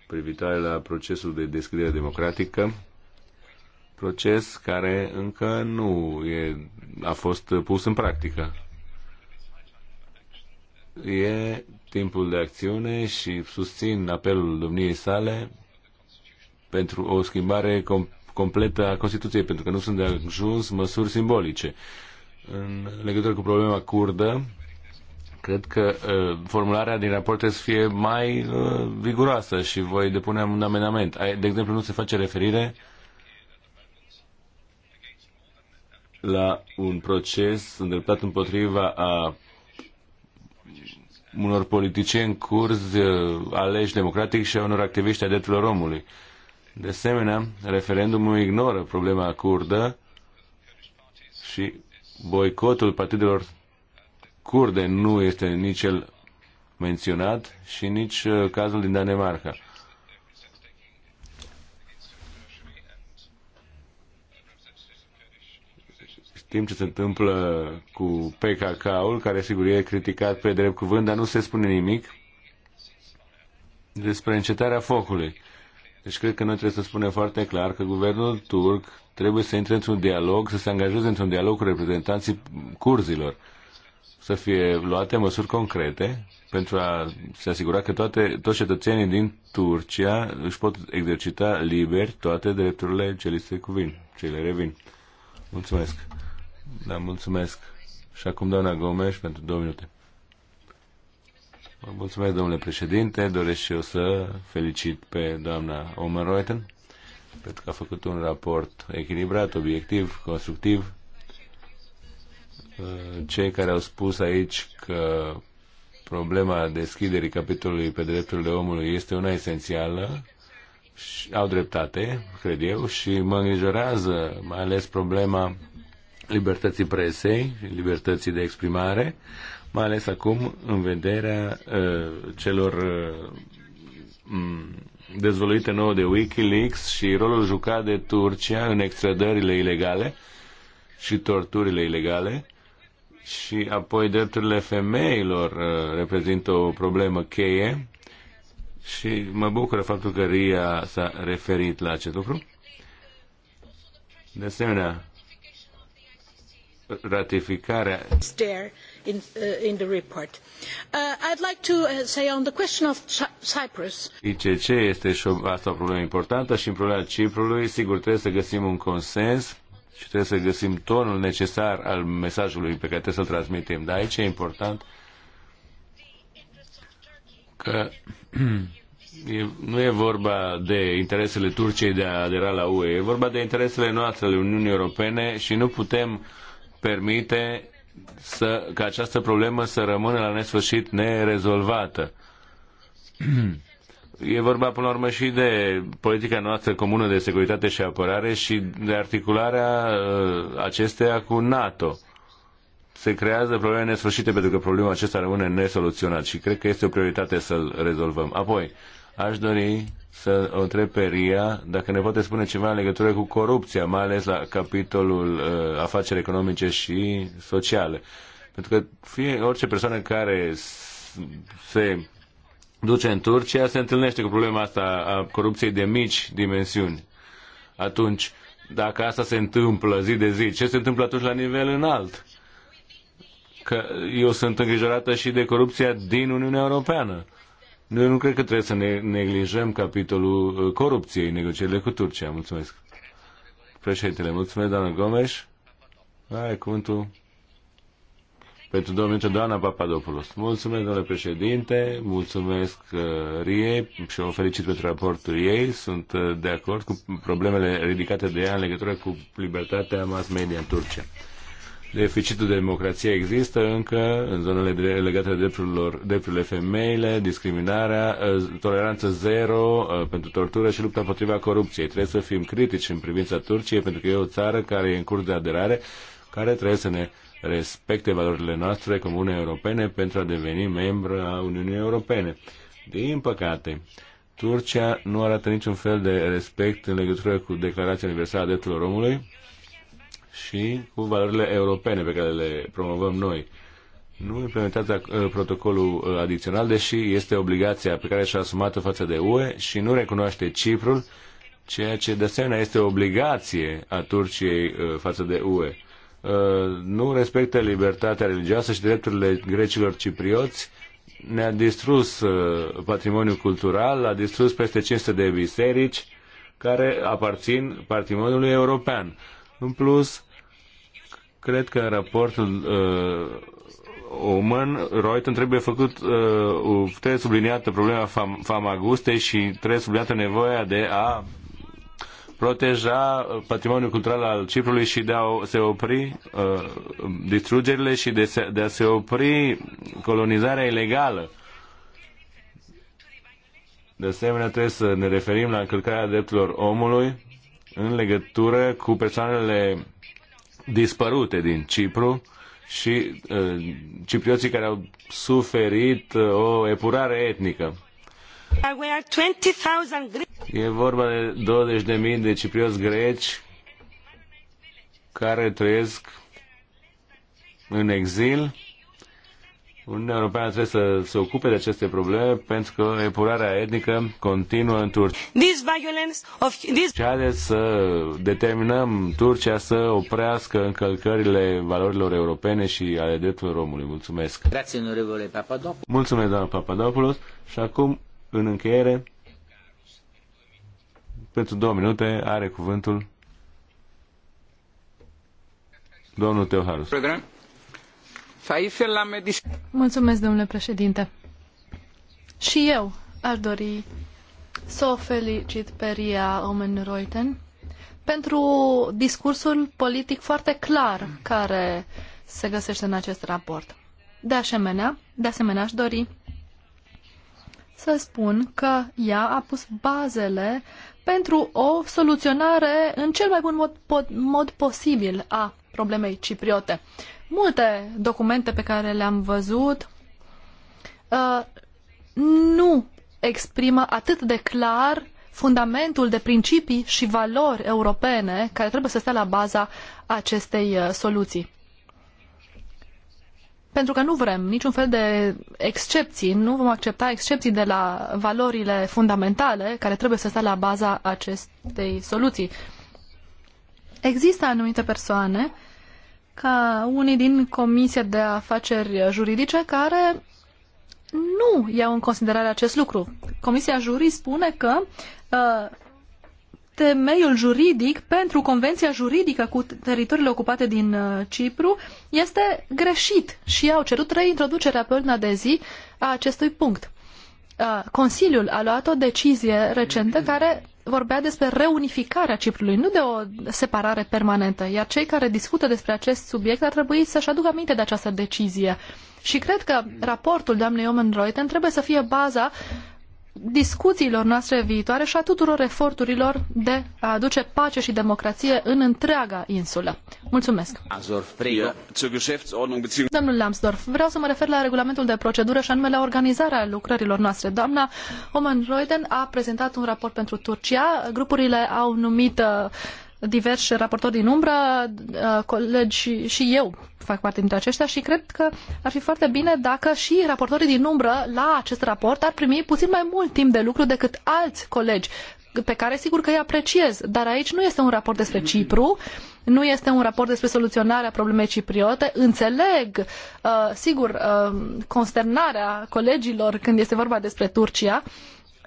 privitoare la procesul de deschidere democratică, proces care încă nu e, a fost pus în practică. E timpul de acțiune și susțin apelul domniei sale pentru o schimbare com- completă a Constituției, pentru că nu sunt de ajuns măsuri simbolice. În legătură cu problema curdă, cred că uh, formularea din raport trebuie să fie mai uh, viguroasă și voi depune un amendament. De exemplu, nu se face referire la un proces îndreptat împotriva a unor politicieni curzi uh, aleși democratic și a unor activiști a drepturilor omului. De asemenea, referendumul ignoră problema curdă și boicotul partidelor curde nu este nici el menționat și nici uh, cazul din Danemarca. Știm ce se întâmplă cu PKK-ul, care sigur e criticat pe drept cuvânt, dar nu se spune nimic despre încetarea focului. Deci cred că noi trebuie să spunem foarte clar că guvernul turc trebuie să intre într-un dialog, să se angajeze într-un dialog cu reprezentanții curzilor, să fie luate măsuri concrete pentru a se asigura că toate, toți cetățenii din Turcia își pot exercita liber toate drepturile ce li se cuvin, ce le revin. Mulțumesc! Da, mulțumesc. Și acum doamna Gomes pentru două minute. Vă mulțumesc, domnule președinte. Doresc și eu să felicit pe doamna Omeroyten pentru că a făcut un raport echilibrat, obiectiv, constructiv. Uh, cei care au spus aici că problema deschiderii capitolului pe drepturile omului este una esențială, și au dreptate, cred eu, și mă îngrijorează mai ales problema libertății presei, libertății de exprimare, mai ales acum în vederea uh, celor uh, dezvăluite nouă de Wikileaks și rolul jucat de Turcia în extradările ilegale și torturile ilegale și apoi drepturile femeilor uh, reprezintă o problemă cheie și mă bucură faptul că Ria s-a referit la acest lucru. De asemenea, ratificarea. There in, uh, in the report. Uh, I'd like to uh, say on the question of Cyprus. ICC este și o, asta o problemă importantă și în problema Ciprului, sigur, trebuie să găsim un consens și trebuie să găsim tonul necesar al mesajului pe care trebuie să-l transmitem. Dar aici e important că E, nu e vorba de interesele Turciei de a adera la UE, e vorba de interesele noastre ale Uniunii Europene și nu putem permite să, ca această problemă să rămână la nesfârșit nerezolvată. E vorba până la urmă și de politica noastră comună de securitate și apărare și de articularea uh, acesteia cu NATO. Se creează probleme nesfârșite pentru că problema acesta rămâne nesoluționat și cred că este o prioritate să-l rezolvăm. Apoi, aș dori să o întreb pe Ria dacă ne poate spune ceva în legătură cu corupția, mai ales la capitolul uh, afaceri economice și sociale. Pentru că fie orice persoană care se duce în Turcia se întâlnește cu problema asta a corupției de mici dimensiuni. Atunci, dacă asta se întâmplă zi de zi, ce se întâmplă atunci la nivel înalt? Că eu sunt îngrijorată și de corupția din Uniunea Europeană noi nu cred că trebuie să ne neglijăm capitolul uh, corupției, negocierile cu Turcia. Mulțumesc. Președintele, mulțumesc, doamnă Gomes. Ai cuvântul pentru domnul doamna Papadopoulos. Mulțumesc, domnule președinte, mulțumesc uh, Rie și o felicit pentru raportul ei. Sunt uh, de acord cu problemele ridicate de ea în legătură cu libertatea mass media în Turcia. Deficitul de democrație există încă în zonele legate de drepturilor, drepturile femeile, discriminarea, eh, toleranță zero eh, pentru tortură și lupta împotriva corupției. Trebuie să fim critici în privința Turciei pentru că e o țară care e în curs de aderare, care trebuie să ne respecte valorile noastre comune europene pentru a deveni membru a Uniunii Europene. Din păcate, Turcia nu arată niciun fel de respect în legătură cu Declarația Universală a Drepturilor Omului, și cu valorile europene pe care le promovăm noi. Nu implementați uh, protocolul uh, adițional, deși este obligația pe care și-a asumat-o față de UE și nu recunoaște Ciprul, ceea ce de asemenea este obligație a Turciei uh, față de UE. Nu respectă libertatea religioasă și drepturile grecilor ciprioți, ne-a distrus patrimoniul cultural, a distrus peste 500 de biserici care aparțin patrimoniului european. În plus, Cred că în raportul uh, Oman, Reuten trebuie făcut, uh, trebuie subliniată problema fam, famagustei și trebuie subliniată nevoia de a proteja uh, patrimoniul cultural al Ciprului și de a se opri uh, distrugerile și de, se, de a se opri colonizarea ilegală. De asemenea, trebuie să ne referim la încălcarea drepturilor omului în legătură cu persoanele dispărute din Cipru și uh, ciprioții care au suferit uh, o epurare etnică. E vorba de 20.000 de ciprioți greci care trăiesc în exil Uniunea Europeană trebuie să se ocupe de aceste probleme pentru că epurarea etnică continuă în Turcia. This violence of this... Și haideți să determinăm Turcia să oprească încălcările valorilor europene și ale drepturilor omului. Mulțumesc. Grazie, onorevole Papadopoulos. Mulțumesc, doamna Papadopoulos. Și acum, în încheiere, pentru două minute, are cuvântul domnul Teoharus. Program. Mulțumesc, domnule președinte. Și eu aș dori să o felicit pe Ria Omen Reuten pentru discursul politic foarte clar care se găsește în acest raport. De asemenea, de asemenea aș dori să spun că ea a pus bazele pentru o soluționare în cel mai bun mod, mod posibil a problemei cipriote. Multe documente pe care le-am văzut uh, nu exprimă atât de clar fundamentul de principii și valori europene care trebuie să stea la baza acestei uh, soluții. Pentru că nu vrem niciun fel de excepții, nu vom accepta excepții de la valorile fundamentale care trebuie să stea la baza acestei soluții. Există anumite persoane ca unii din Comisia de Afaceri Juridice care nu iau în considerare acest lucru. Comisia Jurii spune că uh, temeiul juridic pentru convenția juridică cu teritoriile ocupate din uh, Cipru este greșit și au cerut reintroducerea pe ordinea de zi a acestui punct. Uh, Consiliul a luat o decizie recentă care vorbea despre reunificarea Ciprului, nu de o separare permanentă, iar cei care discută despre acest subiect ar trebui să-și aducă aminte de această decizie. Și cred că raportul doamnei Omen Reuten trebuie să fie baza discuțiilor noastre viitoare și a tuturor eforturilor de a aduce pace și democrație în întreaga insulă. Mulțumesc! Domnul Lambsdorff, vreau să mă refer la regulamentul de procedură și anume la organizarea lucrărilor noastre. Doamna Oman Reuten a prezentat un raport pentru Turcia. Grupurile au numit uh, diversi raportori din umbră, uh, colegi și eu fac parte dintre aceștia și cred că ar fi foarte bine dacă și raportorii din umbră la acest raport ar primi puțin mai mult timp de lucru decât alți colegi pe care sigur că îi apreciez, dar aici nu este un raport despre Cipru, nu este un raport despre soluționarea problemei cipriote. Înțeleg, uh, sigur, uh, consternarea colegilor când este vorba despre Turcia,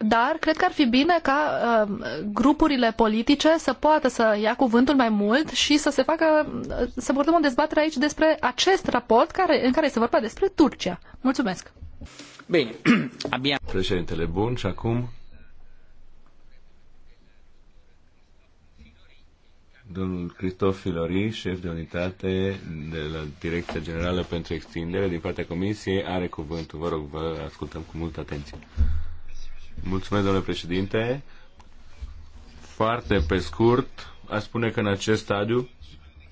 dar cred că ar fi bine ca uh, grupurile politice să poată să ia cuvântul mai mult și să se facă, uh, să purtăm o dezbatere aici despre acest raport care, în care se vorbea despre Turcia. Mulțumesc! Bine, abia... Președintele bun și acum domnul Cristof Filori, șef de unitate de la Direcția Generală pentru Extindere din partea Comisiei, are cuvântul. Vă rog, vă ascultăm cu multă atenție. Mulțumesc, domnule președinte. Foarte pe scurt, aș spune că în acest stadiu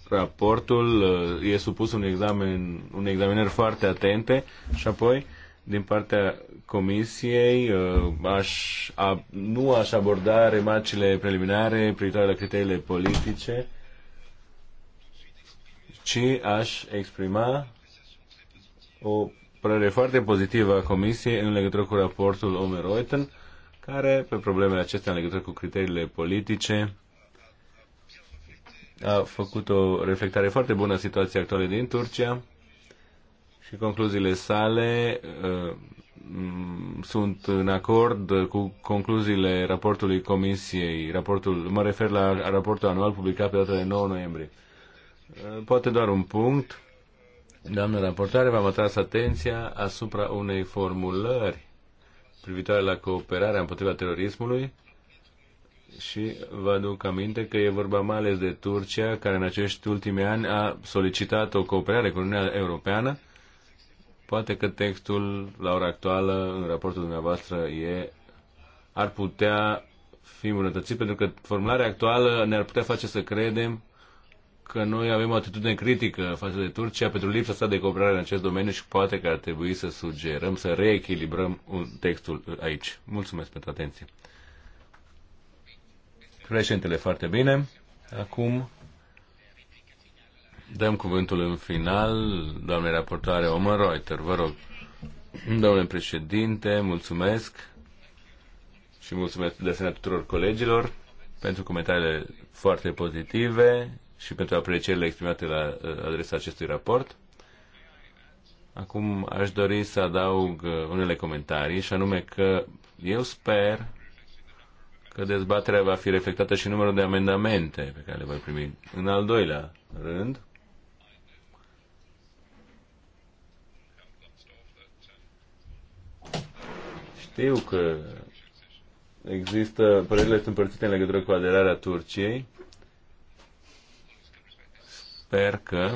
raportul uh, e supus un examen, un examinări foarte atente și apoi din partea comisiei uh, aș, a, nu aș aborda remarcile preliminare privitoare la criteriile politice, ci aș exprima o părere foarte pozitivă a comisiei în legătură cu raportul Omer Reuten care, pe problemele acestea în legătură cu criteriile politice, a făcut o reflectare foarte bună a situației actuale din Turcia și concluziile sale uh, sunt în acord cu concluziile raportului Comisiei. Raportul, mă refer la raportul anual publicat pe data de 9 noiembrie. Uh, poate doar un punct. Doamnă raportare, v-am atras atenția asupra unei formulări privitoare la cooperarea împotriva terorismului și vă aduc aminte că e vorba mai ales de Turcia, care în acești ultimi ani a solicitat o cooperare cu Uniunea Europeană. Poate că textul, la ora actuală, în raportul dumneavoastră, e, ar putea fi îmbunătățit, pentru că formularea actuală ne-ar putea face să credem că noi avem o atitudine critică față de Turcia pentru lipsa asta de cooperare în acest domeniu și poate că ar trebui să sugerăm, să reechilibrăm textul aici. Mulțumesc pentru atenție. Președintele foarte bine. Acum dăm cuvântul în final doamnei raportoare Omar Reuter. Vă rog. Domnule președinte, mulțumesc și mulțumesc de asemenea tuturor colegilor pentru comentariile foarte pozitive și pentru aprecierile exprimate la uh, adresa acestui raport. Acum aș dori să adaug uh, unele comentarii și anume că eu sper că dezbaterea va fi reflectată și numărul de amendamente pe care le voi primi. În al doilea rând, știu că există, părerile sunt împărțite în legătură cu aderarea Turciei, sper că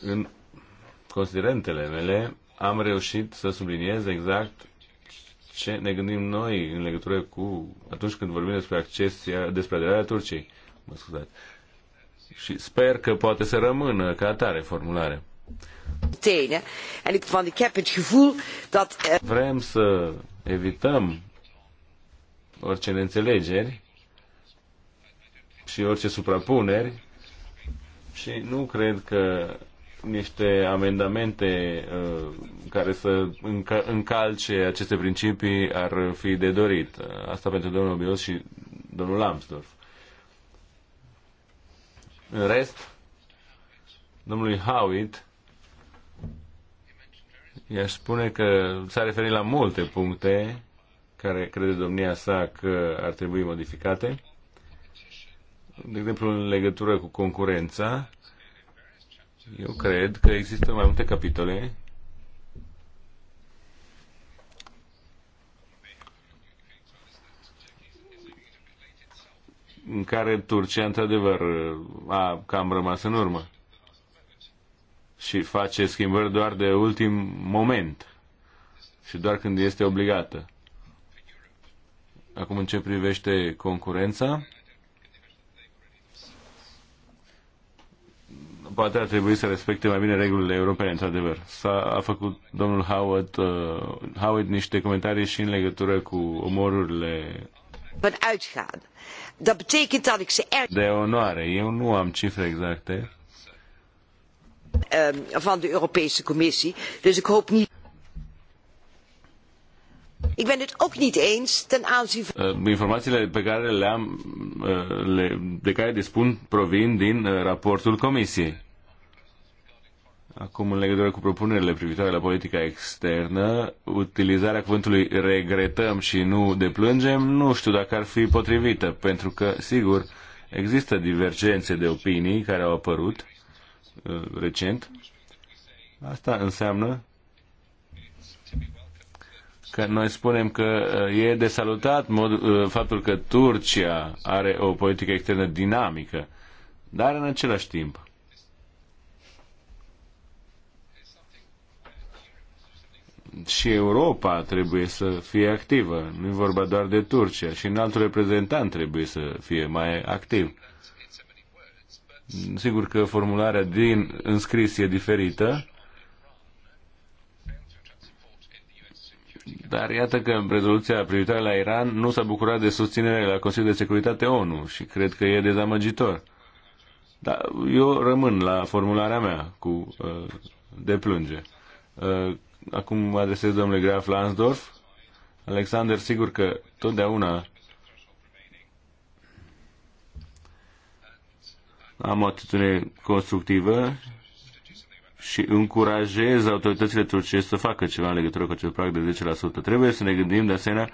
în considerentele mele am reușit să subliniez exact ce ne gândim noi în legătură cu atunci când vorbim despre accesia, despre aderarea Turciei. Mă scuzați. Și sper că poate să rămână ca atare formulare. Eh, Vrem să evităm orice neînțelegeri și orice suprapuneri și nu cred că niște amendamente uh, care să înca- încalce aceste principii ar fi de dorit. Asta pentru domnul Bios și domnul Lambsdorff. În rest, domnului Howitt i-aș spune că s-a referit la multe puncte care crede domnia sa că ar trebui modificate de exemplu, în legătură cu concurența, eu cred că există mai multe capitole în care Turcia, într-adevăr, a cam rămas în urmă și face schimbări doar de ultim moment și doar când este obligată. Acum, în ce privește concurența, poate ar trebui să respecte mai bine regulile europene, într-adevăr. S-a, a făcut domnul Howard, uh, Howard niște comentarii și în legătură cu omorurile De onoare, eu nu am cifre exacte. Ehm, van de Europese Comisie. dus ik hoop niet... Ik ben het ook niet eens ten aanzien van... Eh, informațiile pe care le am, eh, le, de care dispun, provin din eh, raportul Comisiei. Acum, în legătură cu propunerile privitoare la politica externă, utilizarea cuvântului regretăm și nu deplângem, nu știu dacă ar fi potrivită, pentru că, sigur, există divergențe de opinii care au apărut recent. Asta înseamnă că noi spunem că uh, e de salutat mod, uh, faptul că Turcia are o politică externă dinamică, dar în același timp și Europa trebuie să fie activă. Nu e vorba doar de Turcia. Și un alt reprezentant trebuie să fie mai activ. Sigur că formularea din înscris e diferită, Dar iată că în rezoluția privitoare la Iran nu s-a bucurat de susținere la Consiliul de Securitate ONU și cred că e dezamăgitor. Dar eu rămân la formularea mea cu uh, deplânge. Uh, acum mă adresez domnule Graf Lansdorf. Alexander, sigur că totdeauna am o atitudine constructivă și încurajez autoritățile turcești să facă ceva în legătură cu acest prag de 10%. Trebuie să ne gândim de asemenea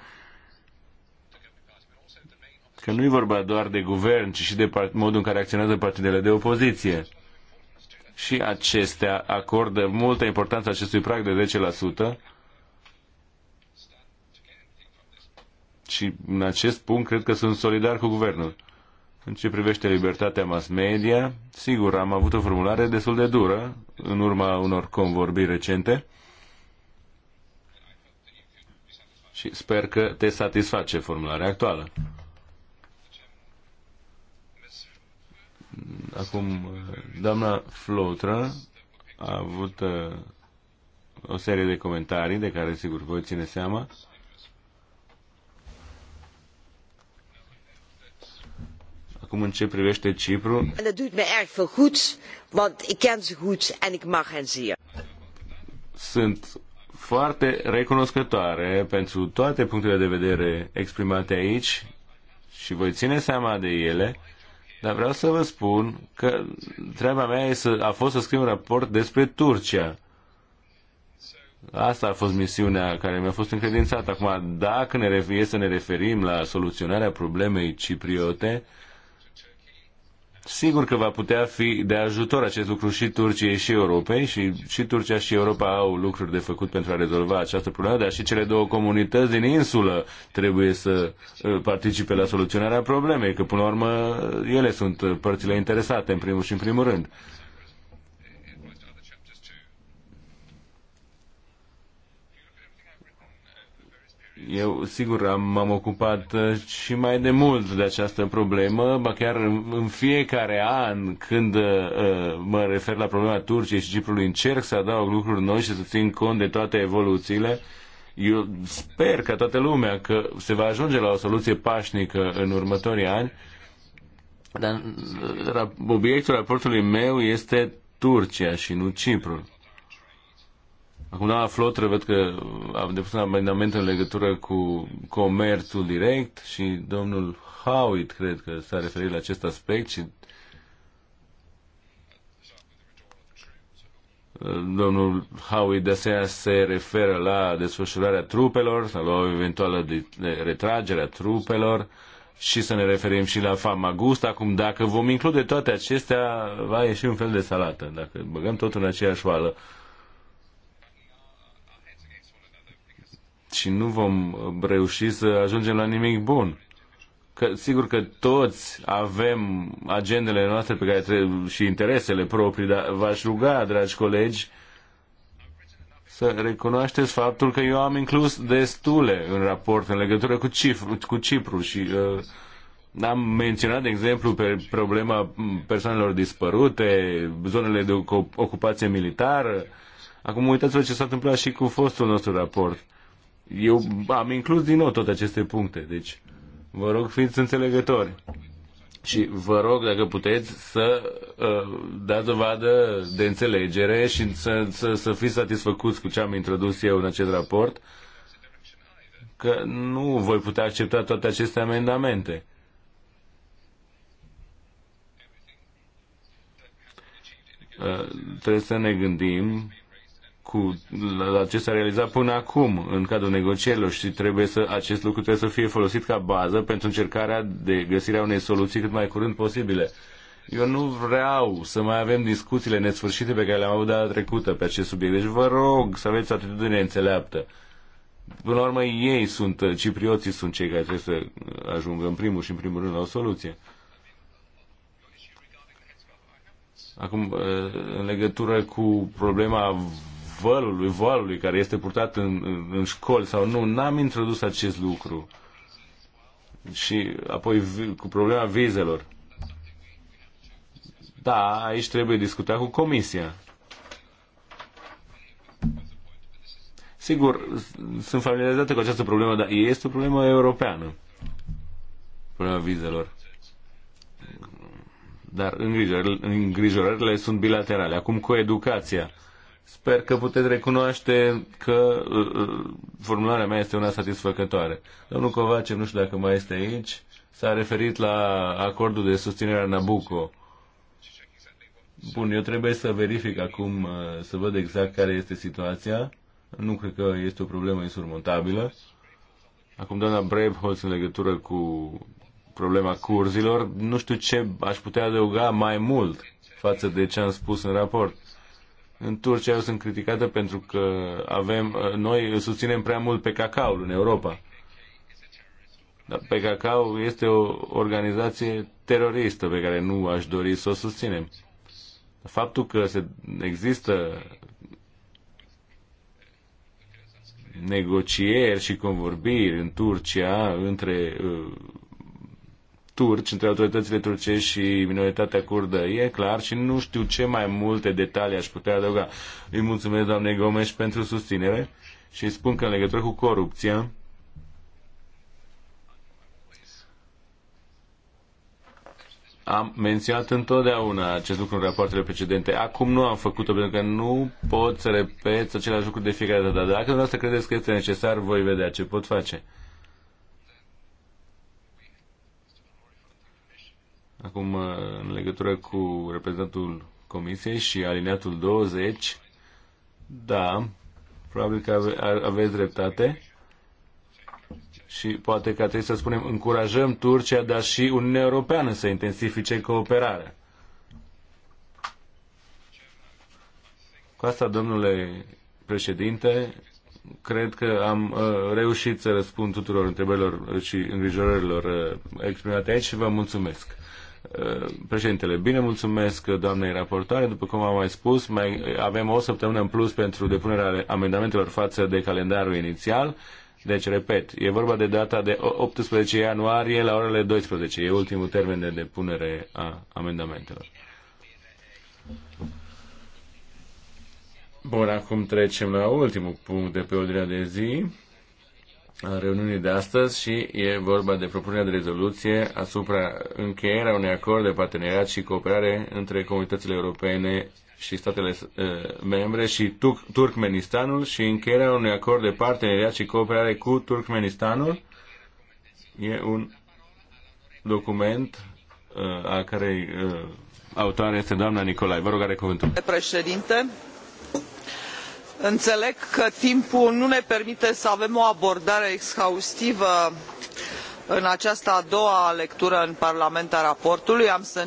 că nu e vorba doar de guvern, ci și de modul în care acționează partidele de opoziție. Și acestea acordă multă importanță acestui prag de 10%. Și în acest punct cred că sunt solidar cu guvernul. În ce privește libertatea mass media, sigur, am avut o formulare destul de dură în urma unor convorbiri recente și sper că te satisface formularea actuală. Acum, doamna Flotra a avut uh, o serie de comentarii de care sigur voi ține seama. Acum în ce privește Cipru... Sunt foarte recunoscătoare pentru toate punctele de vedere exprimate aici și voi ține seama de ele, dar vreau să vă spun că treaba mea e să, a fost să scriu un raport despre Turcia. Asta a fost misiunea care mi-a fost încredințată. Acum, dacă ne, e să ne referim la soluționarea problemei cipriote, uh, Sigur că va putea fi de ajutor acest lucru și Turciei și Europei și, și Turcia și Europa au lucruri de făcut pentru a rezolva această problemă, dar și cele două comunități din insulă trebuie să uh, participe la soluționarea problemei, că până la urmă ele sunt uh, părțile interesate în primul și în primul rând. eu, sigur, am, m-am ocupat uh, și mai de mult de această problemă, ba chiar în, în fiecare an, când uh, mă refer la problema Turciei și Ciprului, încerc să adaug lucruri noi și să țin cont de toate evoluțiile. Eu sper ca toată lumea că se va ajunge la o soluție pașnică în următorii ani, dar uh, obiectul raportului meu este Turcia și nu Ciprul. Acum doamna Flotră văd că am depus un amendament în legătură cu comerțul direct și domnul Howitt cred că s-a referit la acest aspect și domnul Howitt de asemenea se referă la desfășurarea trupelor sau la o eventuală retragere a trupelor și să ne referim și la famagust. Acum, dacă vom include toate acestea, va ieși un fel de salată, dacă băgăm totul în aceeași oală. și nu vom reuși să ajungem la nimic bun. Că, sigur că toți avem agendele noastre pe care trebuie, și interesele proprii, dar v-aș ruga, dragi colegi, să recunoașteți faptul că eu am inclus destule în raport în legătură cu, cifru, cu Cipru și uh, am menționat, de exemplu, pe problema persoanelor dispărute, zonele de ocupație militară. Acum uitați-vă ce s-a întâmplat și cu fostul nostru raport eu am inclus din nou toate aceste puncte, deci vă rog fiți înțelegători. Și vă rog, dacă puteți, să uh, dați dovadă de înțelegere și să, să, să fiți satisfăcuți cu ce am introdus eu în acest raport, că nu voi putea accepta toate aceste amendamente. Uh, trebuie să ne gândim cu la ce s-a realizat până acum în cadrul negocierilor și trebuie să, acest lucru trebuie să fie folosit ca bază pentru încercarea de găsirea unei soluții cât mai curând posibile. Eu nu vreau să mai avem discuțiile nesfârșite pe care le-am avut data trecută pe acest subiect. Deci vă rog să aveți atitudine înțeleaptă. Până la urmă, ei sunt, uh, ciprioții sunt cei care trebuie să uh, ajungă în primul și în primul rând la o soluție. Acum, uh, în legătură cu problema vălului, vălului care este purtat în, în, în școli sau nu, n-am introdus acest lucru. Și apoi cu problema vizelor. Da, aici trebuie discutat cu comisia. Sigur, sunt familiarizate cu această problemă, dar este o problemă europeană. Problema vizelor. Dar îngrijorările sunt bilaterale. Acum cu educația. Sper că puteți recunoaște că uh, uh, formularea mea este una satisfăcătoare. Domnul Covace, nu știu dacă mai este aici, s-a referit la acordul de susținere a Nabucco. Bun, eu trebuie să verific acum, uh, să văd exact care este situația. Nu cred că este o problemă insurmontabilă. Acum, doamna Braveholz, în legătură cu problema curzilor, nu știu ce aș putea adăuga mai mult față de ce am spus în raport. În Turcia eu sunt criticată pentru că avem, noi susținem prea mult pe cacao în Europa. Dar PKK este o organizație teroristă pe care nu aș dori să o susținem. Faptul că se, există negocieri și convorbiri în Turcia între uh, turci, între autoritățile turcești și minoritatea curdă. E clar și nu știu ce mai multe detalii aș putea adăuga. Îi mulțumesc doamne Gomes pentru susținere și îi spun că în legătură cu corupția, Am menționat întotdeauna acest lucru în rapoartele precedente. Acum nu am făcut-o pentru că nu pot să repet același lucru de fiecare dată. Dar dacă dumneavoastră credeți că este necesar, voi vedea ce pot face. Acum, uh, în legătură cu reprezentantul Comisiei și alineatul 20, da, probabil că ave, aveți dreptate și poate că trebuie să spunem încurajăm Turcia, dar și Uniunea Europeană să intensifice cooperarea. Cu asta, domnule președinte, cred că am uh, reușit să răspund tuturor întrebărilor și îngrijorărilor uh, exprimate aici și vă mulțumesc. Președintele, bine, mulțumesc doamnei raportoare. După cum am mai spus, mai avem o săptămână în plus pentru depunerea amendamentelor față de calendarul inițial. Deci, repet, e vorba de data de 18 ianuarie la orele 12. E ultimul termen de depunere a amendamentelor. Bun, acum trecem la ultimul punct de pe ordinea de zi a reuniunii de astăzi și e vorba de propunerea de rezoluție asupra încheierea unui acord de parteneriat și cooperare între comunitățile europene și statele uh, membre și Turkmenistanul și încheierea unui acord de parteneriat și cooperare cu Turkmenistanul. E un document uh, a cărei uh, autoare este doamna Nicolae. Vă rog, are cuvântul. Președinte, înțeleg că timpul nu ne permite să avem o abordare exhaustivă în această a doua lectură în parlament a raportului am să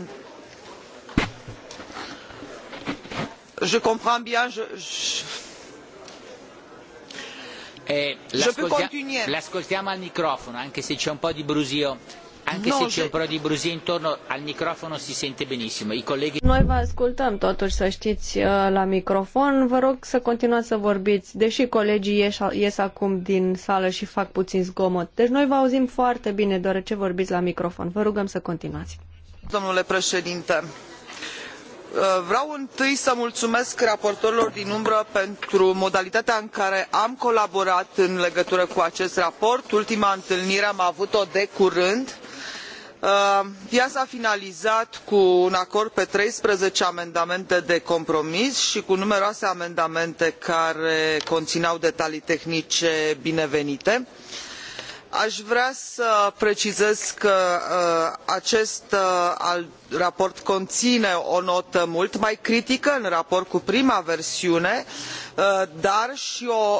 Anche se c'è un po' di brusie intorno, al microfono si sente benissimo. I colleghi... Noi vă ascultăm totuși, să știți, uh, la microfon. Vă rog să continuați să vorbiți, deși colegii ieș, ies acum din sală și fac puțin zgomot. Deci noi vă auzim foarte bine, deoarece vorbiți la microfon. Vă rugăm să continuați. Domnule președinte, uh, vreau întâi să mulumesc raportorilor din umbră pentru modalitatea în care am colaborat în legătură cu acest raport ultima întâlnire am avut o de curând i Uh, ea s a finalizat cu un acord pe treisprezece amendamente de compromis i cu numeroase amendamente care conineau detalii tehnice binevenite a vrea să precizez că uh, acest uh, raport conine o notă mult mai critică în raport cu prima versiune uh, dar i o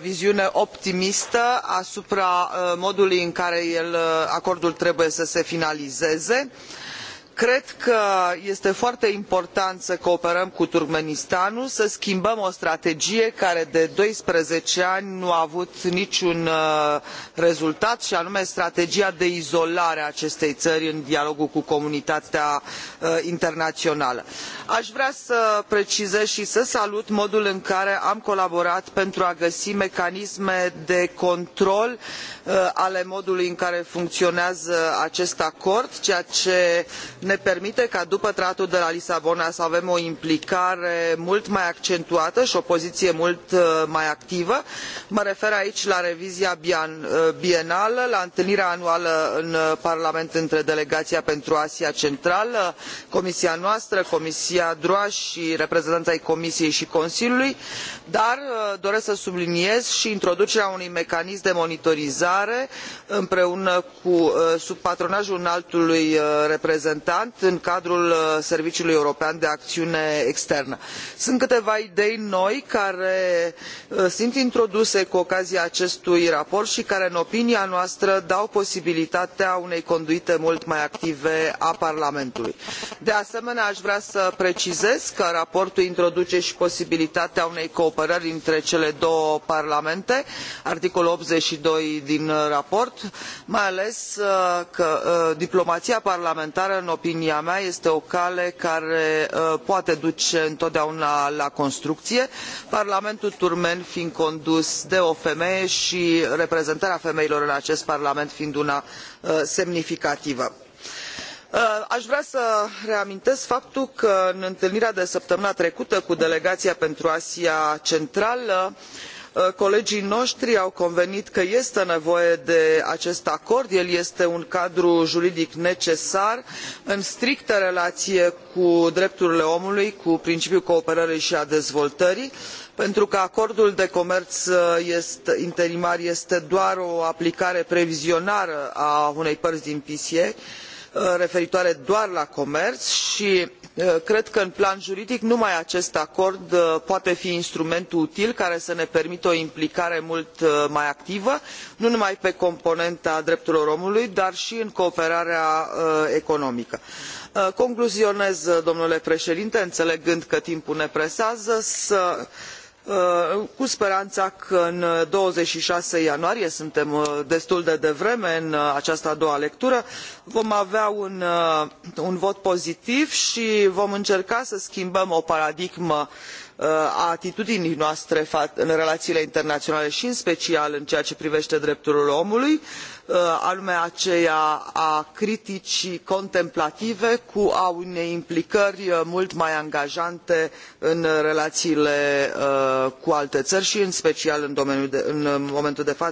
viziune optimistă asupra modului în care acordul trebuie să se finalizeze i cred că este foarte important să cooperăm cu turkmenistanul să schimbăm o strategie care de doisprezece ani nu a avut niciun uh, rezultat i anume strategia de izolare a acestei ări în dialogul cu comunitatea uh, internaională. a vrea să precizez i să salut modul în care am colaborat pentru a găsi mecanisme de control uh, ale modului în care funcionează acest acord ceea ce ne permite ca după tratatul de la lisabona să avem o implicare mult mai accentuată i o poziie mult uh, mai activă mă refer aici la revizia uh, bienală la întâlnirea anuală în uh, parlament între delegaia pentru asia centrală comisia noastră comisia droi i reprezentani ai comisiei i consiliului dar doresc să subliniez i introducerea unui mecanism de monitorizare împreună cu sub patronajul înaltului reprezentant important în cadrul uh, serviciului european de aciune externă. sunt câteva idei noi care uh, sunt introduse cu ocazia acestui raport i care în opinia noastră dau posibilitatea unei conduite mult mai active a parlamentului. de asemenea a vrea să precizez că raportul introduce i posibilitatea unei cooperări între cele două parlamente articolul optzeci și doi din raport mai ales uh, că diplomaia parlamentară în opinia mea este o cale care uh, poate duce întotdeauna la construcie parlamentul turmen fiind condus de o femeie i reprezentarea femeilor în acest parlament fiind una uh, semnificativă uh, a vrea să reamintesc faptul că în întâlnirea de săptămâna trecută cu delegaia pentru asia centrală Uh, colegii notri au convenit că este nevoie de acest acord el este un cadru juridic necesar în strictă relaie cu drepturile omului cu principiul cooperării i al dezvoltării pentru că acordul de comer uh, interimar este doar o aplicare previzională a unei pări din pca uh, referitoare doar la comer i Eh, cred că în plan juridic numai acest acord eh, poate fi instrumentul util care să ne permită o implicare mult eh, mai activă nu numai pe componenta drepturilor omului dar i în cooperarea economică. concluzionez domnule preedinte înelegând că timpul ne presează să Uh, cu sperana că în douăzeci și șase ianuarie suntem uh, destul de devreme în uh, această a doua lectură vom avea un, un vot pozitiv i vom încerca să schimbăm o paradigmă Uh, a atitudinii noastre în relaiile internaionale i în special în ceea ce privete drepturile omului uh, anume aceea a criticii contemplative cu a unei implicări uh, mult mai angajante în relaiile cu alte ări i în special în momentul de faă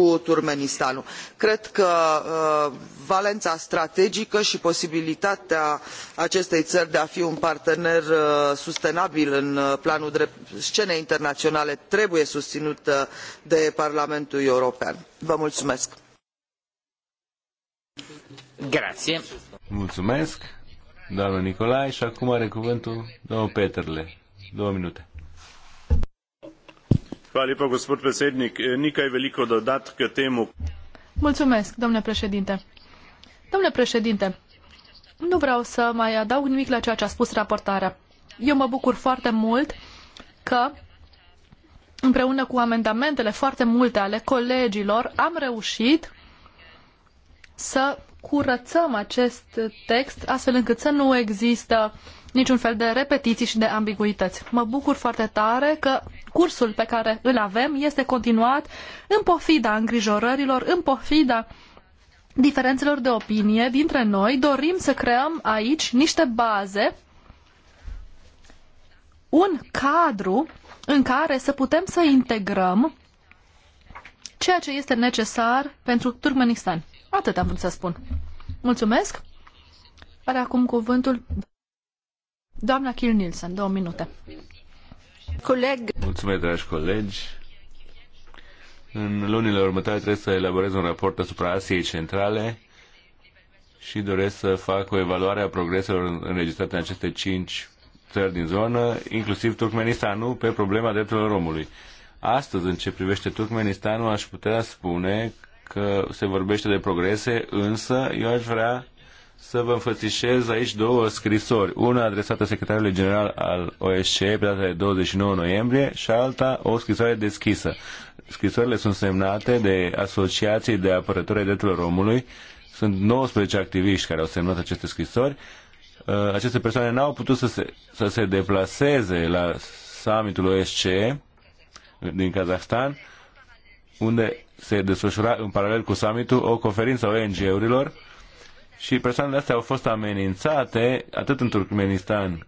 cu turkmenistanul. cred că uh, valena strategică i posibilitatea acestei ări de a fi un partener uh, sustenabil în uh, planul scenei internaionale trebuie susinută de parlamentul european. vă mulumesc. Mulțumesc, doamnă Nicolae. Și acum are cuvântul domnul Peterle. Două minute. Eh, Mulțumesc, domnule președinte. Domnule președinte, nu vreau să mai adaug nimic la ceea ce a spus raportarea. Eu mă bucur foarte mult că împreună cu amendamentele foarte multe ale colegilor am reușit să curățăm acest text astfel încât să nu există uh, niciun fel de repetiții și de ambiguități. Mă bucur foarte tare că cursul pe care îl avem este continuat în pofida îngrijorărilor, în pofida diferențelor de opinie dintre noi. Dorim să creăm aici niște baze, un cadru în care să putem să integrăm ceea ce este necesar pentru Turkmenistan. Atât am vrut să spun. Mulțumesc. Are acum cuvântul Doamna Kiel Nielsen, două minute. Coleg. Mulțumesc, dragi colegi. În lunile următoare trebuie să elaborez un raport asupra Asiei Centrale și doresc să fac o evaluare a progreselor înregistrate în aceste cinci țări din zonă, inclusiv Turkmenistanul, pe problema drepturilor omului. Astăzi, în ce privește Turkmenistanul, aș putea spune că se vorbește de progrese, însă eu aș vrea să vă înfățișez aici două scrisori. Una adresată secretarului general al OSCE pe data de 29 noiembrie și alta o scrisoare deschisă. Scrisorile sunt semnate de asociații de apărători drepturilor omului. Sunt 19 activiști care au semnat aceste scrisori. Uh, aceste persoane n-au putut să se, să se deplaseze la summitul OSCE din Kazahstan, unde se desfășura în paralel cu summitul o conferință a ONG-urilor și persoanele astea au fost amenințate atât în Turkmenistan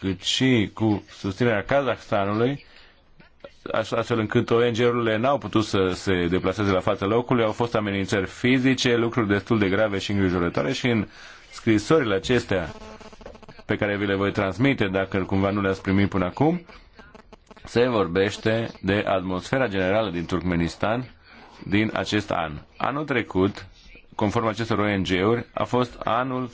cât și cu susținerea Kazahstanului, astfel încât ONG-urile n-au putut să se deplaseze la fața locului, au fost amenințări fizice, lucruri destul de grave și îngrijorătoare și în scrisorile acestea pe care vi le voi transmite, dacă cumva nu le-ați primit până acum, se vorbește de atmosfera generală din Turkmenistan din acest an. Anul trecut, conform acestor ONG-uri, a fost anul uh,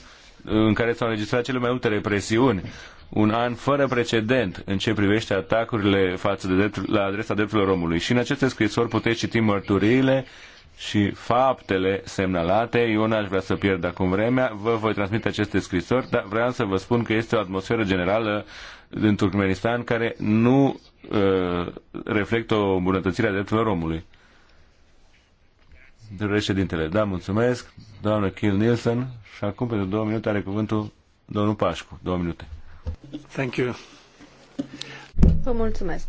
în care s-au înregistrat cele mai multe represiuni, un an fără precedent în ce privește atacurile față de drept, la adresa drepturilor omului. Și în aceste scrisori puteți citi mărturiile și faptele semnalate. Eu n-aș vrea să pierd acum vremea, vă voi transmite aceste scrisori, dar vreau să vă spun că este o atmosferă generală din Turkmenistan care nu uh, reflectă o îmbunătățire a drepturilor omului. Președintele, da, mulțumesc, doamnă Kill Nielsen. Și acum, pentru două minute, are cuvântul domnul Pașcu. Două minute. Thank you. Vă mulțumesc.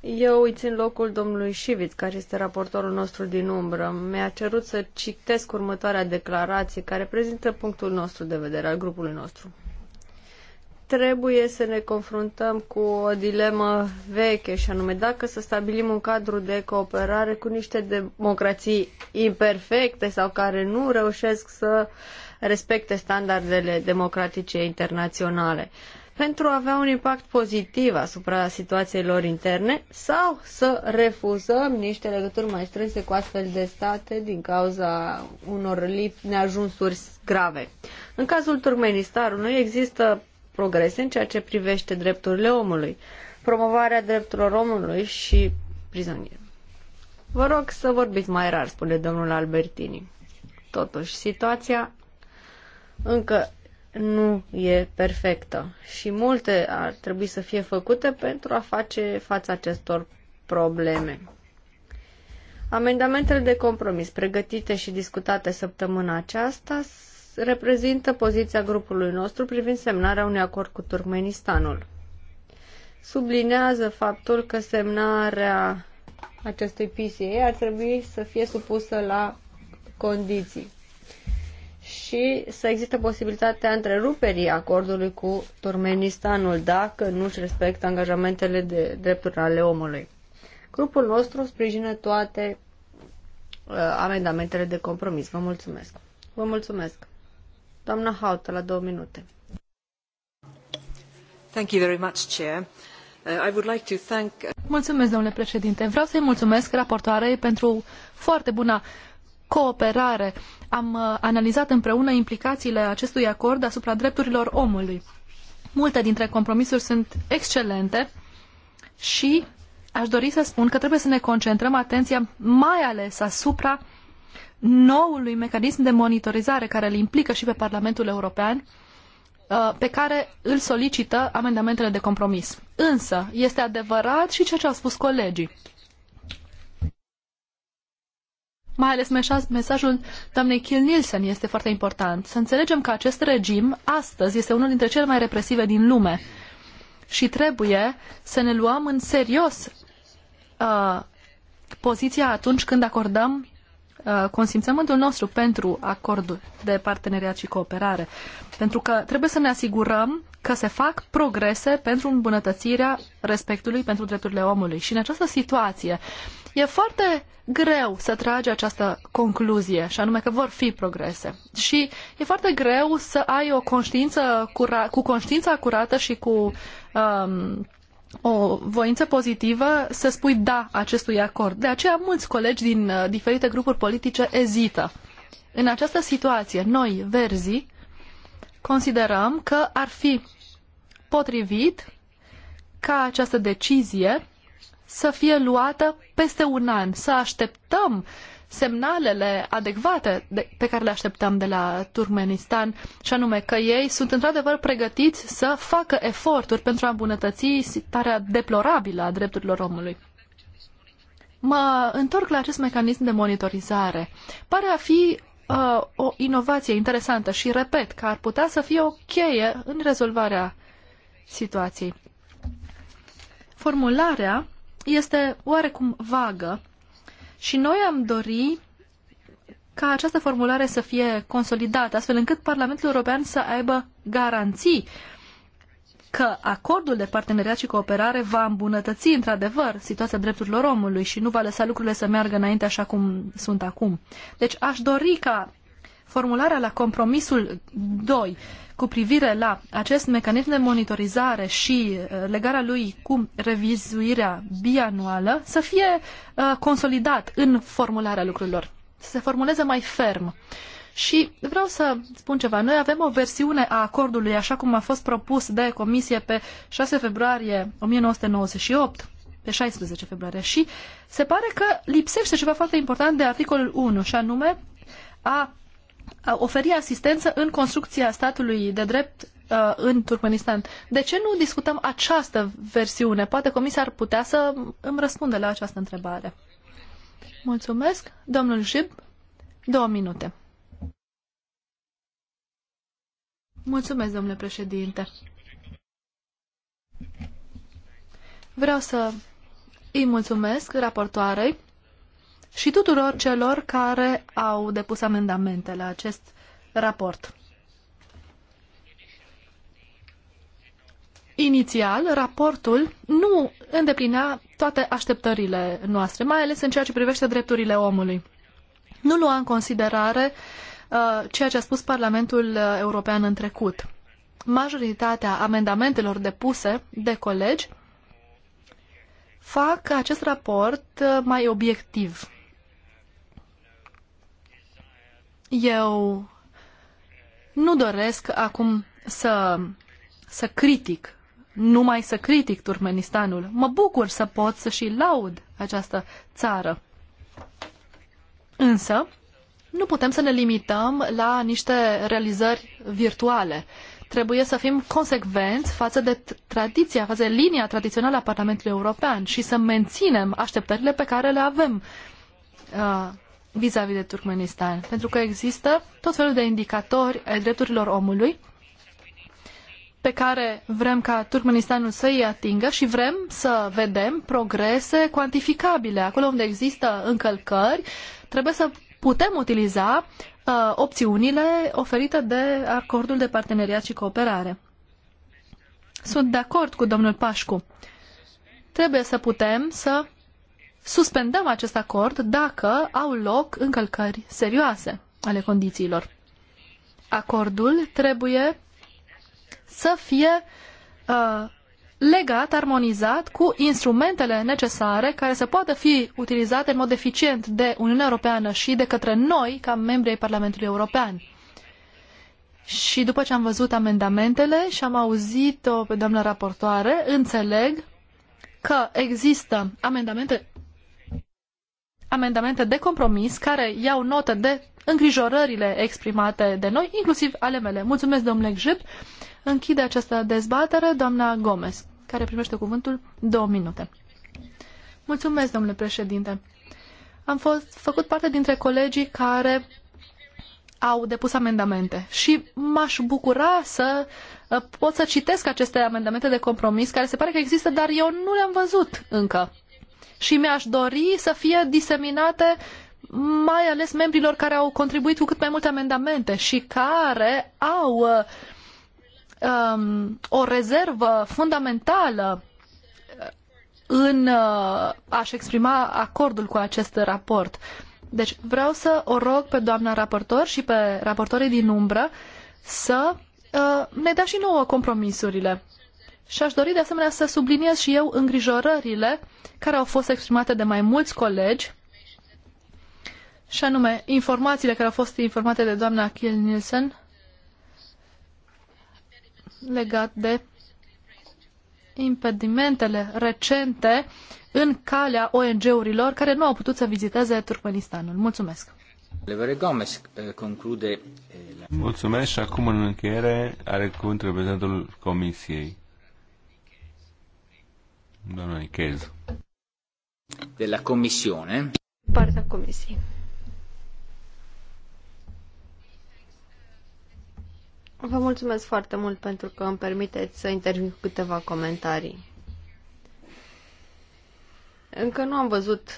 Eu îi țin locul domnului Șivit, care este raportorul nostru din umbră. Mi-a cerut să citesc următoarea declarație care prezintă punctul nostru de vedere al grupului nostru trebuie să ne confruntăm cu o dilemă veche și anume dacă să stabilim un cadru de cooperare cu niște democrații imperfecte sau care nu reușesc să respecte standardele democratice internaționale pentru a avea un impact pozitiv asupra situației lor interne sau să refuzăm niște legături mai strânse cu astfel de state din cauza unor neajunsuri grave. În cazul Turkmenistanului există progrese în ceea ce privește drepturile omului, promovarea drepturilor omului și prizonierilor. Vă rog să vorbiți mai rar, spune domnul Albertini. Totuși, situația încă nu e perfectă și multe ar trebui să fie făcute pentru a face față acestor probleme. Amendamentele de compromis pregătite și discutate săptămâna aceasta reprezintă poziția grupului nostru privind semnarea unui acord cu Turkmenistanul. Sublinează faptul că semnarea acestui PCA ar trebui să fie supusă la condiții și să existe posibilitatea întreruperii acordului cu Turkmenistanul dacă nu își respectă angajamentele de drepturi ale omului. Grupul nostru sprijină toate uh, amendamentele de compromis. Vă mulțumesc. Vă mulțumesc. Doamna Haută, la două minute. Thank you very much, Chair. Uh, I would like to thank... Uh, mulțumesc, domnule președinte. Vreau să-i mulțumesc raportoarei pentru foarte bună cooperare. Am uh, analizat împreună implicațiile acestui acord asupra drepturilor omului. Multe dintre compromisuri sunt excelente și aș dori să spun că trebuie să ne concentrăm atenția mai ales asupra uh, noului mecanism de monitorizare care îl implică și pe Parlamentul European, uh, pe care îl solicită amendamentele de compromis. Însă, este adevărat și ceea ce au spus colegii. Mai ales mesajul doamnei Kiel Nielsen este foarte important. Să înțelegem că acest regim astăzi este unul dintre cele mai represive din lume și trebuie să ne luăm în serios uh, poziția atunci când acordăm Uh, consimțământul nostru pentru acordul de parteneriat și cooperare. Pentru că trebuie să ne asigurăm că se fac progrese pentru îmbunătățirea respectului pentru drepturile omului. Și în această situație e foarte greu să tragi această concluzie, și anume că vor fi progrese. Și e foarte greu să ai o conștiință cura- cu conștiința curată și cu um, o voință pozitivă să spui da acestui acord. De aceea mulți colegi din uh, diferite grupuri politice ezită. În această situație, noi, verzii, considerăm că ar fi potrivit ca această decizie să fie luată peste un an, să așteptăm semnalele adecvate de, pe care le așteptam de la Turkmenistan, și anume că ei sunt într-adevăr pregătiți să facă eforturi pentru a îmbunătăți starea deplorabilă a drepturilor omului. Mă întorc la acest mecanism de monitorizare. Pare a fi uh, o inovație interesantă și repet că ar putea să fie o cheie în rezolvarea situației. Formularea este oarecum vagă și noi am dori ca această formulare să fie consolidată, astfel încât Parlamentul European să aibă garanții că acordul de parteneriat și cooperare va îmbunătăți într-adevăr situația drepturilor omului și nu va lăsa lucrurile să meargă înainte așa cum sunt acum. Deci aș dori ca formularea la compromisul 2 cu privire la acest mecanism de monitorizare și uh, legarea lui cu revizuirea bianuală să fie uh, consolidat în formularea lucrurilor, să se formuleze mai ferm. Și vreau să spun ceva. Noi avem o versiune a acordului, așa cum a fost propus de comisie pe 6 februarie 1998, pe 16 februarie, și se pare că lipsește ceva foarte important de articolul 1, și anume a oferi asistență în construcția statului de drept uh, în Turkmenistan. De ce nu discutăm această versiune? Poate Comisia ar putea să îmi răspundă la această întrebare. Mulțumesc. Domnul Jib, două minute. Mulțumesc, domnule președinte. Vreau să îi mulțumesc raportoarei și tuturor celor care au depus amendamente la acest raport. Inițial, raportul nu îndeplinea toate așteptările noastre, mai ales în ceea ce privește drepturile omului. Nu lua în considerare uh, ceea ce a spus Parlamentul European în trecut. Majoritatea amendamentelor depuse de colegi fac acest raport uh, mai obiectiv. Eu nu doresc acum să, să critic, numai să critic Turkmenistanul. Mă bucur să pot să și laud această țară. Însă, nu putem să ne limităm la niște realizări virtuale. Trebuie să fim consecvenți față de tradiția, față de linia tradițională a Parlamentului European și să menținem așteptările pe care le avem. Uh, vis-a-vis de Turkmenistan, pentru că există tot felul de indicatori ai drepturilor omului pe care vrem ca Turkmenistanul să îi atingă și vrem să vedem progrese cuantificabile. Acolo unde există încălcări, trebuie să putem utiliza uh, opțiunile oferite de acordul de parteneriat și cooperare. Sunt de acord cu domnul Pașcu. Trebuie să putem să suspendăm acest acord dacă au loc încălcări serioase ale condițiilor. Acordul trebuie să fie uh, legat, armonizat cu instrumentele necesare care să poată fi utilizate în mod eficient de Uniunea Europeană și de către noi ca membri ai Parlamentului European. Și după ce am văzut amendamentele și am auzit-o pe doamna raportoare, înțeleg că există amendamente amendamente de compromis care iau notă de îngrijorările exprimate de noi, inclusiv ale mele. Mulțumesc, domnule Gjip. Închide această dezbatere doamna Gomez, care primește cuvântul două minute. Mulțumesc, domnule președinte. Am fost, făcut parte dintre colegii care au depus amendamente și m-aș bucura să uh, pot să citesc aceste amendamente de compromis care se pare că există, dar eu nu le-am văzut încă și mi-aș dori să fie diseminate mai ales membrilor care au contribuit cu cât mai multe amendamente și care au um, o rezervă fundamentală uh, în uh, a-și exprima acordul cu acest raport. Deci vreau să o rog pe doamna raportor și pe raportorii din umbră să uh, ne dea și nouă compromisurile. Și aș dori de asemenea să subliniez și eu îngrijorările care au fost exprimate de mai mulți colegi, și anume informațiile care au fost informate de doamna Kiel Nielsen legat de impedimentele recente în calea ONG-urilor care nu au putut să viziteze Turkmenistanul. Mulțumesc! Eh, eh, Mulțumesc și acum în încheiere are cuvântul reprezentantul Comisiei. Doamna Nichez. De la Comisione. Partea Comisiei. Vă mulțumesc foarte mult pentru că îmi permiteți să intervin cu câteva comentarii. Încă nu am văzut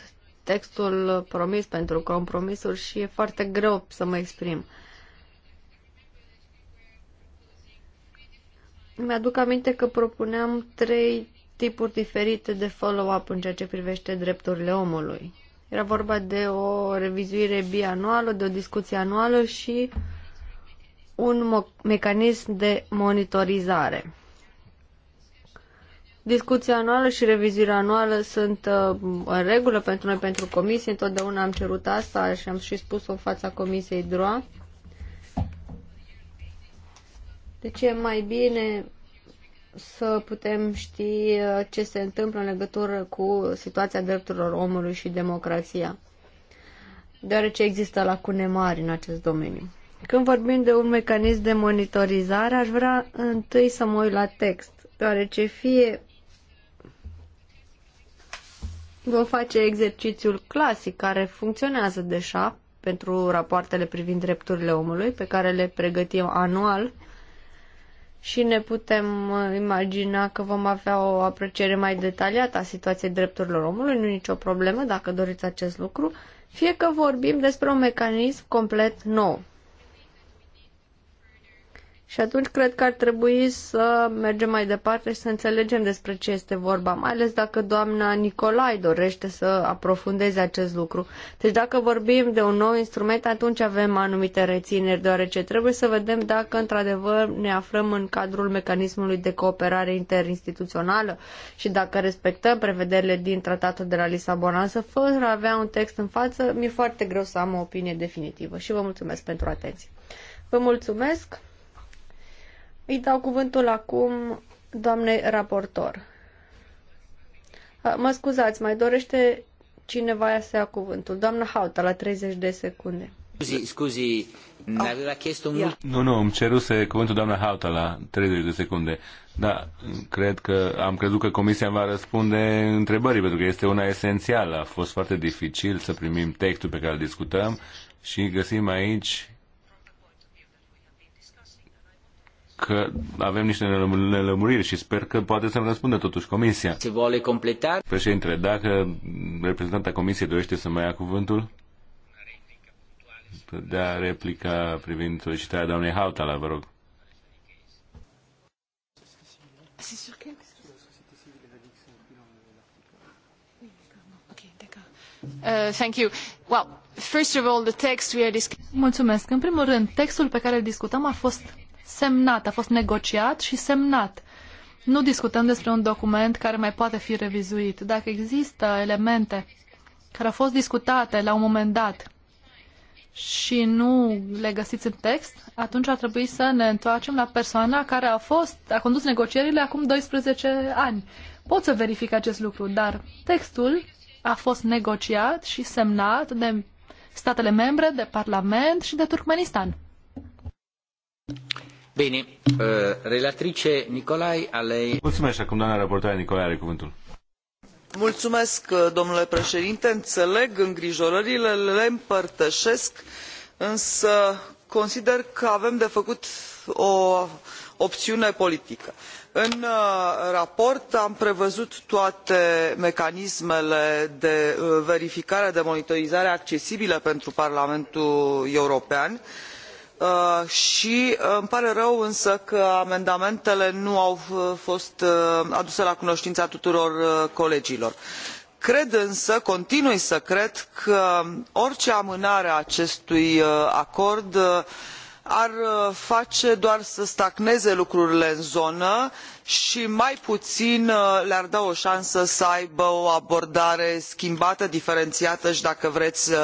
textul promis pentru compromisuri și e foarte greu să mă exprim. Mi-aduc aminte că propuneam trei tipuri diferite de follow-up în ceea ce privește drepturile omului. Era vorba de o revizuire bianuală, de o discuție anuală și un mecanism de monitorizare. Discuția anuală și revizuirea anuală sunt uh, în regulă pentru noi, pentru comisie. Întotdeauna am cerut asta și am și spus-o în fața comisiei DROA. Deci e mai bine să putem ști uh, ce se întâmplă în legătură cu situația drepturilor omului și democrația, deoarece există lacune mari în acest domeniu. Când vorbim de un mecanism de monitorizare, aș vrea întâi să mă uit la text, deoarece fie vom face exercițiul clasic care funcționează deja pentru rapoartele privind drepturile omului, pe care le pregătim anual, și ne putem uh, imagina că vom avea o apreciere mai detaliată a situației drepturilor omului, nu nicio problemă dacă doriți acest lucru, fie că vorbim despre un mecanism complet nou. Și atunci cred că ar trebui să mergem mai departe și să înțelegem despre ce este vorba, mai ales dacă doamna Nicolai dorește să aprofundeze acest lucru. Deci dacă vorbim de un nou instrument, atunci avem anumite rețineri, deoarece trebuie să vedem dacă într-adevăr ne aflăm în cadrul mecanismului de cooperare interinstituțională și dacă respectăm prevederile din tratatul de la Lisabona, să fără a avea un text în față, mi-e foarte greu să am o opinie definitivă. Și vă mulțumesc pentru atenție. Vă mulțumesc! Îi dau cuvântul acum doamnei raportor. Mă scuzați, mai dorește cineva să ia cuvântul. Doamna Hauta, la 30 de secunde. Scuzi, scuzi, ne aveva chestia un... mult. Nu, nu, îmi ceruse cuvântul doamna Hauta la 30 de secunde. Da, cred că am crezut că comisia va răspunde întrebării, pentru că este una esențială. A fost foarte dificil să primim textul pe care îl discutăm și găsim aici că avem niște nelămuriri și sper că poate să-mi răspundă totuși Comisia. Se vole completa? Președinte, dacă reprezentanta Comisiei dorește să mai ia cuvântul, da replica privind solicitarea doamnei Hautala, vă rog. Uh, thank you. Well, first of all, the text we are Mulțumesc. În primul rând, textul pe care îl discutăm a fost semnat, a fost negociat și semnat. Nu discutăm despre un document care mai poate fi revizuit. Dacă există elemente care au fost discutate la un moment dat și nu le găsiți în text, atunci ar trebui să ne întoarcem la persoana care a fost, a condus negocierile acum 12 ani. Pot să verific acest lucru, dar textul a fost negociat și semnat de statele membre, de Parlament și de Turkmenistan. Bine, uh, relatrice Nicolai, ale... Mulțumesc acum doamna raportoare Nicolai are cuvântul. Mulțumesc, uh, domnule președinte, înțeleg îngrijorările, le împărtășesc, însă consider că avem de făcut o opțiune politică în uh, raport am prevăzut toate mecanismele de verificare de monitorizare accesibile pentru parlamentul european Uh, și uh, îmi pare rău însă că amendamentele nu au fost uh, aduse la cunoștința tuturor colegilor. cred însă continui să cred că orice amânare a acestui acord ar face doar să stagneze lucrurile în zonă și mai puțin uh, le ar da o șansă să aibă o abordare schimbată diferențiată și dacă vreți uh,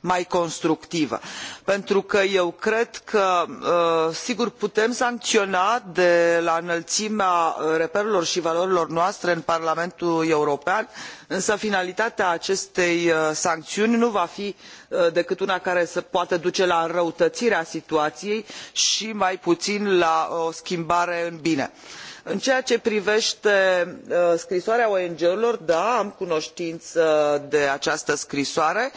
mai constructivă pentru că eu cred că uh, sigur putem sancționa de la înălimea reperelor și valorilor noastre în parlamentul european însă finalitatea acestei sancțiuni nu va fi decât una care să poată duce la înrăutăirea situației și mai puțin la o schimbare în bine în ceea ce privete uh, scrisoarea ong urilor da am cunotină de această scrisoare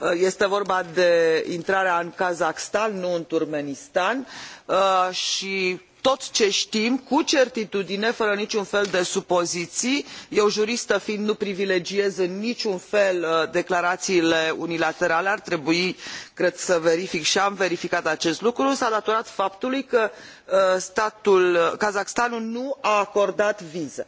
uh, este vorba de intrarea în kazahstan nu în turkmenistan uh, i tot ce tim cu certitudine fără niciun fel de supoziii eu juristă fiind nu privilegiez în niciun fel uh, declaraiile unilaterale ar trebui cred să verific i am verificat acest lucru s a datorat faptului că uh, kazahstanul nu a acordat vize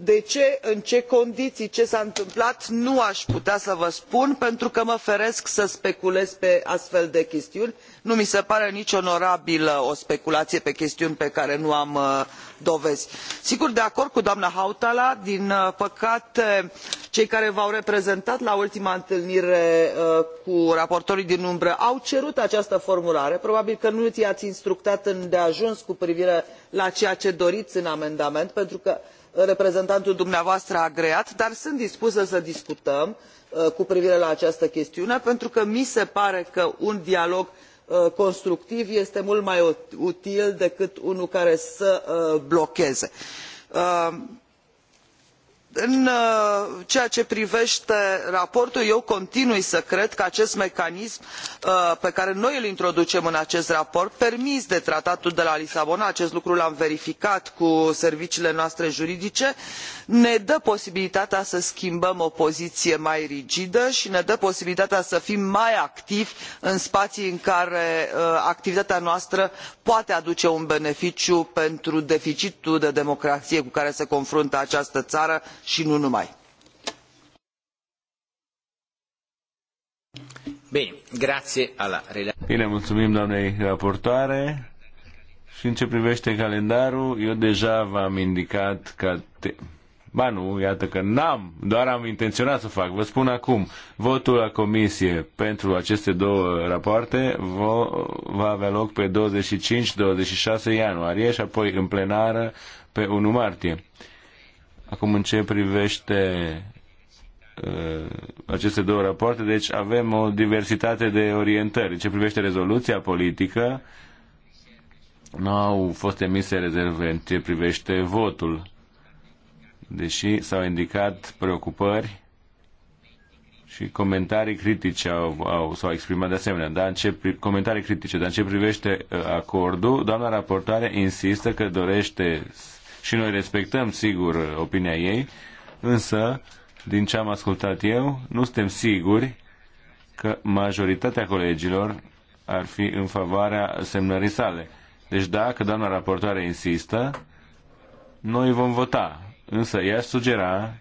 de ce în ce condiii ce s a întâmplat nu a putea să vă spun pentru că mă feresc să speculez pe astfel de chestiuni nu mi se pare nici onorabilă o speculaie pe chestiuni pe care nu am uh, dovezi. sigur de acord cu doamna hautala din uh, păcate cei care v au reprezentat la ultima întâlnire uh, cu raportorii din umbră au cerut această formulare probabil că nu i ai instructat îndeajuns cu privire la ceea ce dorii în amendament pentru că reprezentantul dumneavoastră a agreat dar sunt dispusă să discutăm uh, cu privire la această chestiune pentru că mi se pare că un dialog uh, constructiv este mult mai util decât unul care să uh, blocheze în uh, ceea ce privete raportul eu continui să cred că acest mecanism uh, pe care noi îl introducem în acest raport permis de tratatul de la lisabona acest lucru l am verificat cu serviciile noastre juridice ne dă posibilitatea să schimbăm o poziie mai rigidă i ne dă posibilitatea să fim mai activi în spaii în care uh, activitatea noastră poate aduce un beneficiu pentru deficitul de democraie cu care se confruntă această ară și nu numai. Bine, grazie la Bine, mulțumim doamnei raportoare. Și în ce privește calendarul, eu deja v-am indicat că... Te... Ba nu, iată că n-am, doar am intenționat să fac. Vă spun acum, votul la comisie pentru aceste două rapoarte va avea loc pe 25-26 ianuarie și apoi în plenară pe 1 martie. Acum, în ce privește uh, aceste două rapoarte, deci avem o diversitate de orientări. În ce privește rezoluția politică, nu au fost emise rezerve în ce privește votul, deși s-au indicat preocupări și comentarii critice au, au, s-au exprimat de asemenea. Dar în ce, comentarii critice, dar în ce privește uh, acordul, doamna raportoare insistă că dorește și noi respectăm, sigur, opinia ei, însă, din ce am ascultat eu, nu suntem siguri că majoritatea colegilor ar fi în favoarea semnării sale. Deci dacă doamna raportoare insistă, noi vom vota. Însă ea sugera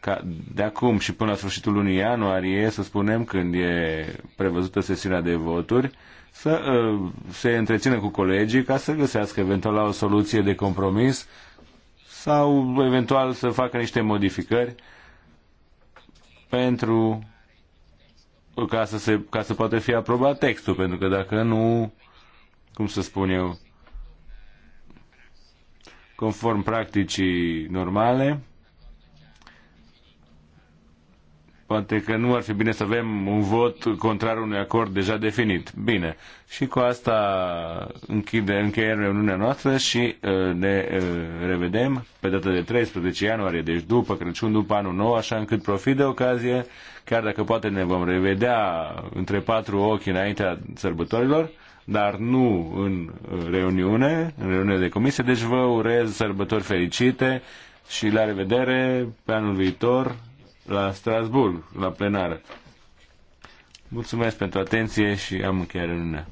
ca de acum și până la sfârșitul lunii ianuarie, să spunem, când e prevăzută sesiunea de voturi, să ă, se întrețină cu colegii ca să găsească eventual o soluție de compromis sau eventual să facă niște modificări pentru ca să, se, ca să poată fi aprobat textul, pentru că dacă nu, cum să spun eu, conform practicii normale, Poate că nu ar fi bine să avem un vot contrar unui acord deja definit. Bine. Și cu asta închide, încheiem reuniunea noastră și uh, ne uh, revedem pe data de 13 ianuarie, deci după Crăciun, după anul nou, așa încât profit de ocazie, chiar dacă poate ne vom revedea între patru ochi înaintea sărbătorilor, dar nu în uh, reuniune, în reuniune de comisie. Deci vă urez sărbători fericite și la revedere pe anul viitor la Strasburg, la plenară. Mulțumesc pentru atenție și am încheiat reuniunea.